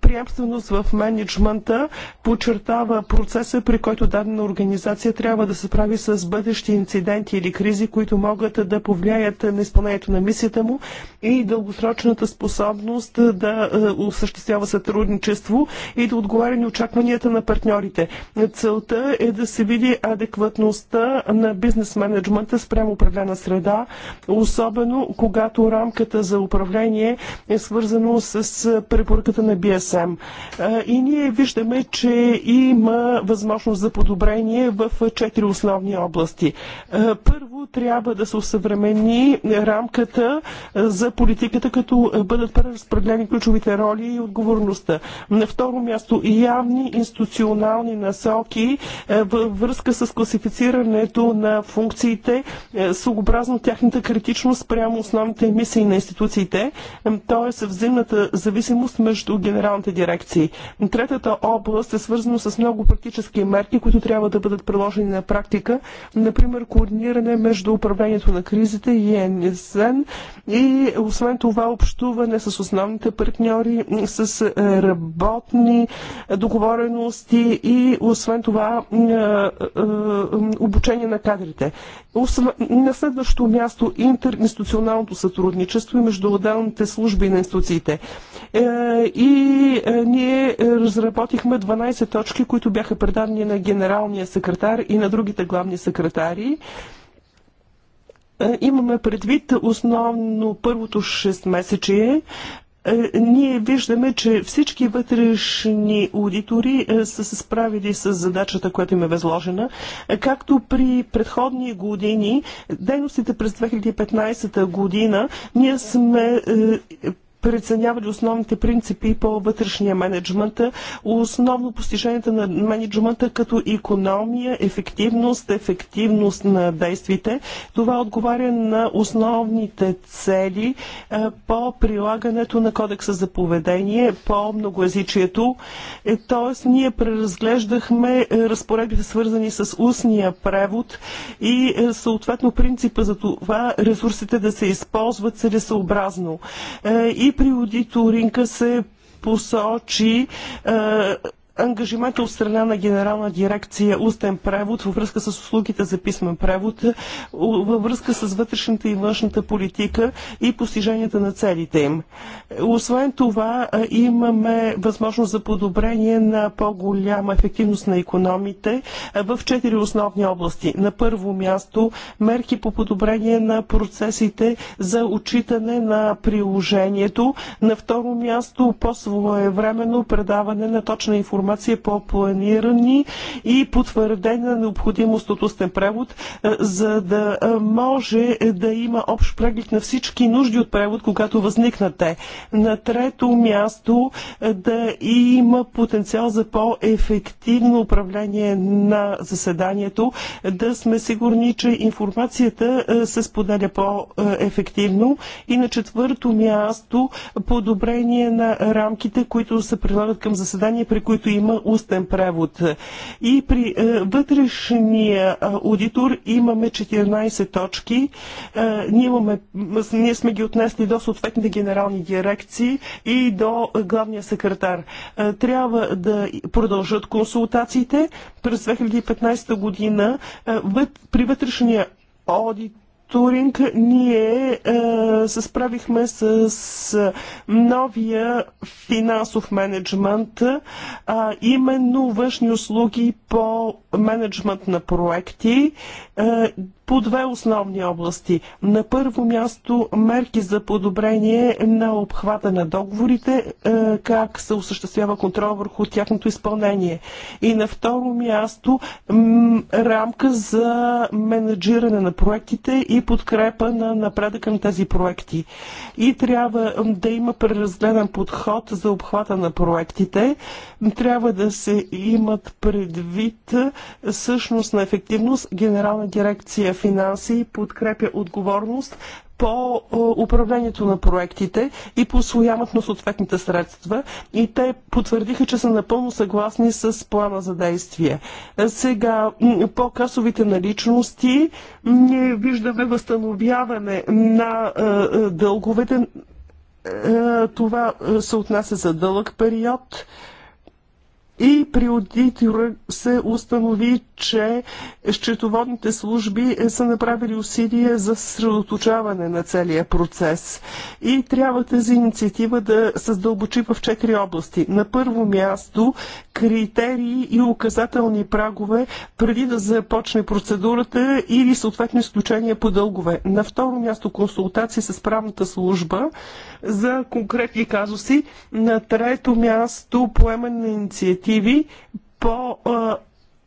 Приемственост в менеджмента подчертава процеса, при който дадена организация трябва да се прави с бъдещи инциденти или кризи, които могат да повлияят на изпълнението на мисията му и дългосрочната способност да осъществява сътрудничество и да отговаря на очакванията на партньорите. Целта е да се види адекватността на бизнес менеджмента спрямо определена среда, особено когато рамката за управление е свързано с препоръката на БСМ. И ние виждаме, че има възможност за подобрение в четири основни области. Първо, трябва да се усъвремени рамката за политиката, като бъдат преразпределени ключовите роли и отговорността. На второ място, явни институционални насоки във връзка с класифицирането на функциите, съобразно тяхната тяхната критичност прямо основните мисии на институциите, т.е. взаимната зависимост между генералните дирекции. Третата област е свързана с много практически мерки, които трябва да бъдат приложени на практика, например координиране между управлението на кризите и ЕНСН и освен това общуване с основните партньори, с е, работни е, договорености и освен това е, обучение на кадрите. На следващо място интернационалното сътрудничество между отделните служби на институциите. Е, и е, ние разработихме 12 точки, които бяха предадени на генералния секретар и на другите главни секретари. Е, имаме предвид основно първото 6 месечие. Е, ние виждаме, че всички вътрешни аудитори е, са се справили с задачата, която им е възложена. Е, както при предходни години, дейностите през 2015 година, ние сме преценявали основните принципи по вътрешния менеджмент, основно постиженията на менеджмента като економия, ефективност, ефективност на действите. Това отговаря на основните цели е, по прилагането на кодекса за поведение, по многоязичието. Е, тоест, ние преразглеждахме е, разпоредбите свързани с устния превод и съответно принципа за това ресурсите да се използват целесообразно. И при аудиторинга се посочи е, ангажимент от страна на Генерална дирекция устен превод във връзка с услугите за писмен превод, във връзка с вътрешната и външната политика и постиженията на целите им. Освен това, имаме възможност за подобрение на по-голяма ефективност на економите в четири основни области. На първо място мерки по подобрение на процесите за отчитане на приложението. На второ място по-своевременно предаване на точна информация информация по планирани и потвърдена необходимост от устен превод, е, за да е, може е, да има общ преглед на всички нужди от превод, когато възникнат те. На трето място да има потенциал за по-ефективно управление на заседанието, да сме сигурни, че информацията се споделя по-ефективно и на четвърто място подобрение на рамките, които се прилагат към заседания, при които има устен превод. И при е, вътрешния е, аудитор имаме 14 точки. Е, ние, имаме, ние сме ги отнесли до съответните генерални дирекции и до главния секретар. Трябва да продължат консултациите. През 2015 година при вътрешния аудитор. Туринг ние е, се справихме с, с новия финансов менеджмент, а именно външни услуги по менеджмент на проекти. Е, по две основни области. На първо място мерки за подобрение на обхвата на договорите, е, как се осъществява контрол върху тяхното изпълнение. И на второ място рамка за менеджиране на проектите и подкрепа на напредъка на тези проекти. И трябва да има преразгледан подход за обхвата на проектите. Трябва да се имат предвид е, същност на ефективност. Генерална дирекция финанси, подкрепя отговорност по е, управлението на проектите и по освояването на съответните средства и те потвърдиха, че са напълно съгласни с плана за действие. Е, сега, по касовите наличности, ние виждаме възстановяване на е, дълговете. Това се отнася за дълъг период. И при аудитора се установи, че счетоводните служби са направили усилия за съсредоточаване на целия процес. И трябва тази инициатива да се задълбочи в четири области. На първо място критерии и указателни прагове преди да започне процедурата или съответно изключения по дългове. На второ място консултации с правната служба за конкретни казуси. На трето място поемане на инициативи по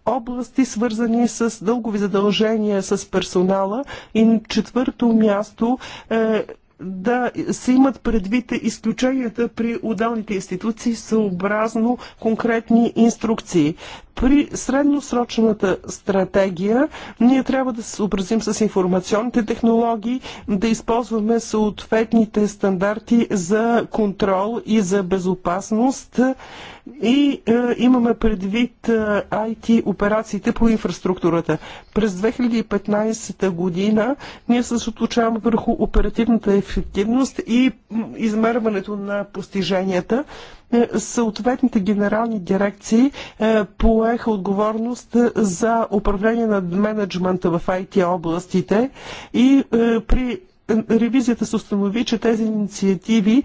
области, свързани с дългови задължения с персонала. И на четвърто място е, да се имат предвид изключенията при отделните институции съобразно конкретни инструкции. При средносрочната стратегия ние трябва да се съобразим с информационните технологии, да използваме съответните стандарти за контрол и за безопасност и е, имаме предвид е, IT операциите по инфраструктурата. През 2015 година ние се съсредоточаваме върху оперативната ефективност и измерването на постиженията. Е, съответните генерални дирекции е, поеха отговорност е, за управление на менеджмента в IT областите и при ревизията се установи, че тези инициативи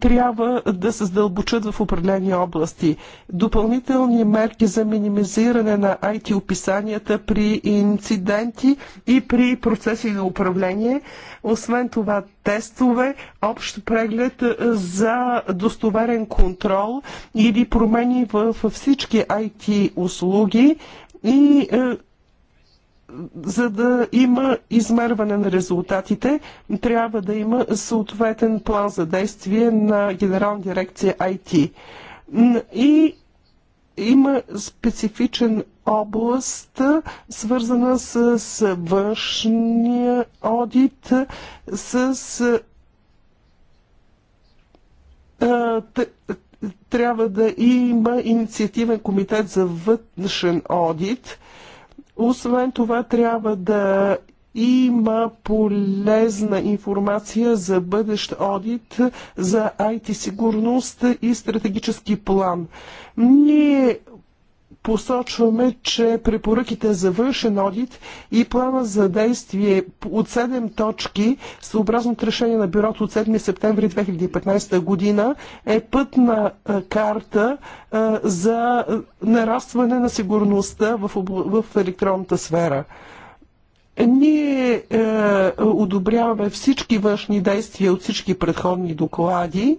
трябва да се задълбочат в определени области. Допълнителни мерки за минимизиране на IT описанията при инциденти и при процеси на управление. Освен това, тестове, общ преглед е, за достоверен контрол или промени в всички IT услуги и е, за да има измерване на резултатите, трябва да има съответен план за действие на Генерална дирекция IT. И има специфичен област, свързана с външния одит, с трябва да има инициативен комитет за външен одит – освен това трябва да има полезна информация за бъдещ одит за IT сигурност и стратегически план. Ние посочваме, че препоръките за външен одит и плана за действие от 7 точки, съобразно решение на бюрото от 7 септември 2015 година, е пътна карта за нарастване на сигурността в, електронната сфера. Ние е, одобряваме всички външни действия от всички предходни доклади. Е,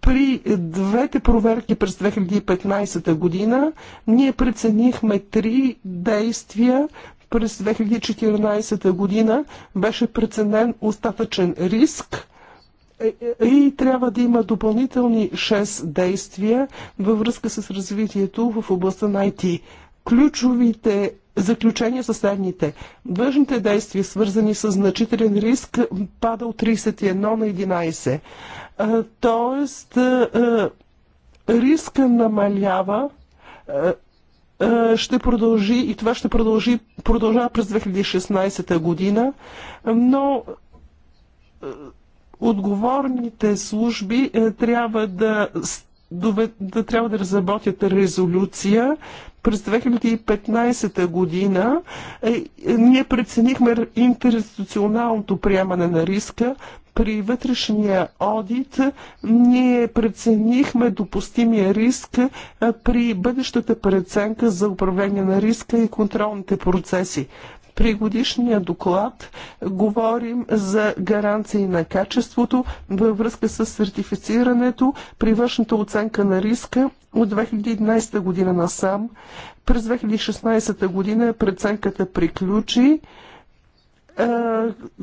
при двете проверки през 2015 година ние преценихме три действия през 2014 година беше преценен остатъчен риск е, е, и трябва да има допълнителни 6 действия във връзка с развитието в областта на IT. Ключовите заключения са следните. Длъжните действия, свързани с значителен риск, пада от 31 на 11. Тоест, риска намалява, ще продължи и това ще продължи, продължава през 2016 година, но отговорните служби трябва да да трябва да разработят резолюция през 2015 година е, ние преценихме интерституционалното приемане на риска, при вътрешния одит ние преценихме допустимия риск е, при бъдещата преценка за управление на риска и контролните процеси. При годишния доклад говорим за гаранции на качеството във връзка с сертифицирането при външната оценка на риска от 2011 година насам. През 2016 година преценката приключи. Е,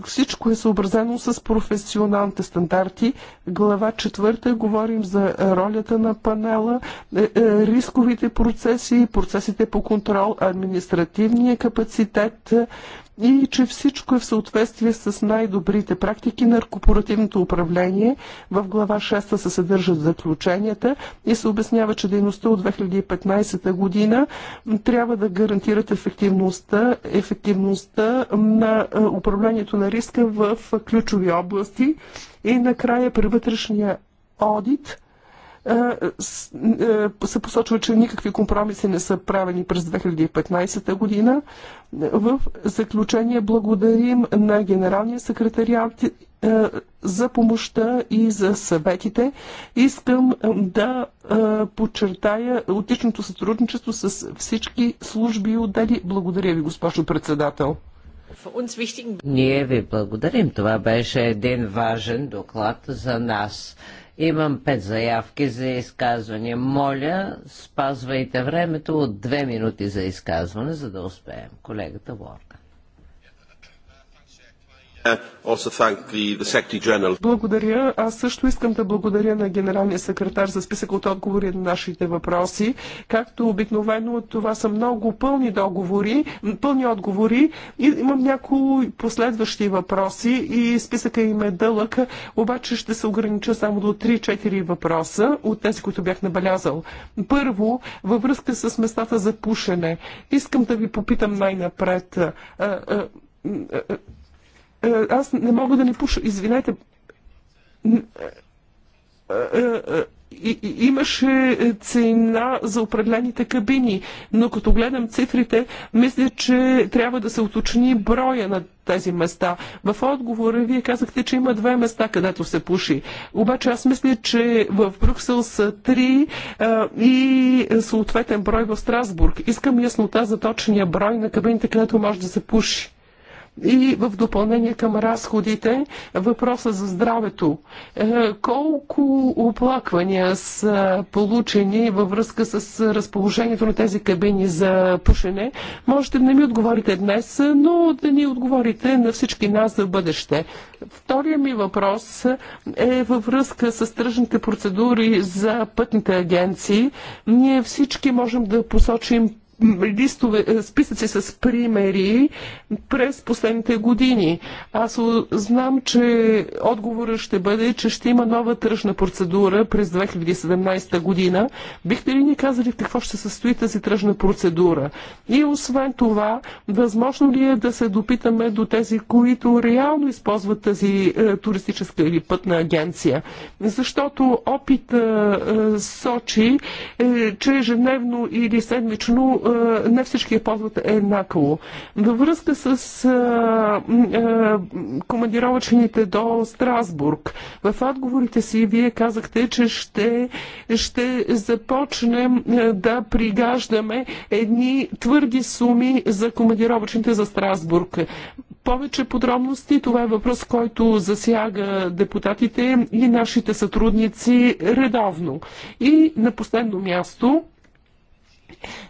всичко е съобразено с професионалните стандарти. Глава четвърта говорим за ролята на панела, е, е, рисковите процеси, процесите по контрол, административния капацитет, и че всичко е в съответствие с най-добрите практики на корпоративното управление. В глава 6 се съдържат заключенията и се обяснява, че дейността от 2015 година трябва да гарантират ефективността, ефективността на е, управлението на риска в ключови области и накрая при вътрешния одит – е, се посочва, че никакви компромиси не са правени през 2015 година. В заключение благодарим на Генералния секретариат е, за помощта и за съветите. Искам е, да подчертая отличното сътрудничество с всички служби и отдели. Благодаря ви, госпожо председател. Ние ви благодарим. Това беше един важен доклад за нас. Имам пет заявки за изказване. Моля, спазвайте времето от две минути за изказване, за да успеем. Колегата Ворд. Uh, благодаря. Аз също искам да благодаря на генералния секретар за списък от отговори на нашите въпроси. Както обикновено, това са много пълни договори, пълни отговори. И имам някои последващи въпроси и списъка им е дълъг, обаче ще се огранича само до 3-4 въпроса от тези, които бях набелязал. Първо, във връзка с местата за пушене. Искам да ви попитам най-напред е, аз не мога да не пуша. Извинете. Е, е, и, и, имаше цена за определените кабини, но като гледам цифрите, мисля, че трябва да се уточни броя на тези места. В отговора вие казахте, че има две места, където се пуши. Обаче аз мисля, че в Брюксел са три а, и съответен брой в Страсбург. Искам яснота за точния брой на кабините, където може да се пуши. И в допълнение към разходите, въпроса за здравето. Е, колко оплаквания са получени във връзка с разположението на тези кабини за пушене? Можете да не ми отговорите днес, но да ни отговорите на всички нас за бъдеще. Втория ми въпрос е във връзка с тръжните процедури за пътните агенции. Ние всички можем да посочим листове, е, списъци с примери през последните години. Аз знам, че отговорът ще бъде, че ще има нова тръжна процедура през 2017 година. Бихте ли ни казали в какво ще се състои тази тръжна процедура? И освен това, възможно ли е да се допитаме до тези, които реално използват тази е, туристическа или пътна агенция? Защото опит е, сочи, е, че ежедневно или седмично е, е, не всички я ползват еднакво. Във връзка с а, е, а, е, командировачените до Страсбург, в отговорите си вие казахте, че ще, ще започнем да пригаждаме едни твърди суми за командировачните за Страсбург повече подробности. Това е въпрос, който засяга депутатите и нашите сътрудници редовно. И на последно място,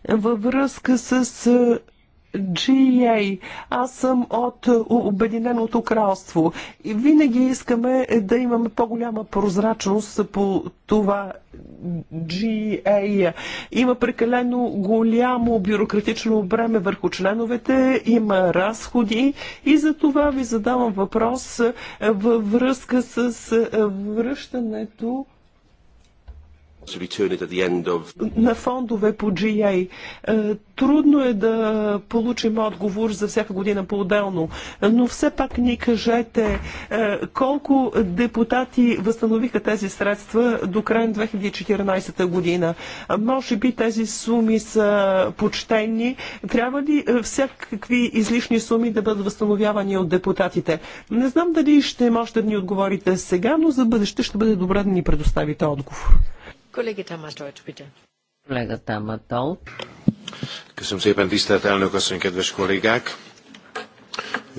във връзка с GA. Аз съм от Обединеното кралство. И винаги искаме да имаме по-голяма прозрачност по това GA. Има прекалено голямо бюрократично бреме върху членовете, има разходи и за това ви задавам въпрос във връзка с връщането на фондове по GA. Е, трудно е да получим отговор за всяка година по-отделно, но все пак ни кажете е, колко депутати възстановиха тези средства до края на 2014 година. Може би тези суми са почтени. Трябва ли е, всякакви излишни суми да бъдат възстановявани от депутатите? Не знам дали ще можете да ни отговорите сега, но за бъдеще ще бъде добре да ни предоставите отговор. Tamás Deutsch, bitte. Tamás Deutsch. Köszönöm szépen, tisztelt elnök asszony, kedves kollégák!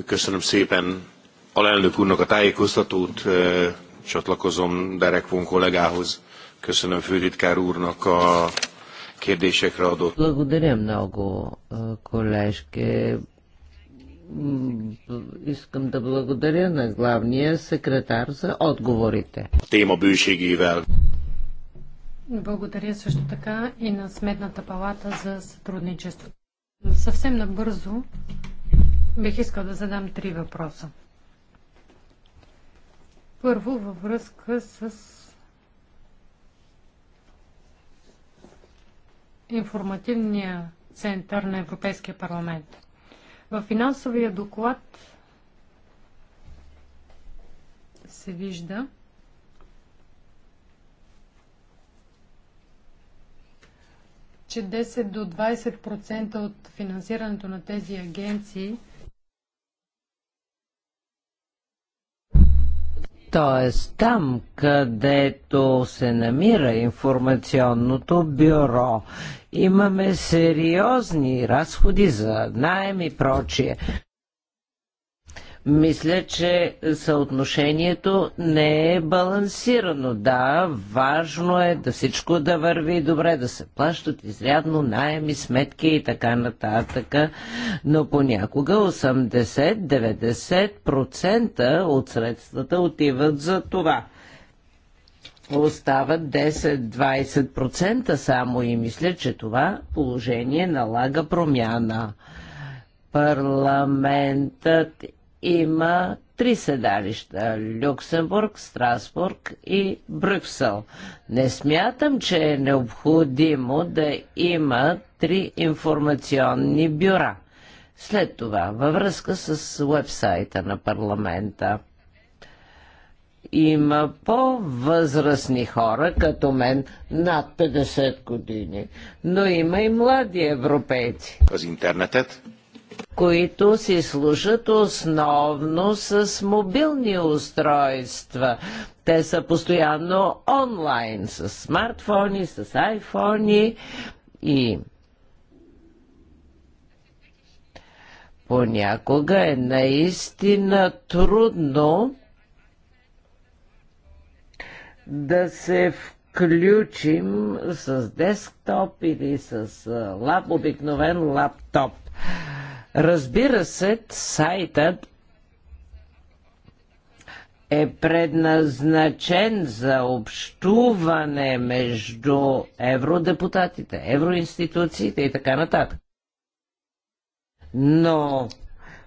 Köszönöm szépen alelnök úrnak a tájékoztatót, csatlakozom Derek von kollégához. Köszönöm főtitkár úrnak a kérdésekre adott. Благодаря много, колежке. Искам да благодаря на главния секретар за отговорите. Тема благодаря също така и на Сметната палата за сътрудничеството. Съвсем набързо бих искал да задам три въпроса. Първо във връзка с информативния център на Европейския парламент. В финансовия доклад се вижда, че 10 до 20% от финансирането на тези агенции Тоест там, където се намира информационното бюро, имаме сериозни разходи за найем и прочие. Мисля, че съотношението не е балансирано. Да, важно е да всичко да върви добре, да се плащат изрядно найеми, сметки и така нататък, но понякога 80-90% от средствата отиват за това остават 10-20% само и мисля, че това положение налага промяна. Парламентът има три седалища – Люксембург, Страсбург и Брюксел. Не смятам, че е необходимо да има три информационни бюра. След това, във връзка с вебсайта на парламента – има по-възрастни хора, като мен, над 50 години, но има и млади европейци. Аз интернетът? които си служат основно с мобилни устройства. Те са постоянно онлайн, с смартфони, с айфони и понякога е наистина трудно да се включим с десктоп или с лап, обикновен лаптоп. Разбира се, сайтът е предназначен за общуване между евродепутатите, евроинституциите и така нататък. Но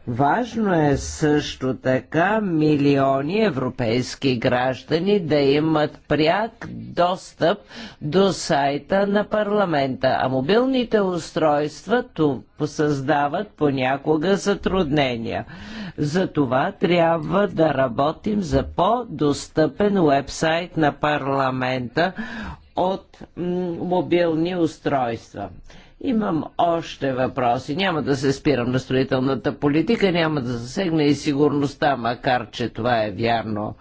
Важно е също така милиони европейски граждани да имат пряк достъп до сайта на парламента, а мобилните устройства създават понякога затруднения. Затова трябва да работим за по-достъпен вебсайт на парламента от мобилни устройства. Имам още въпроси. Няма да се спирам на строителната политика, няма да засегна и сигурността, макар че това е вярно.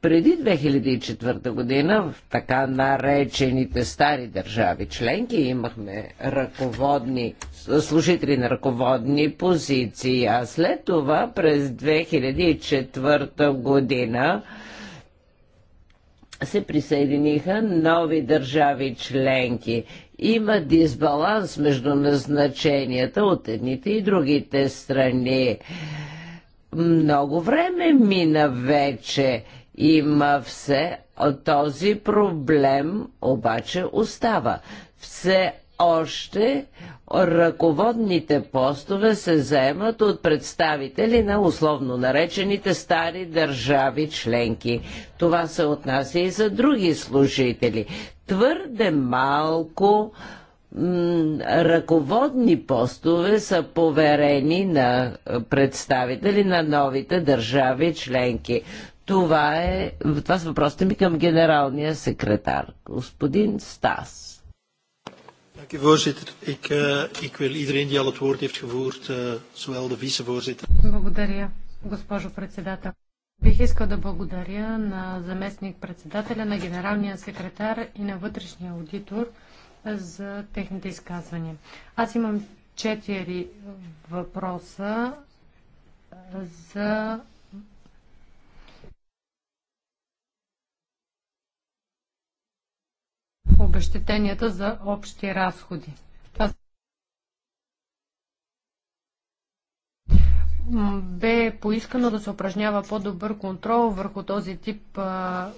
Преди 2004 година в така наречените стари държави членки имахме ръководни, служители на ръководни позиции, а след това през 2004 година се присъединиха нови държави членки има дисбаланс между назначенията от едните и другите страни. Много време мина вече. Има все. Този проблем обаче остава. Все още ръководните постове се заемат от представители на условно наречените стари държави членки. Това се отнася и за други служители. Твърде малко ръководни постове са поверени на представители на новите държави членки. Това, е, това са въпросите ми към генералния секретар, господин Стас. Dank u voorzitter. Ik, uh, ik wil iedereen die al het woord heeft gevoerd, uh, zowel de vicevoorzitter. Благодаря, госпожо председател. Бих искал да благодаря на заместник председателя, на генералния секретар и на вътрешния аудитор за техните изказвания. Аз имам четири въпроса за обещетенията за общи разходи. бе поискано да се упражнява по-добър контрол върху този тип а,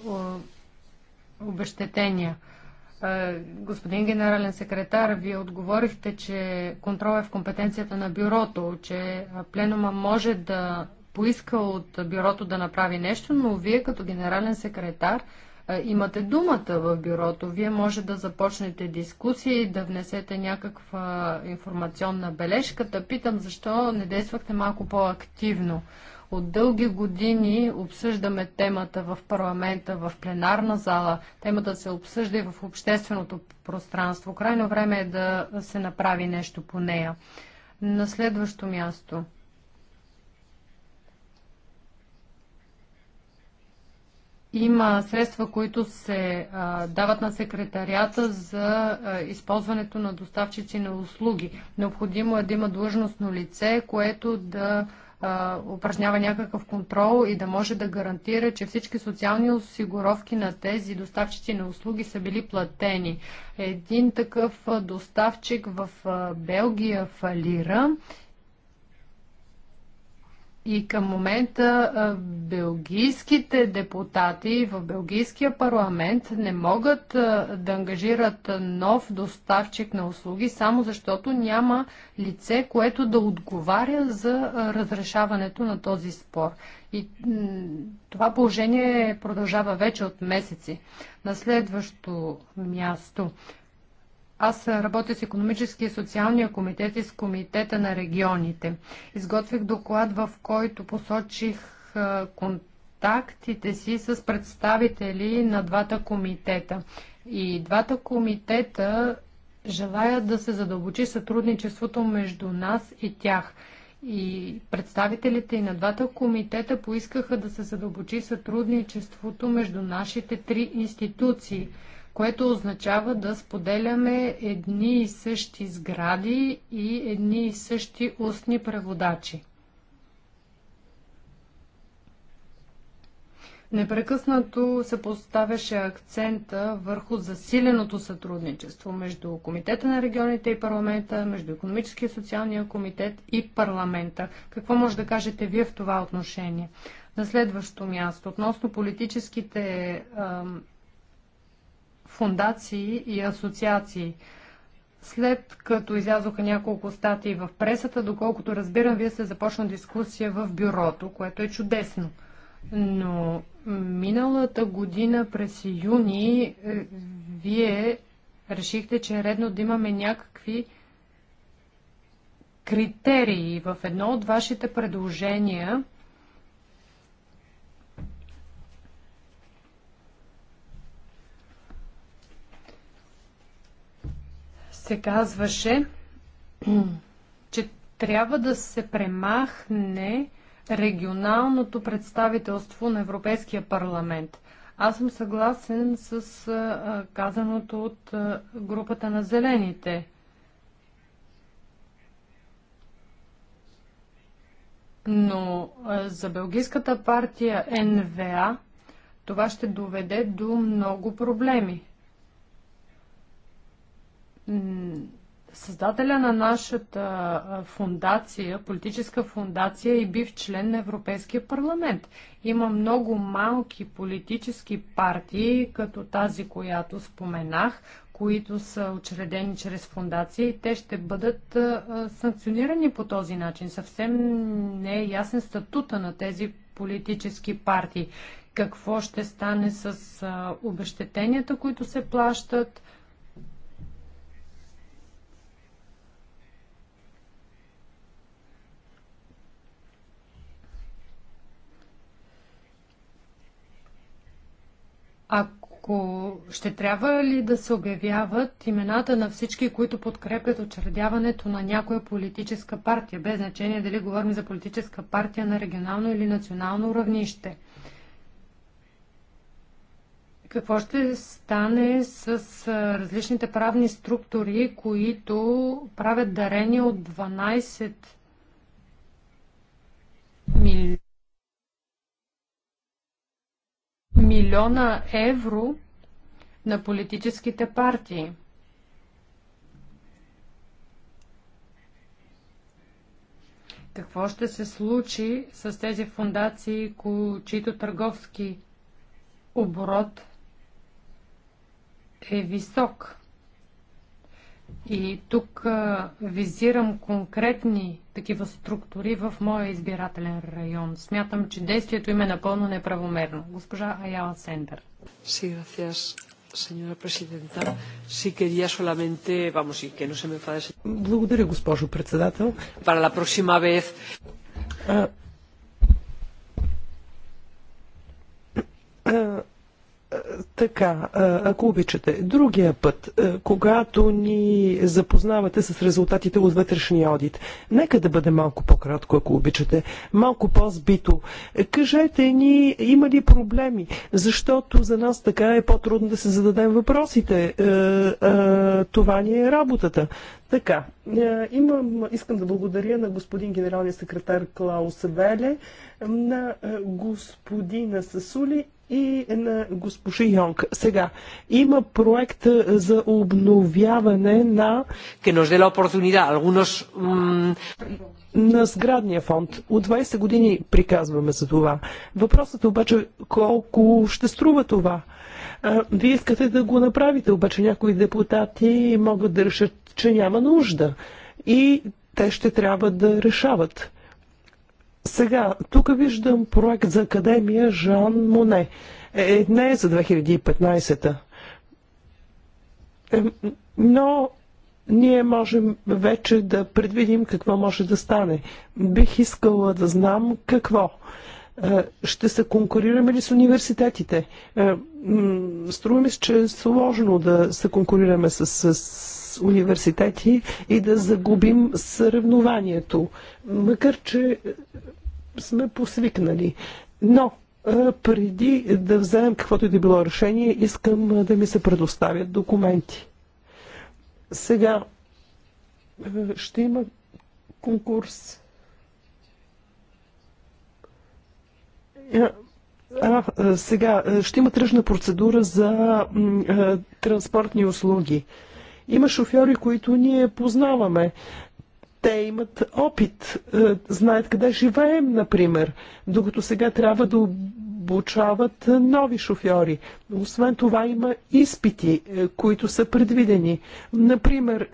обещетения. А, господин генерален секретар, вие отговорихте, че контрол е в компетенцията на бюрото, че пленума може да поиска от бюрото да направи нещо, но вие като генерален секретар е, имате думата в бюрото. Вие може да започнете дискусии, да внесете някаква информационна Да Питам защо не действахте малко по-активно. От дълги години обсъждаме темата в парламента, в пленарна зала. Темата се обсъжда и в общественото пространство. Крайно време е да се направи нещо по нея. На следващо място – Има средства, които се а, дават на секретарията за а, използването на доставчици на услуги. Необходимо е да има длъжностно лице, което да а, упражнява някакъв контрол и да може да гарантира, че всички социални осигуровки на тези доставчици на услуги са били платени. Един такъв доставчик в Белгия фалира и към момента белгийските депутати в белгийския парламент не могат да ангажират нов доставчик на услуги, само защото няма лице, което да отговаря за разрешаването на този спор. И това положение продължава вече от месеци. На следващо място аз работя с економическия и социалния комитет и с комитета на регионите. Изготвих доклад, в който посочих контактите си с представители на двата комитета. И двата комитета желаят да се задълбочи сътрудничеството между нас и тях. И представителите и на двата комитета поискаха да се задълбочи сътрудничеството между нашите три институции – което означава да споделяме едни и същи сгради и едни и същи устни преводачи. Непрекъснато се поставяше акцента върху засиленото сътрудничество между Комитета на регионите и парламента, между Економическия и социалния комитет и парламента. Какво може да кажете вие в това отношение? На следващо място, относно политическите ам, фундации и асоциации. След като излязоха няколко статии в пресата, доколкото разбирам, вие сте започна дискусия в бюрото, което е чудесно. Но миналата година през юни е, вие решихте, че е редно да имаме някакви критерии. В едно от вашите предложения се казваше, че трябва да се премахне регионалното представителство на Европейския парламент. Аз съм съгласен с а, казаното от а, групата на зелените. Но а, за Белгийската партия НВА това ще доведе до много проблеми. Създателя на нашата фундация, политическа фундация и бив член на Европейския парламент. Има много малки политически партии, като тази, която споменах, които са учредени чрез фундация и те ще бъдат санкционирани по този начин. Съвсем не е ясен статута на тези политически партии. Какво ще стане с обещетенията, които се плащат, Ако ще трябва ли да се обявяват имената на всички, които подкрепят учредяването на някоя политическа партия, без значение дали говорим за политическа партия на регионално или национално равнище? какво ще стане с различните правни структури, които правят дарения от 12 милиона? милиона евро на политическите партии. Какво ще се случи с тези фундации, чието търговски оборот е висок? И тук визирам конкретни такива структури в моя избирателен район. Смятам, че действието им е напълно неправомерно. Госпожа Аяла Сендър. Sí, gracias, señora presidenta. Sí quería solamente, vamos, y que no se me enfade. Благодаря, госпожо председател. Para la próxima vez. А, а, така, ако обичате, другия път, когато ни запознавате с резултатите от вътрешния одит, нека да бъде малко по-кратко, ако обичате, малко по-збито. Кажете ни, има ли проблеми, защото за нас така е по-трудно да се зададем въпросите. Това ни е работата. Така, е, имам, искам да благодаря на господин генералния секретар Клаус Веле, на е, господина Сасули и на госпожа Йонг. Сега, има проект за обновяване на... Que nos dé la oportunidad, algunos... Mm, на сградния фонд. От 20 години приказваме за това. Въпросът е обаче колко ще струва това. Вие искате да го направите, обаче някои депутати могат да решат, че няма нужда. И те ще трябва да решават. Сега, тук виждам проект за Академия Жан Моне. Е, е не е за 2015-та. Е, но ние можем вече да предвидим какво може да стане. Бих искала да знам какво. Ще се конкурираме ли с университетите? Струва ми се, че е сложно да се конкурираме с, с, университети и да загубим съревнованието, макар че сме посвикнали. Но преди да вземем каквото и да било решение, искам да ми се предоставят документи. Сега ще има конкурс. А, сега, ще има тръжна процедура за транспортни услуги. Има шофьори, които ние познаваме. Те имат опит, знаят къде живеем, например, докато сега трябва да обучават нови шофьори. Освен това има изпити, които са предвидени. Например,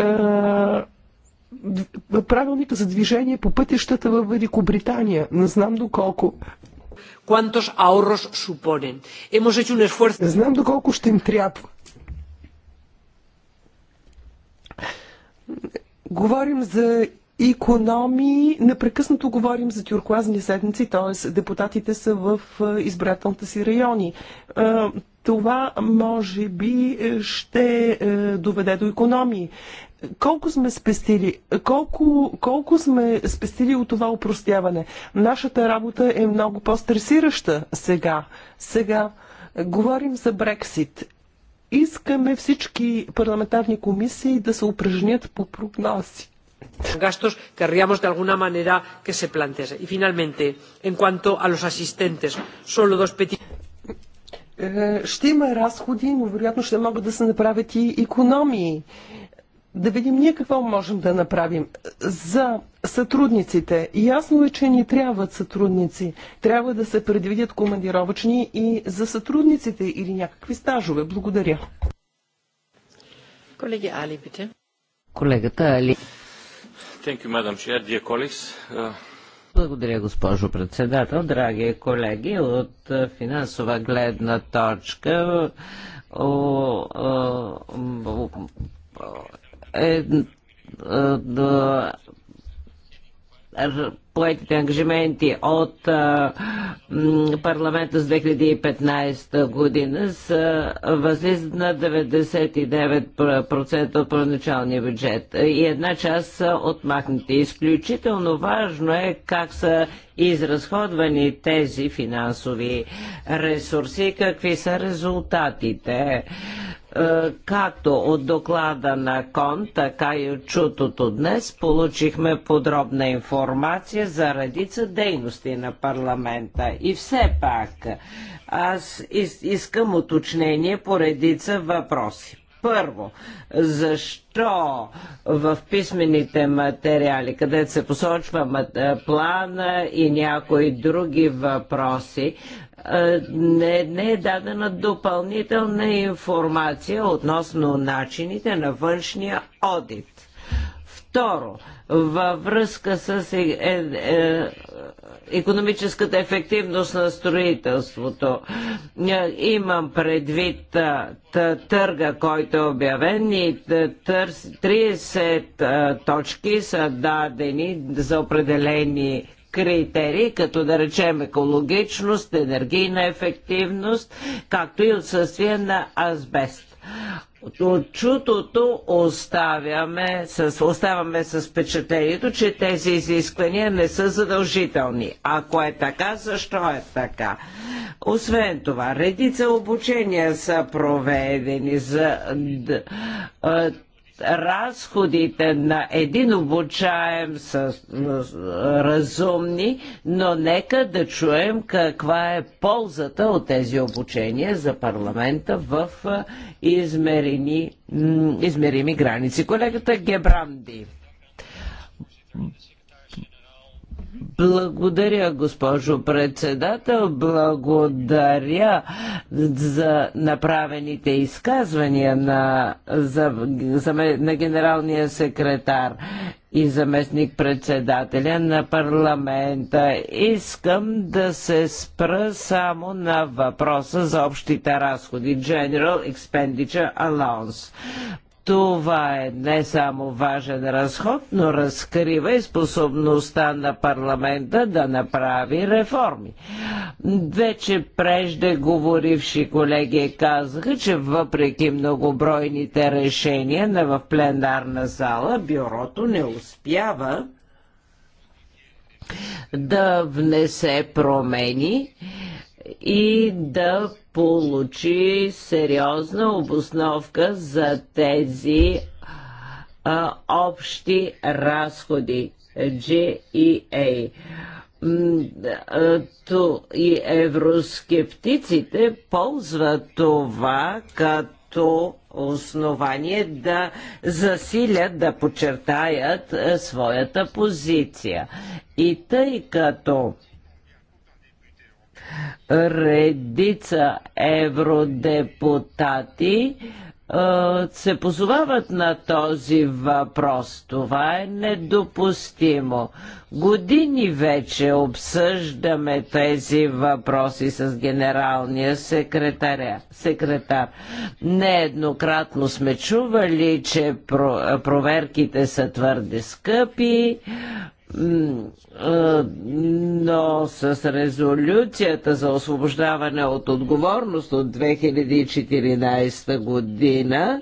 правилника за движение по пътищата в Великобритания. Не знам доколко cuántos ahorros suponen. Hemos hecho un esfuerzo. Знам доколко ще им трябва. Говорим за економии, непрекъснато говорим за тюркуазни седмици, т.е. депутатите са в избирателните си райони това може би е, ще е, доведе до економии. Колко сме спестили? Колко, колко сме спестили от това упростяване? Нашата работа е много по-стресираща сега. Сега е, говорим за Брексит. Искаме всички парламентарни комисии да се упражнят по прогнози gastos querríamos de alguna manera que se plantease. Y finalmente, en cuanto a los asistentes, solo dos peticiones. Е, ще има разходи, но вероятно ще могат да се направят и економии. Да видим ние какво можем да направим за сътрудниците. Ясно е, че ни трябват сътрудници. Трябва да се предвидят командировачни и за сътрудниците или някакви стажове. Благодаря. Колеги Али, Колегата Али. Thank you, Madam Chair, dear colleagues. Uh... Благодаря, госпожо председател. Драги колеги, от финансова гледна точка о, о, о, е, е поетите ангажименти от а, парламента с 2015 година са възлизат на 99% от проначалния бюджет и една част са отмахнати. Изключително важно е как са изразходвани тези финансови ресурси, какви са резултатите. Е, както от доклада на КОН, така и от чутото днес получихме подробна информация за редица дейности на парламента. И все пак аз искам уточнение по редица въпроси. Първо, защо в писмените материали, където се посочва е, плана и някои други въпроси, не, не е дадена допълнителна информация относно начините на външния одит. Второ, във връзка с е, е, е, економическата ефективност на строителството, е, имам предвид е, търга, който е обявен и 30 е, точки са дадени за определени критерии, като да речем екологичност, енергийна ефективност, както и отсъствие на азбест. От чутото оставяме с, оставаме с впечатлението, че тези изисквания не са задължителни. Ако е така, защо е така? Освен това, редица обучения са проведени за разходите на един обучаем са разумни, но нека да чуем каква е ползата от тези обучения за парламента в измерени, измерими граници. Колегата Гебранди. Благодаря, госпожо председател. Благодаря за направените изказвания на, за, за, на генералния секретар и заместник председателя на парламента. Искам да се спра само на въпроса за общите разходи General Expenditure Allowance. Това е не само важен разход, но разкрива и способността на парламента да направи реформи. Вече преждеговоривши колеги казаха, че въпреки многобройните решения на в пленарна зала, бюрото не успява да внесе промени и да получи сериозна обосновка за тези а, общи разходи GEA. То и евроскептиците ползват това като основание да засилят, да почертаят своята позиция. И тъй като Редица евродепутати се позовават на този въпрос. Това е недопустимо. Години вече обсъждаме тези въпроси с генералния секретаря, секретар. Нееднократно сме чували, че проверките са твърде скъпи, но с резолюцията за освобождаване от отговорност от 2014 година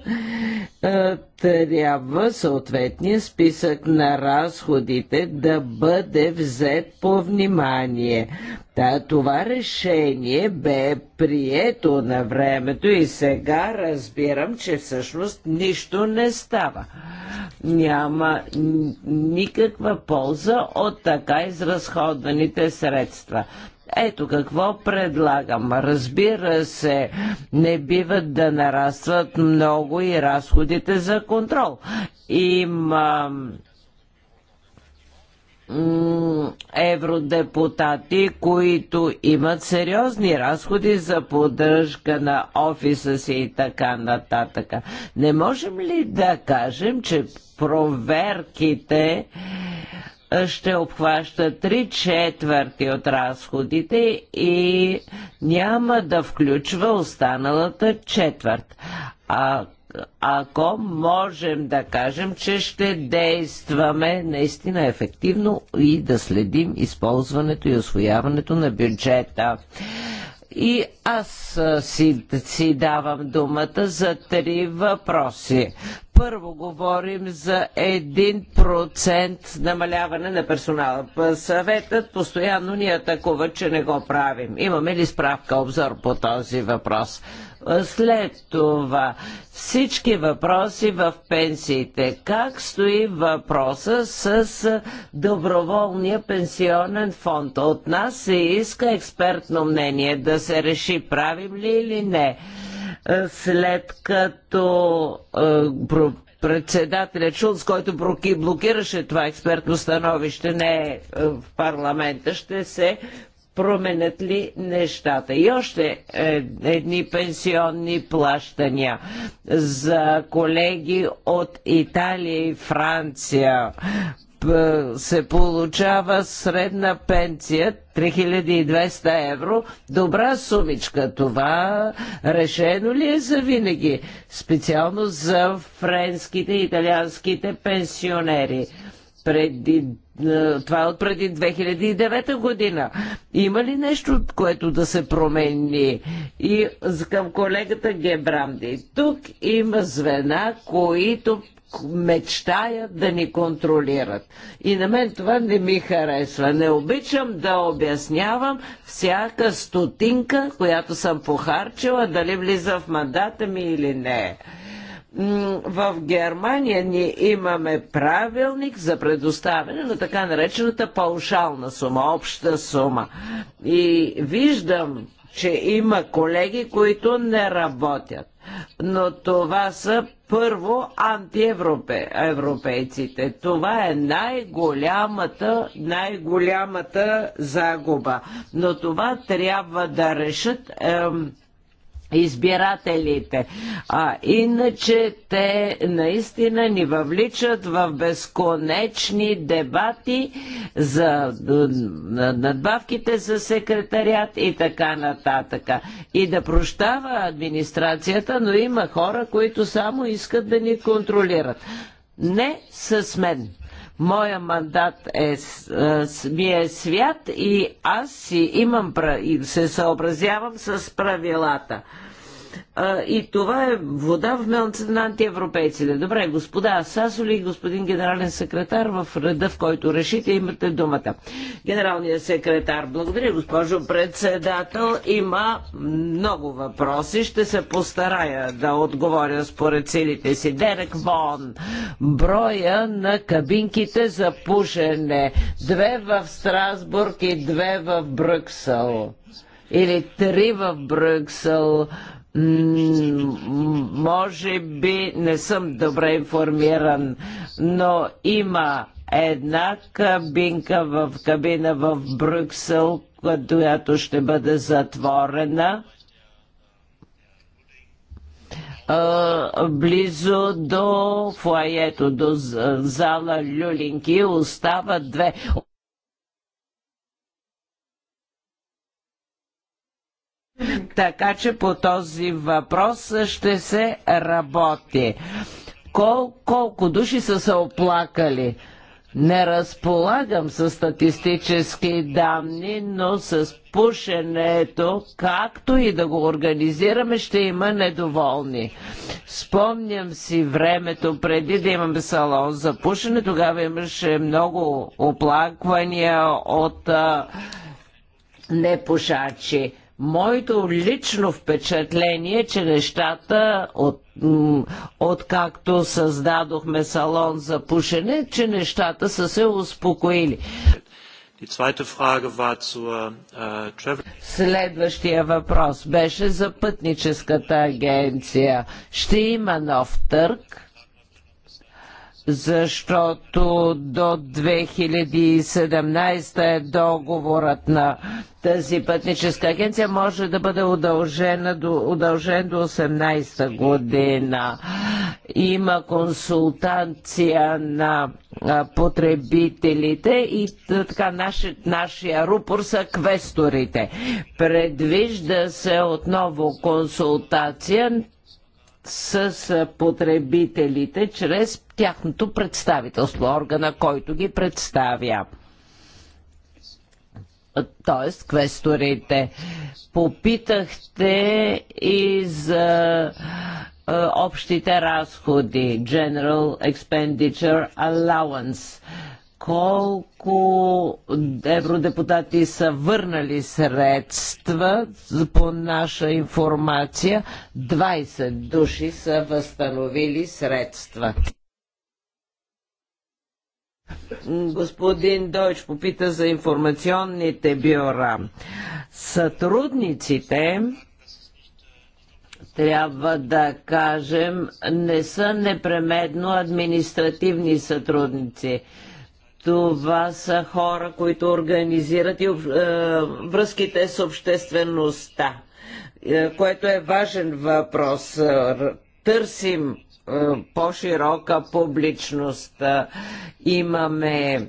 трябва съответния списък на разходите да бъде взет по внимание. Та, това решение бе прието на времето и сега разбирам, че всъщност нищо не става. Няма никаква полза полза от така изразходваните средства. Ето какво предлагам. Разбира се, не биват да нарастват много и разходите за контрол. Има евродепутати, които имат сериозни разходи за поддръжка на офиса си и така нататък. Не можем ли да кажем, че проверките ще обхваща три четвърти от разходите и няма да включва останалата четвърт. А ако можем да кажем, че ще действаме наистина ефективно и да следим използването и освояването на бюджета. И аз си, си давам думата за три въпроси. Първо говорим за 1% намаляване на персонала. Съветът постоянно ни атакува, че не го правим. Имаме ли справка, обзор по този въпрос? След това всички въпроси в пенсиите. Как стои въпроса с доброволния пенсионен фонд? От нас се иска експертно мнение да се реши правим ли или не. Е, след като е, председателя Шулц, който блокираше това експертно становище, не е в парламента, ще се променят ли нещата. И още е, едни пенсионни плащания за колеги от Италия и Франция. Е, се получава средна пенсия 3200 евро. Добра сумичка. Това решено ли е за винаги? Специално за френските и италианските пенсионери. Преди, е, това е от преди 2009 година. Има ли нещо, което да се промени? И към колегата Гебрамди. Тук има звена, които мечтаят да ни контролират. И на мен това не ми харесва. Не обичам да обяснявам всяка стотинка, която съм похарчила, дали влиза в мандата ми или не в Германия ние имаме правилник за предоставяне на така наречената паушална сума, обща сума. И виждам, че има колеги, които не работят. Но това са първо, антиевропейците. Това е най-голямата, най-голямата загуба. Но това трябва да решат. Е, избирателите. А иначе те наистина ни въвличат в безконечни дебати за надбавките за секретарят и така нататък. И да прощава администрацията, но има хора, които само искат да ни контролират. Не с мен. Моя мандат е, ми е свят и аз си имам, и се съобразявам с правилата. А, и това е вода в мелницата на антиевропейците. Добре, господа Сасоли и господин генерален секретар, в реда, в който решите, имате думата. Генералният секретар, благодаря, госпожо председател. Има много въпроси. Ще се постарая да отговоря според силите си. Дерек Вон, броя на кабинките за пушене. Две в Страсбург и две в Брюксел. Или три в Брюксел може би не съм добре информиран, но има една кабинка в кабина в Брюксел, която ще бъде затворена близо до фуаето, до зала Люлинки. Остават две. Така че по този въпрос ще се работи. Кол, колко души са се оплакали? Не разполагам с статистически данни, но с пушенето, както и да го организираме, ще има недоволни. Спомням си времето преди да имаме салон за пушене, тогава имаше много оплаквания от а, непушачи. Моето лично впечатление е, че нещата от откакто създадохме салон за пушене, че нещата са се успокоили. Äh, Следващия въпрос беше за пътническата агенция. Ще има нов търг? защото до 2017 е договорът на тази пътническа агенция може да бъде удължена до, удължен до 18-та година. Има консултация на потребителите и така наши, нашия рупор са квесторите. Предвижда се отново консултация с потребителите чрез тяхното представителство, органа, който ги представя т.е. квесторите. Попитахте и за общите разходи, General Expenditure Allowance колко евродепутати са върнали средства, по наша информация 20 души са възстановили средства. Господин Дойч попита за информационните бюра. Сътрудниците трябва да кажем, не са непременно административни сътрудници. Това са хора, които организират и об... Е, връзките с обществеността, е, което е важен въпрос. Търсим е, по-широка публичност. Имаме,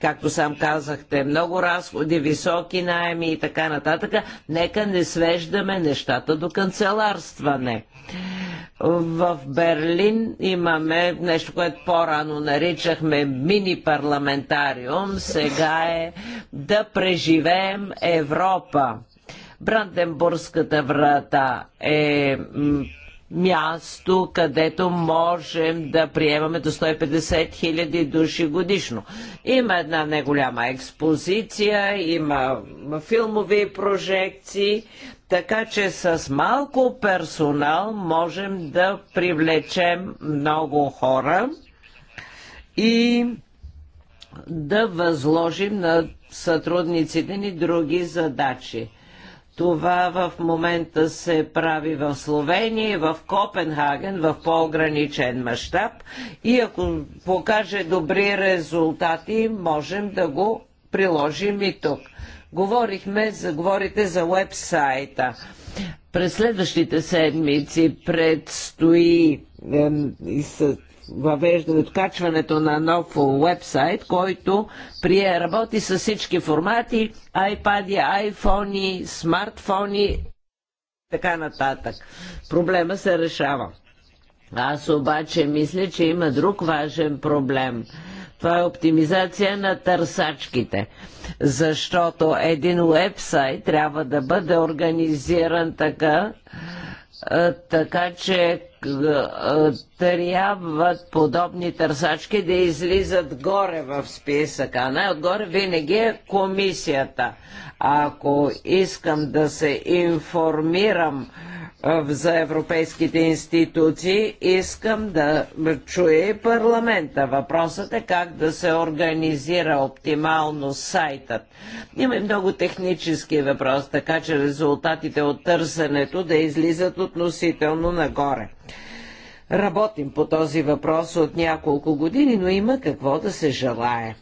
както сам казахте, много разходи, високи найеми и така нататък. Нека не свеждаме нещата до канцеларстване. В Берлин имаме нещо, което по-рано наричахме мини парламентариум. Сега е да преживеем Европа. Бранденбургската врата е място, където можем да приемаме до 150 хиляди души годишно. Има една неголяма експозиция, има филмови прожекции, така че с малко персонал можем да привлечем много хора и да възложим на сътрудниците ни други задачи. Това в момента се прави в Словения, в Копенхаген, в по-ограничен мащаб и ако покаже добри резултати, можем да го приложим и тук. Говорихме, за, говорите за вебсайта. През следващите седмици предстои е, и с въвеждане, откачването на нов вебсайт, който прие, работи с всички формати, iPad, iPhone, смартфони, така нататък. Проблема се решава. Аз обаче мисля, че има друг важен проблем. Това е оптимизация на търсачките защото един уебсайт трябва да бъде организиран така, така че трябват подобни търсачки да излизат горе в списъка. Най-отгоре винаги е комисията. Ако искам да се информирам за европейските институции, искам да чуя и парламента. Въпросът е как да се организира оптимално сайтът. Има и много технически въпрос, така че резултатите от търсенето да излизат относително нагоре. Работим по този въпрос от няколко години, но има какво да се желае.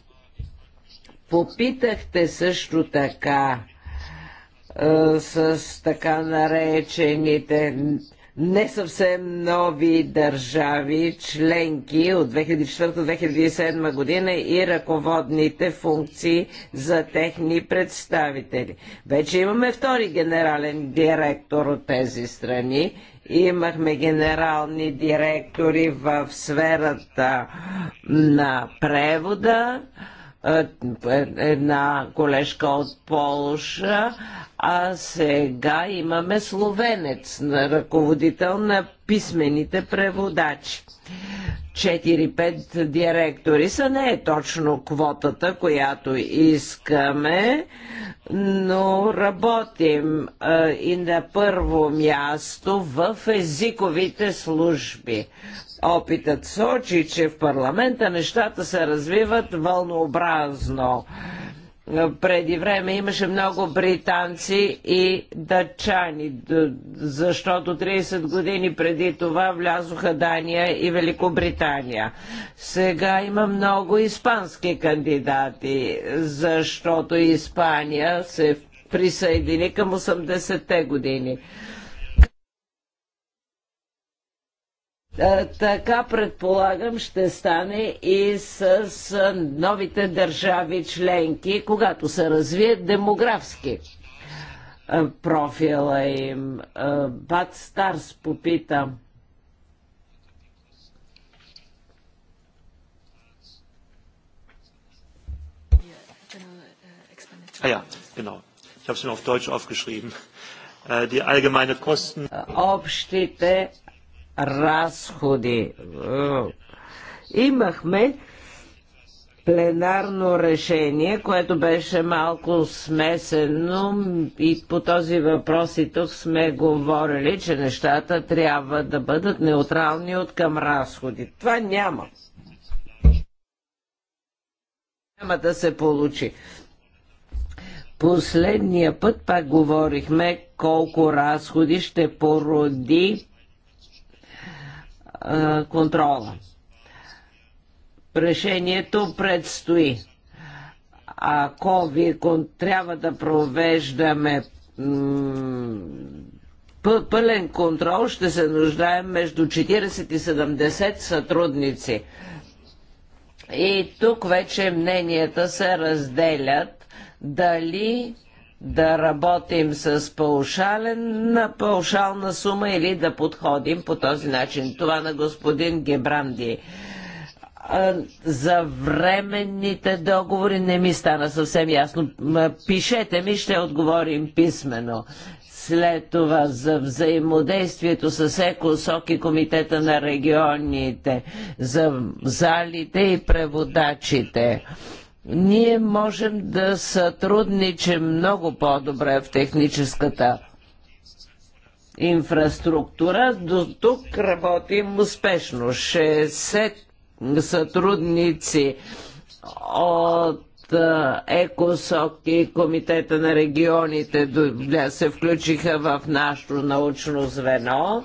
Попитахте също така е, с така наречените не съвсем нови държави, членки от 2004-2007 година и ръководните функции за техни представители. Вече имаме втори генерален директор от тези страни. Имахме генерални директори в сферата на превода, е, е, една колежка от Полша, а сега имаме словенец на ръководител на писмените преводачи. 4-5 директори са не е точно квотата, която искаме, но работим а, е, и на първо място в езиковите служби. Опитът сочи, че в парламента нещата се развиват вълнообразно. Преди време имаше много британци и дъчани, защото 30 години преди това влязоха Дания и Великобритания. Сега има много испански кандидати, защото Испания се присъедини към 80-те години. Е, така предполагам ще стане и с новите държави членки, когато се развие демографски е, профила им. Е, Бат Старс попита. Ah ja, genau. Ich habe es mir auf Deutsch aufgeschrieben. Äh, die allgemeine Kosten. Общите разходи. Е, имахме пленарно решение, което беше малко смесено и по този въпрос и тук сме говорили, че нещата трябва да бъдат неутрални от към разходи. Това няма. Няма да се получи. Последния път пак говорихме колко разходи ще породи контрола. Решението предстои. Ако ви трябва да провеждаме пълен контрол, ще се нуждаем между 40 и 70 сътрудници. И тук вече мненията се разделят дали да работим с паушален, паушална сума или да подходим по този начин. Това на господин Гебранди. За временните договори не ми стана съвсем ясно. Пишете ми, ще отговорим писменно. След това за взаимодействието с ЕКОСОК и Комитета на регионите, за залите и преводачите. Ние можем да сътрудничим много по-добре в техническата инфраструктура. До тук работим успешно. 60 сътрудници от ЕКОСОК и Комитета на регионите се включиха в нашето научно звено,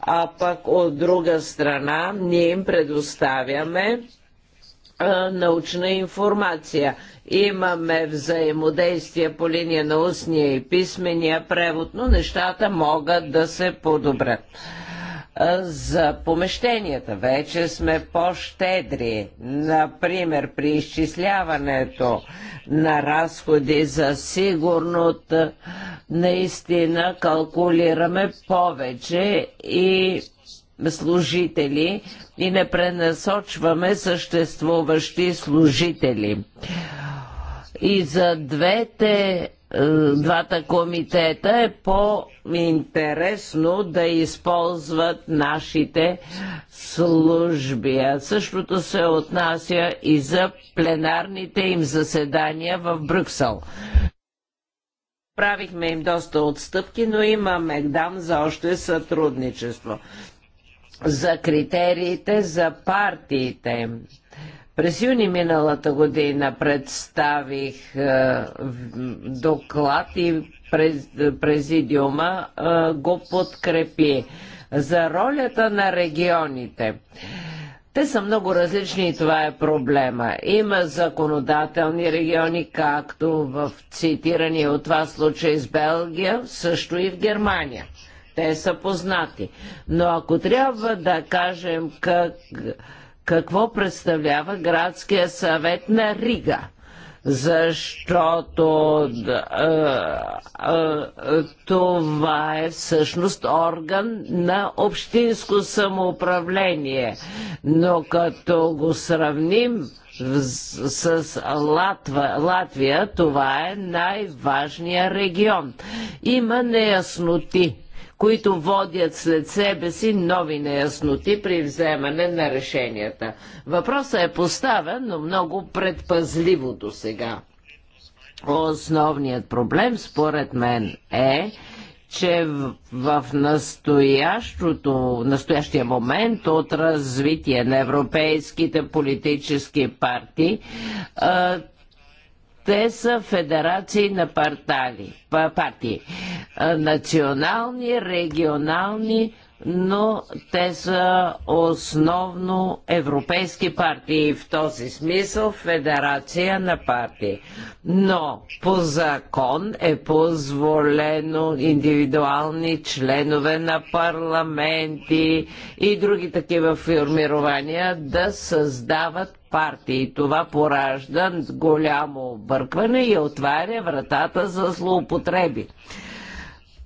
а пък от друга страна ние им предоставяме научна информация. Имаме взаимодействие по линия на устния и писмения превод, но нещата могат да се подобрят. За помещенията вече сме по-щедри. Например, при изчисляването на разходи за сигурност, наистина калкулираме повече и служители и не пренасочваме съществуващи служители. И за двете е, двата комитета е по-интересно да използват нашите служби. А същото се отнася и за пленарните им заседания в Брюксел. Правихме им доста отстъпки, но имаме дам за още сътрудничество за критериите за партиите. През юни миналата година представих е, доклад и президиума е, го подкрепи за ролята на регионите. Те са много различни и това е проблема. Има законодателни региони, както в цитирания от вас случай с Белгия, също и в Германия – те са познати. Но ако трябва да кажем как, какво представлява градския съвет на Рига, защото да, а, а, това е всъщност орган на общинско самоуправление. Но като го сравним с, с Латва, Латвия, това е най-важният регион. Има неясноти които водят след себе си нови неясноти при вземане на решенията. Въпросът е поставен, но много предпазливо до сега. Основният проблем, според мен, е, че в настоящото, настоящия момент от развитие на европейските политически партии те са федерации на партали, партии. Национални, регионални, но те са основно европейски партии в този смисъл федерация на партии. Но по закон е позволено индивидуални членове на парламенти и други такива формирования да създават партии. Това поражда голямо объркване и отваря вратата за злоупотреби.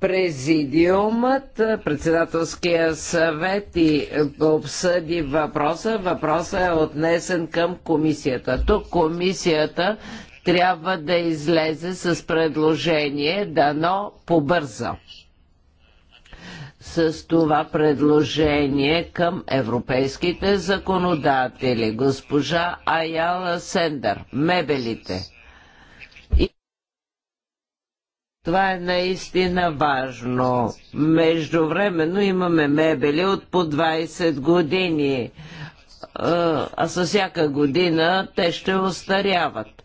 Президиумът, председателския съвет и е, обсъди въпроса. Въпросът е отнесен към комисията. Тук комисията трябва да излезе с предложение, дано побърза с това предложение към европейските законодатели. Госпожа Аяла Сендър, мебелите. И Това е наистина важно. Междувременно имаме мебели от по 20 години, е, а с всяка година те ще остаряват.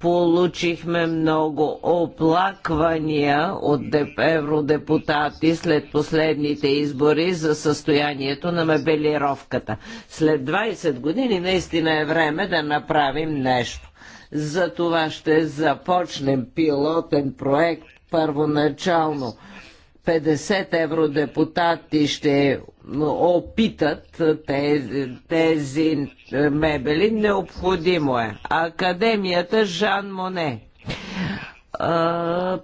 Получихме много оплаквания от евродепутати след последните избори за състоянието на мебелировката. След 20 години наистина е време да направим нещо. За това ще започнем пилотен проект първоначално. 50 евродепутати ще опитат тези, тези мебели, необходимо е. Академията Жан Моне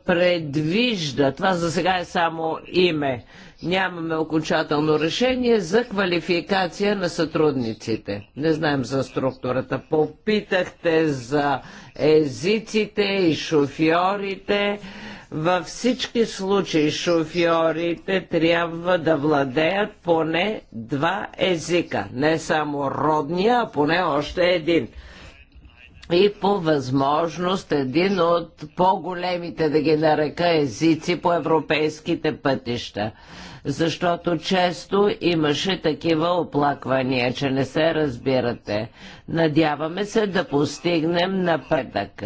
предвижда, това за сега е само име, нямаме окончателно решение за квалификация на сътрудниците. Не знаем за структурата. Попитахте за езиците и шофьорите. Във всички случаи шофьорите трябва да владеят поне два езика, не само родния, а поне още един и по възможност един от по-големите, да ги нарека, езици по европейските пътища защото често имаше такива оплаквания, че не се разбирате. Надяваме се да постигнем напредък.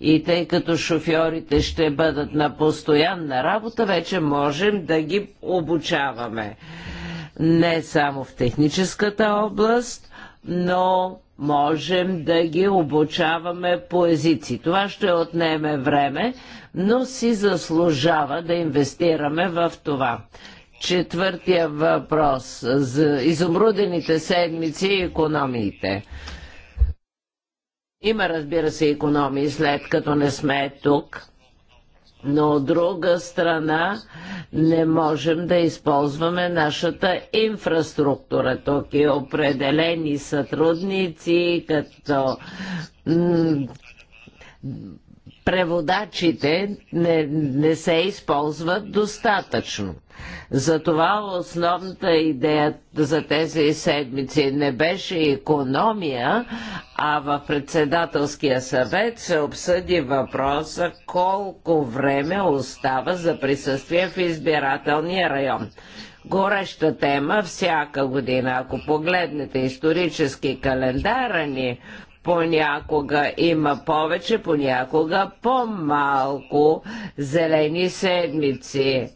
И тъй като шофьорите ще бъдат на постоянна работа, вече можем да ги обучаваме. Не само в техническата област, но можем да ги обучаваме по езици. Това ще отнеме време, но си заслужава да инвестираме в това. Четвъртия въпрос за изумрудените седмици и економиите. Има, разбира се, економии след като не сме тук, но от друга страна не можем да използваме нашата инфраструктура. Тук и определени сътрудници, като преводачите не, не се използват достатъчно. Затова основната идея за тези седмици не беше економия, а в председателския съвет се обсъди въпроса колко време остава за присъствие в избирателния район гореща тема всяка година. Ако погледнете исторически календара ни, Понякога има повече, понякога по-малко зелени седмици.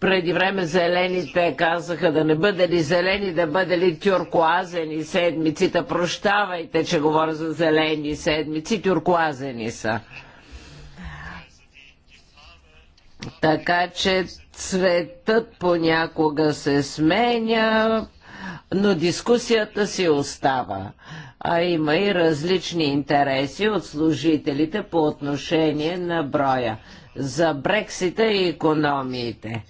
преди време зелените казаха да не бъде ли зелени, да бъде ли тюркуазени седмиците. Прощавайте, че говоря за зелени седмици, тюркуазени са. Така че цветът понякога се сменя, но дискусията си остава. А има и различни интереси от служителите по отношение на броя за Брексита и економиите.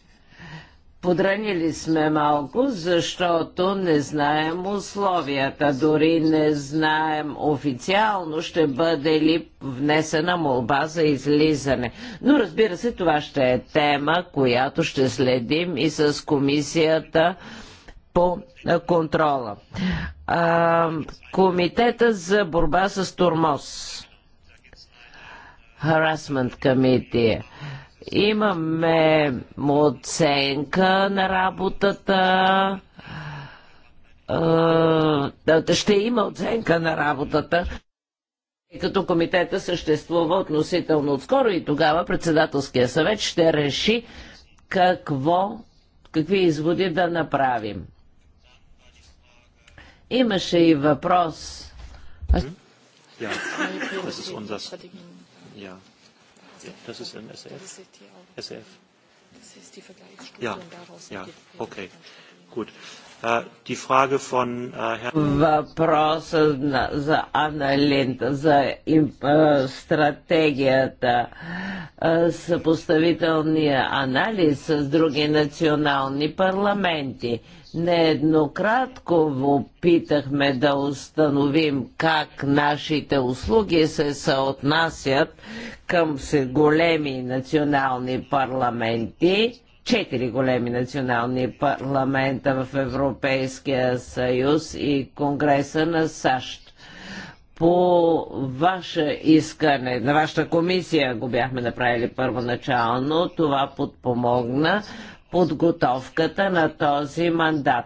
Подранили сме малко, защото не знаем условията, дори не знаем официално ще бъде ли внесена молба за излизане. Но разбира се, това ще е тема, която ще следим и с комисията по контрола. Комитета за борба с турмоз. Harassment Committee. Имаме оценка на работата. Ще има оценка на работата като комитета съществува относително отскоро и тогава председателския съвет ще реши какво, какви изводи да направим. Имаше и въпрос. Ja, das ist unser. Ja, das ist im SF. SF. Das ist die Vergleichsstudie ja. daraus. Ja, okay, gut. Äh, die Frage von äh, Herrn Въпроса за Аналинт, за стратегията, съпоставителния анализ с други национални парламенти. Нееднократко опитахме да установим как нашите услуги се съотнасят към големи национални парламенти четири големи национални парламента в Европейския съюз и Конгреса на САЩ. По ваше искане, на вашата комисия го бяхме направили първоначално, това подпомогна подготовката на този мандат.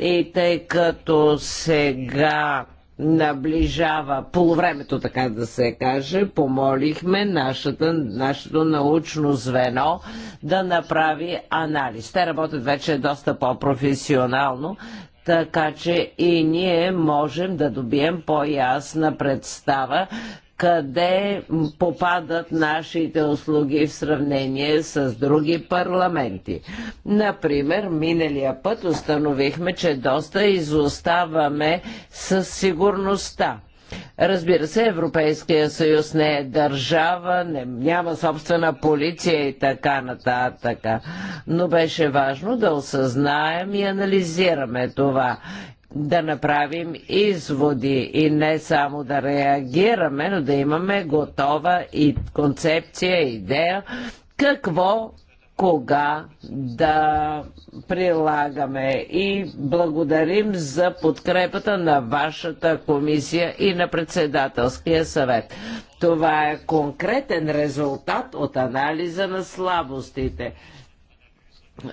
И тъй като сега наближава полувремето, така да се каже, помолихме нашата, нашето научно звено да направи анализ. Те работят вече доста по-професионално, така че и ние можем да добием по-ясна представа къде попадат нашите услуги в сравнение с други парламенти. Например, миналия път установихме, че доста изоставаме със сигурността. Разбира се, Европейския съюз не е държава, не, няма собствена полиция и така нататък. Но беше важно да осъзнаем и анализираме това да направим изводи и не само да реагираме, но да имаме готова и концепция, идея какво кога да прилагаме и благодарим за подкрепата на вашата комисия и на председателския съвет. Това е конкретен резултат от анализа на слабостите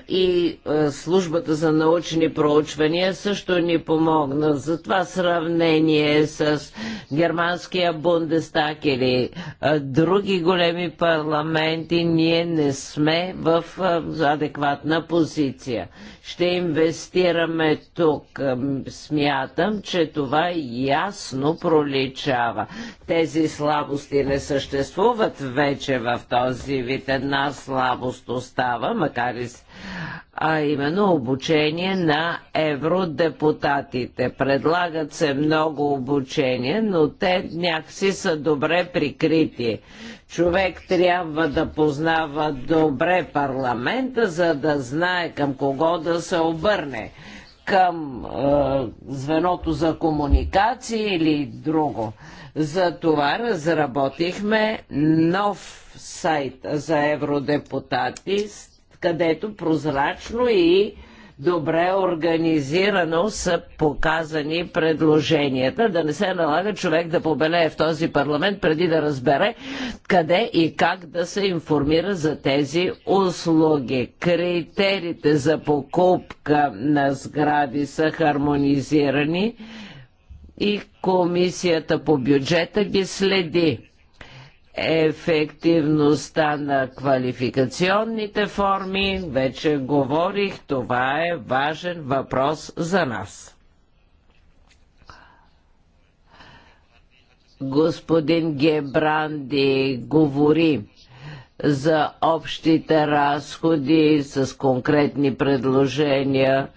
и е, службата за научни проучвания също ни помогна. За това сравнение с германския Бундестаг или е, други големи парламенти, ние не сме в е, адекватна позиция. Ще инвестираме тук. Смятам, че това ясно проличава. Тези слабости не съществуват вече в този вид. Една слабост остава, макар и с а именно обучение на евродепутатите. Предлагат се много обучения, но те някакси са добре прикрити. Човек трябва да познава добре парламента, за да знае към кого да се обърне към е, звеното за комуникации или друго. Затова разработихме нов сайт за евродепутати с където прозрачно и добре организирано са показани предложенията, да не се налага човек да побелее в този парламент преди да разбере къде и как да се информира за тези услуги. Критериите за покупка на сгради са хармонизирани и комисията по бюджета ги следи ефективността на квалификационните форми. Вече говорих, това е важен въпрос за нас. Господин Гебранди говори за общите разходи с конкретни предложения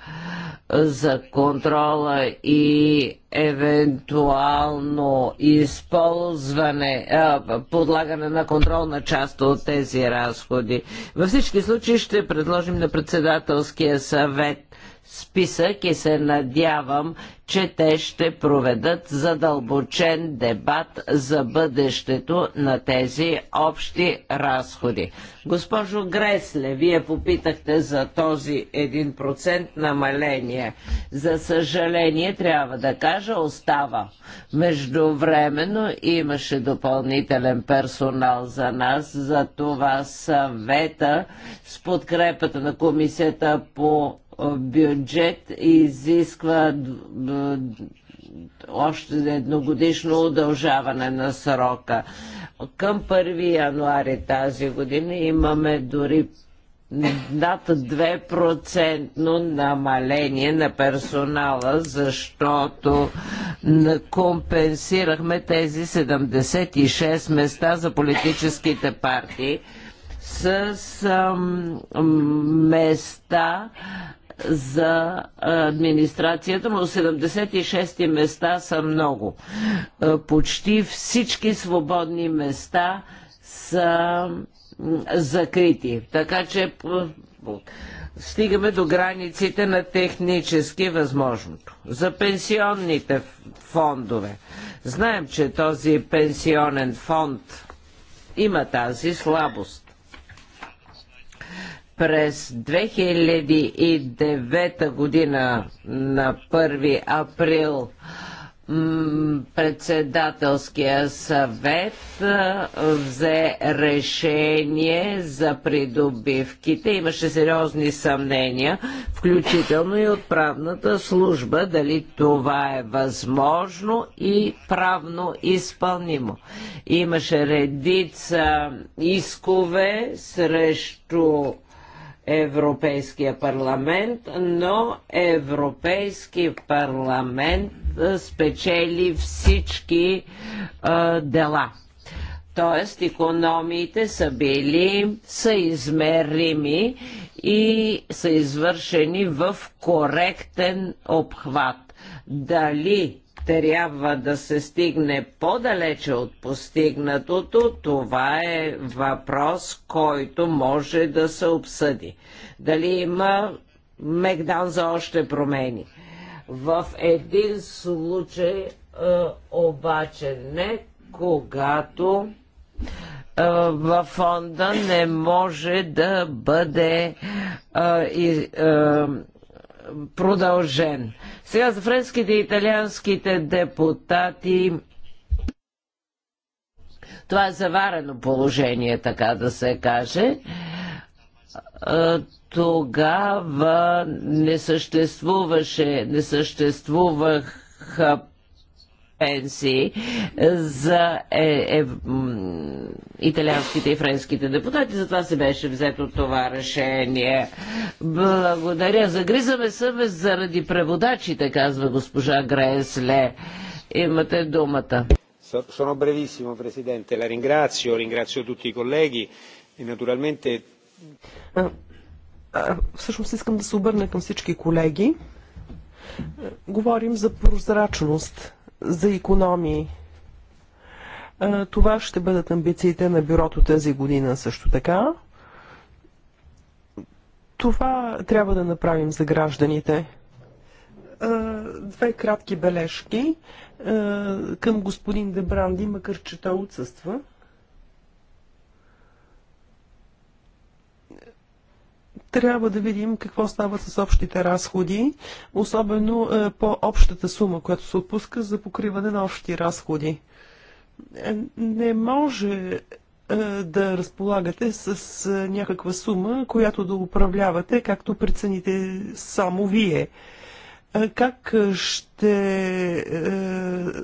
за контрола и евентуално използване, подлагане на контрол на част от тези разходи. Във всички случаи ще предложим на председателския съвет списък и се надявам, че те ще проведат задълбочен дебат за бъдещето на тези общи разходи. Госпожо Гресле, вие попитахте за този 1% намаление. За съжаление, трябва да кажа, остава. Междувременно имаше допълнителен персонал за нас, за това съвета с подкрепата на комисията по бюджет изисква още едногодишно удължаване на срока. Към 1 януари тази година имаме дори над 2% намаление на персонала, защото компенсирахме тези 76 места за политическите партии с места за администрацията, но 76 места са много. Е, почти всички свободни места са закрити. Така че стигаме до границите на технически възможното. За пенсионните фондове. Знаем, че този пенсионен фонд има тази слабост през 2009 година на 1 април председателския съвет взе решение за придобивките. Имаше сериозни съмнения, включително и от правната служба, дали това е възможно и правно изпълнимо. Имаше редица искове срещу Европейския парламент, но Европейски парламент спечели всички а, дела. Тоест, економиите са били съизмерими и са извършени в коректен обхват. Дали трябва да се стигне по-далече от постигнатото, това е въпрос, който може да се обсъди. Дали има Мегдан за още промени? В един случай е, обаче не, когато е, във фонда не може да бъде е, е, продължен. Сега за френските и италианските депутати това е заварено положение, така да се каже тогава не съществуваше, не съществуваха пенсии е, за е, е, италианските и френските депутати. Затова се беше взето това решение. Благодаря. Загризаме съвест заради преводачите, казва госпожа Гресле. Имате думата. Sono brevissimo, Presidente. La ringrazio, ringrazio tutti i colleghi e naturalmente... Всъщност искам да се обърна към всички колеги. Говорим за прозрачност за економии. Това ще бъдат амбициите на бюрото тази година също така. Това трябва да направим за гражданите. Две кратки бележки към господин Дебранди, макар че той отсъства. Трябва да видим какво става с общите разходи, особено е, по общата сума, която се отпуска за покриване на общи разходи. Е, не може е, да разполагате с някаква сума, която да управлявате, както прецените само вие. Как ще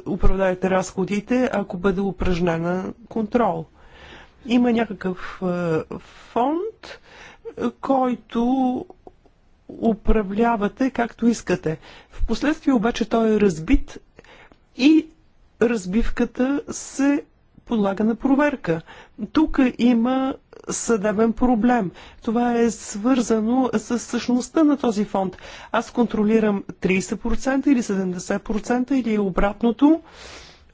управляете разходите, ако бъде упражнена контрол? Има някакъв фонд, който управлявате както искате. Впоследствие обаче той е разбит и разбивката се подлага на проверка. Тук има съдебен проблем. Това е свързано с същността на този фонд. Аз контролирам 30% или 70% или обратното.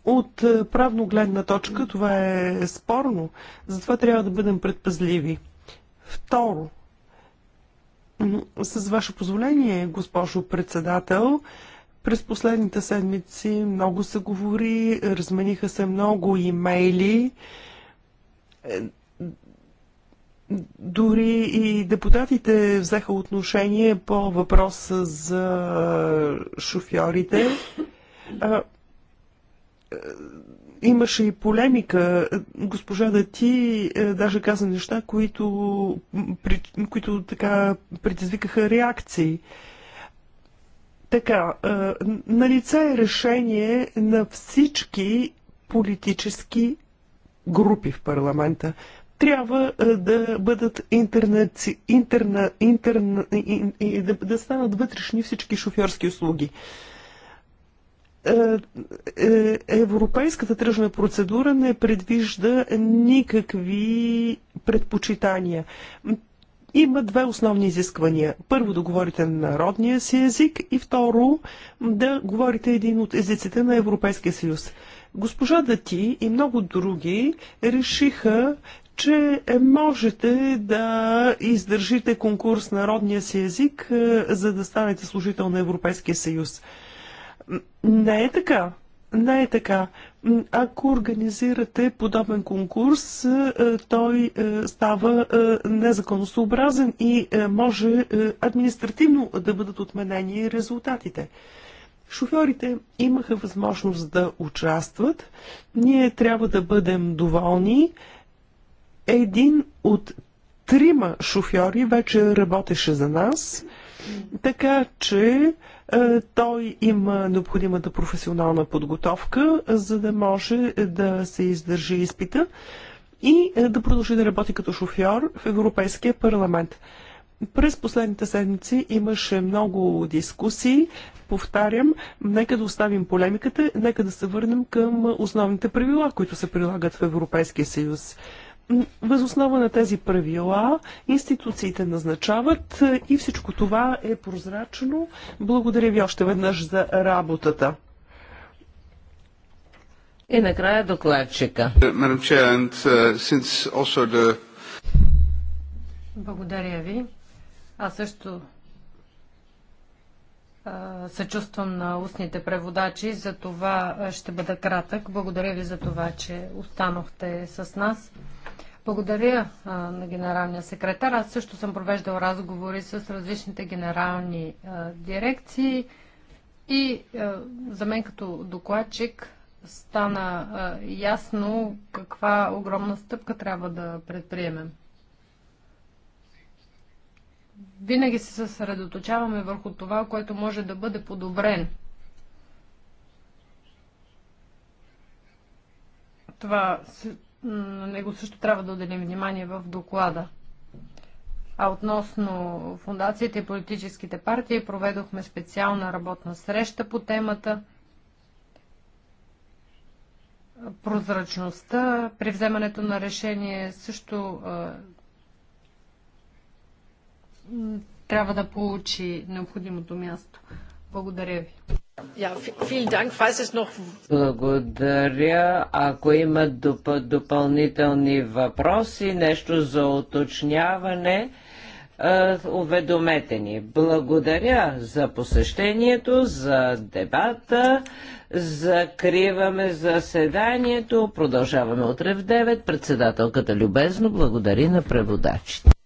От е, правно гледна точка това е спорно. Затова трябва да бъдем предпазливи. Второ, с ваше позволение, госпожо председател, през последните седмици много се говори, размениха се много имейли. Е, дори и депутатите взеха отношение по въпроса за шофьорите е, Имаше и полемика. Госпожа да ти е, даже каза неща, които, които така предизвикаха реакции. Така, е, на лице е решение на всички политически групи в парламента. Трябва е, да бъдат интернет, интерна... Интерна... да станат вътрешни всички шофьорски услуги. Е, е, европейската тръжна процедура не предвижда никакви предпочитания. Има две основни изисквания. Първо да говорите на народния си език и второ да говорите един от езиците на Европейския съюз. Госпожа Дати и много други решиха, че можете да издържите конкурс на народния си език, е, за да станете служител на Европейския съюз. Не е така. Не е така. Ако организирате подобен конкурс, е, е, той е, става незаконосообразен и може административно да бъдат отменени резултатите. Шофьорите имаха възможност да участват. Ние трябва да бъдем доволни. Един от трима шофьори вече работеше за нас, така че е, той има необходимата професионална подготовка, за да може да се издържи изпита и е, да продължи да работи като шофьор в Европейския парламент. През последните седмици имаше много дискусии. Повтарям, нека да оставим полемиката, нека да се върнем към основните правила, които се прилагат в Европейския съюз. Възоснова на тези правила институциите назначават е, и всичко това е прозрачно. Благодаря ви още веднъж за работата. И накрая докладчика. Uh, Благодаря ви. Аз също съчувствам на устните преводачи, за това ще бъда кратък. Благодаря ви за това, че останахте с нас. Благодаря на генералния секретар. Аз също съм провеждал разговори с различните генерални дирекции и за мен като докладчик стана ясно каква огромна стъпка трябва да предприемем винаги се съсредоточаваме върху това, което може да бъде подобрен. Това, на него също трябва да отделим внимание в доклада. А относно фундациите и политическите партии, проведохме специална работна среща по темата прозрачността при вземането на решение също трябва да получи необходимото място. Благодаря ви. Благодаря. Ако има доп допълнителни въпроси, нещо за уточняване, уведомете ни. Благодаря за посещението, за дебата. Закриваме заседанието. Продължаваме утре в 9. Председателката любезно благодари на преводачите.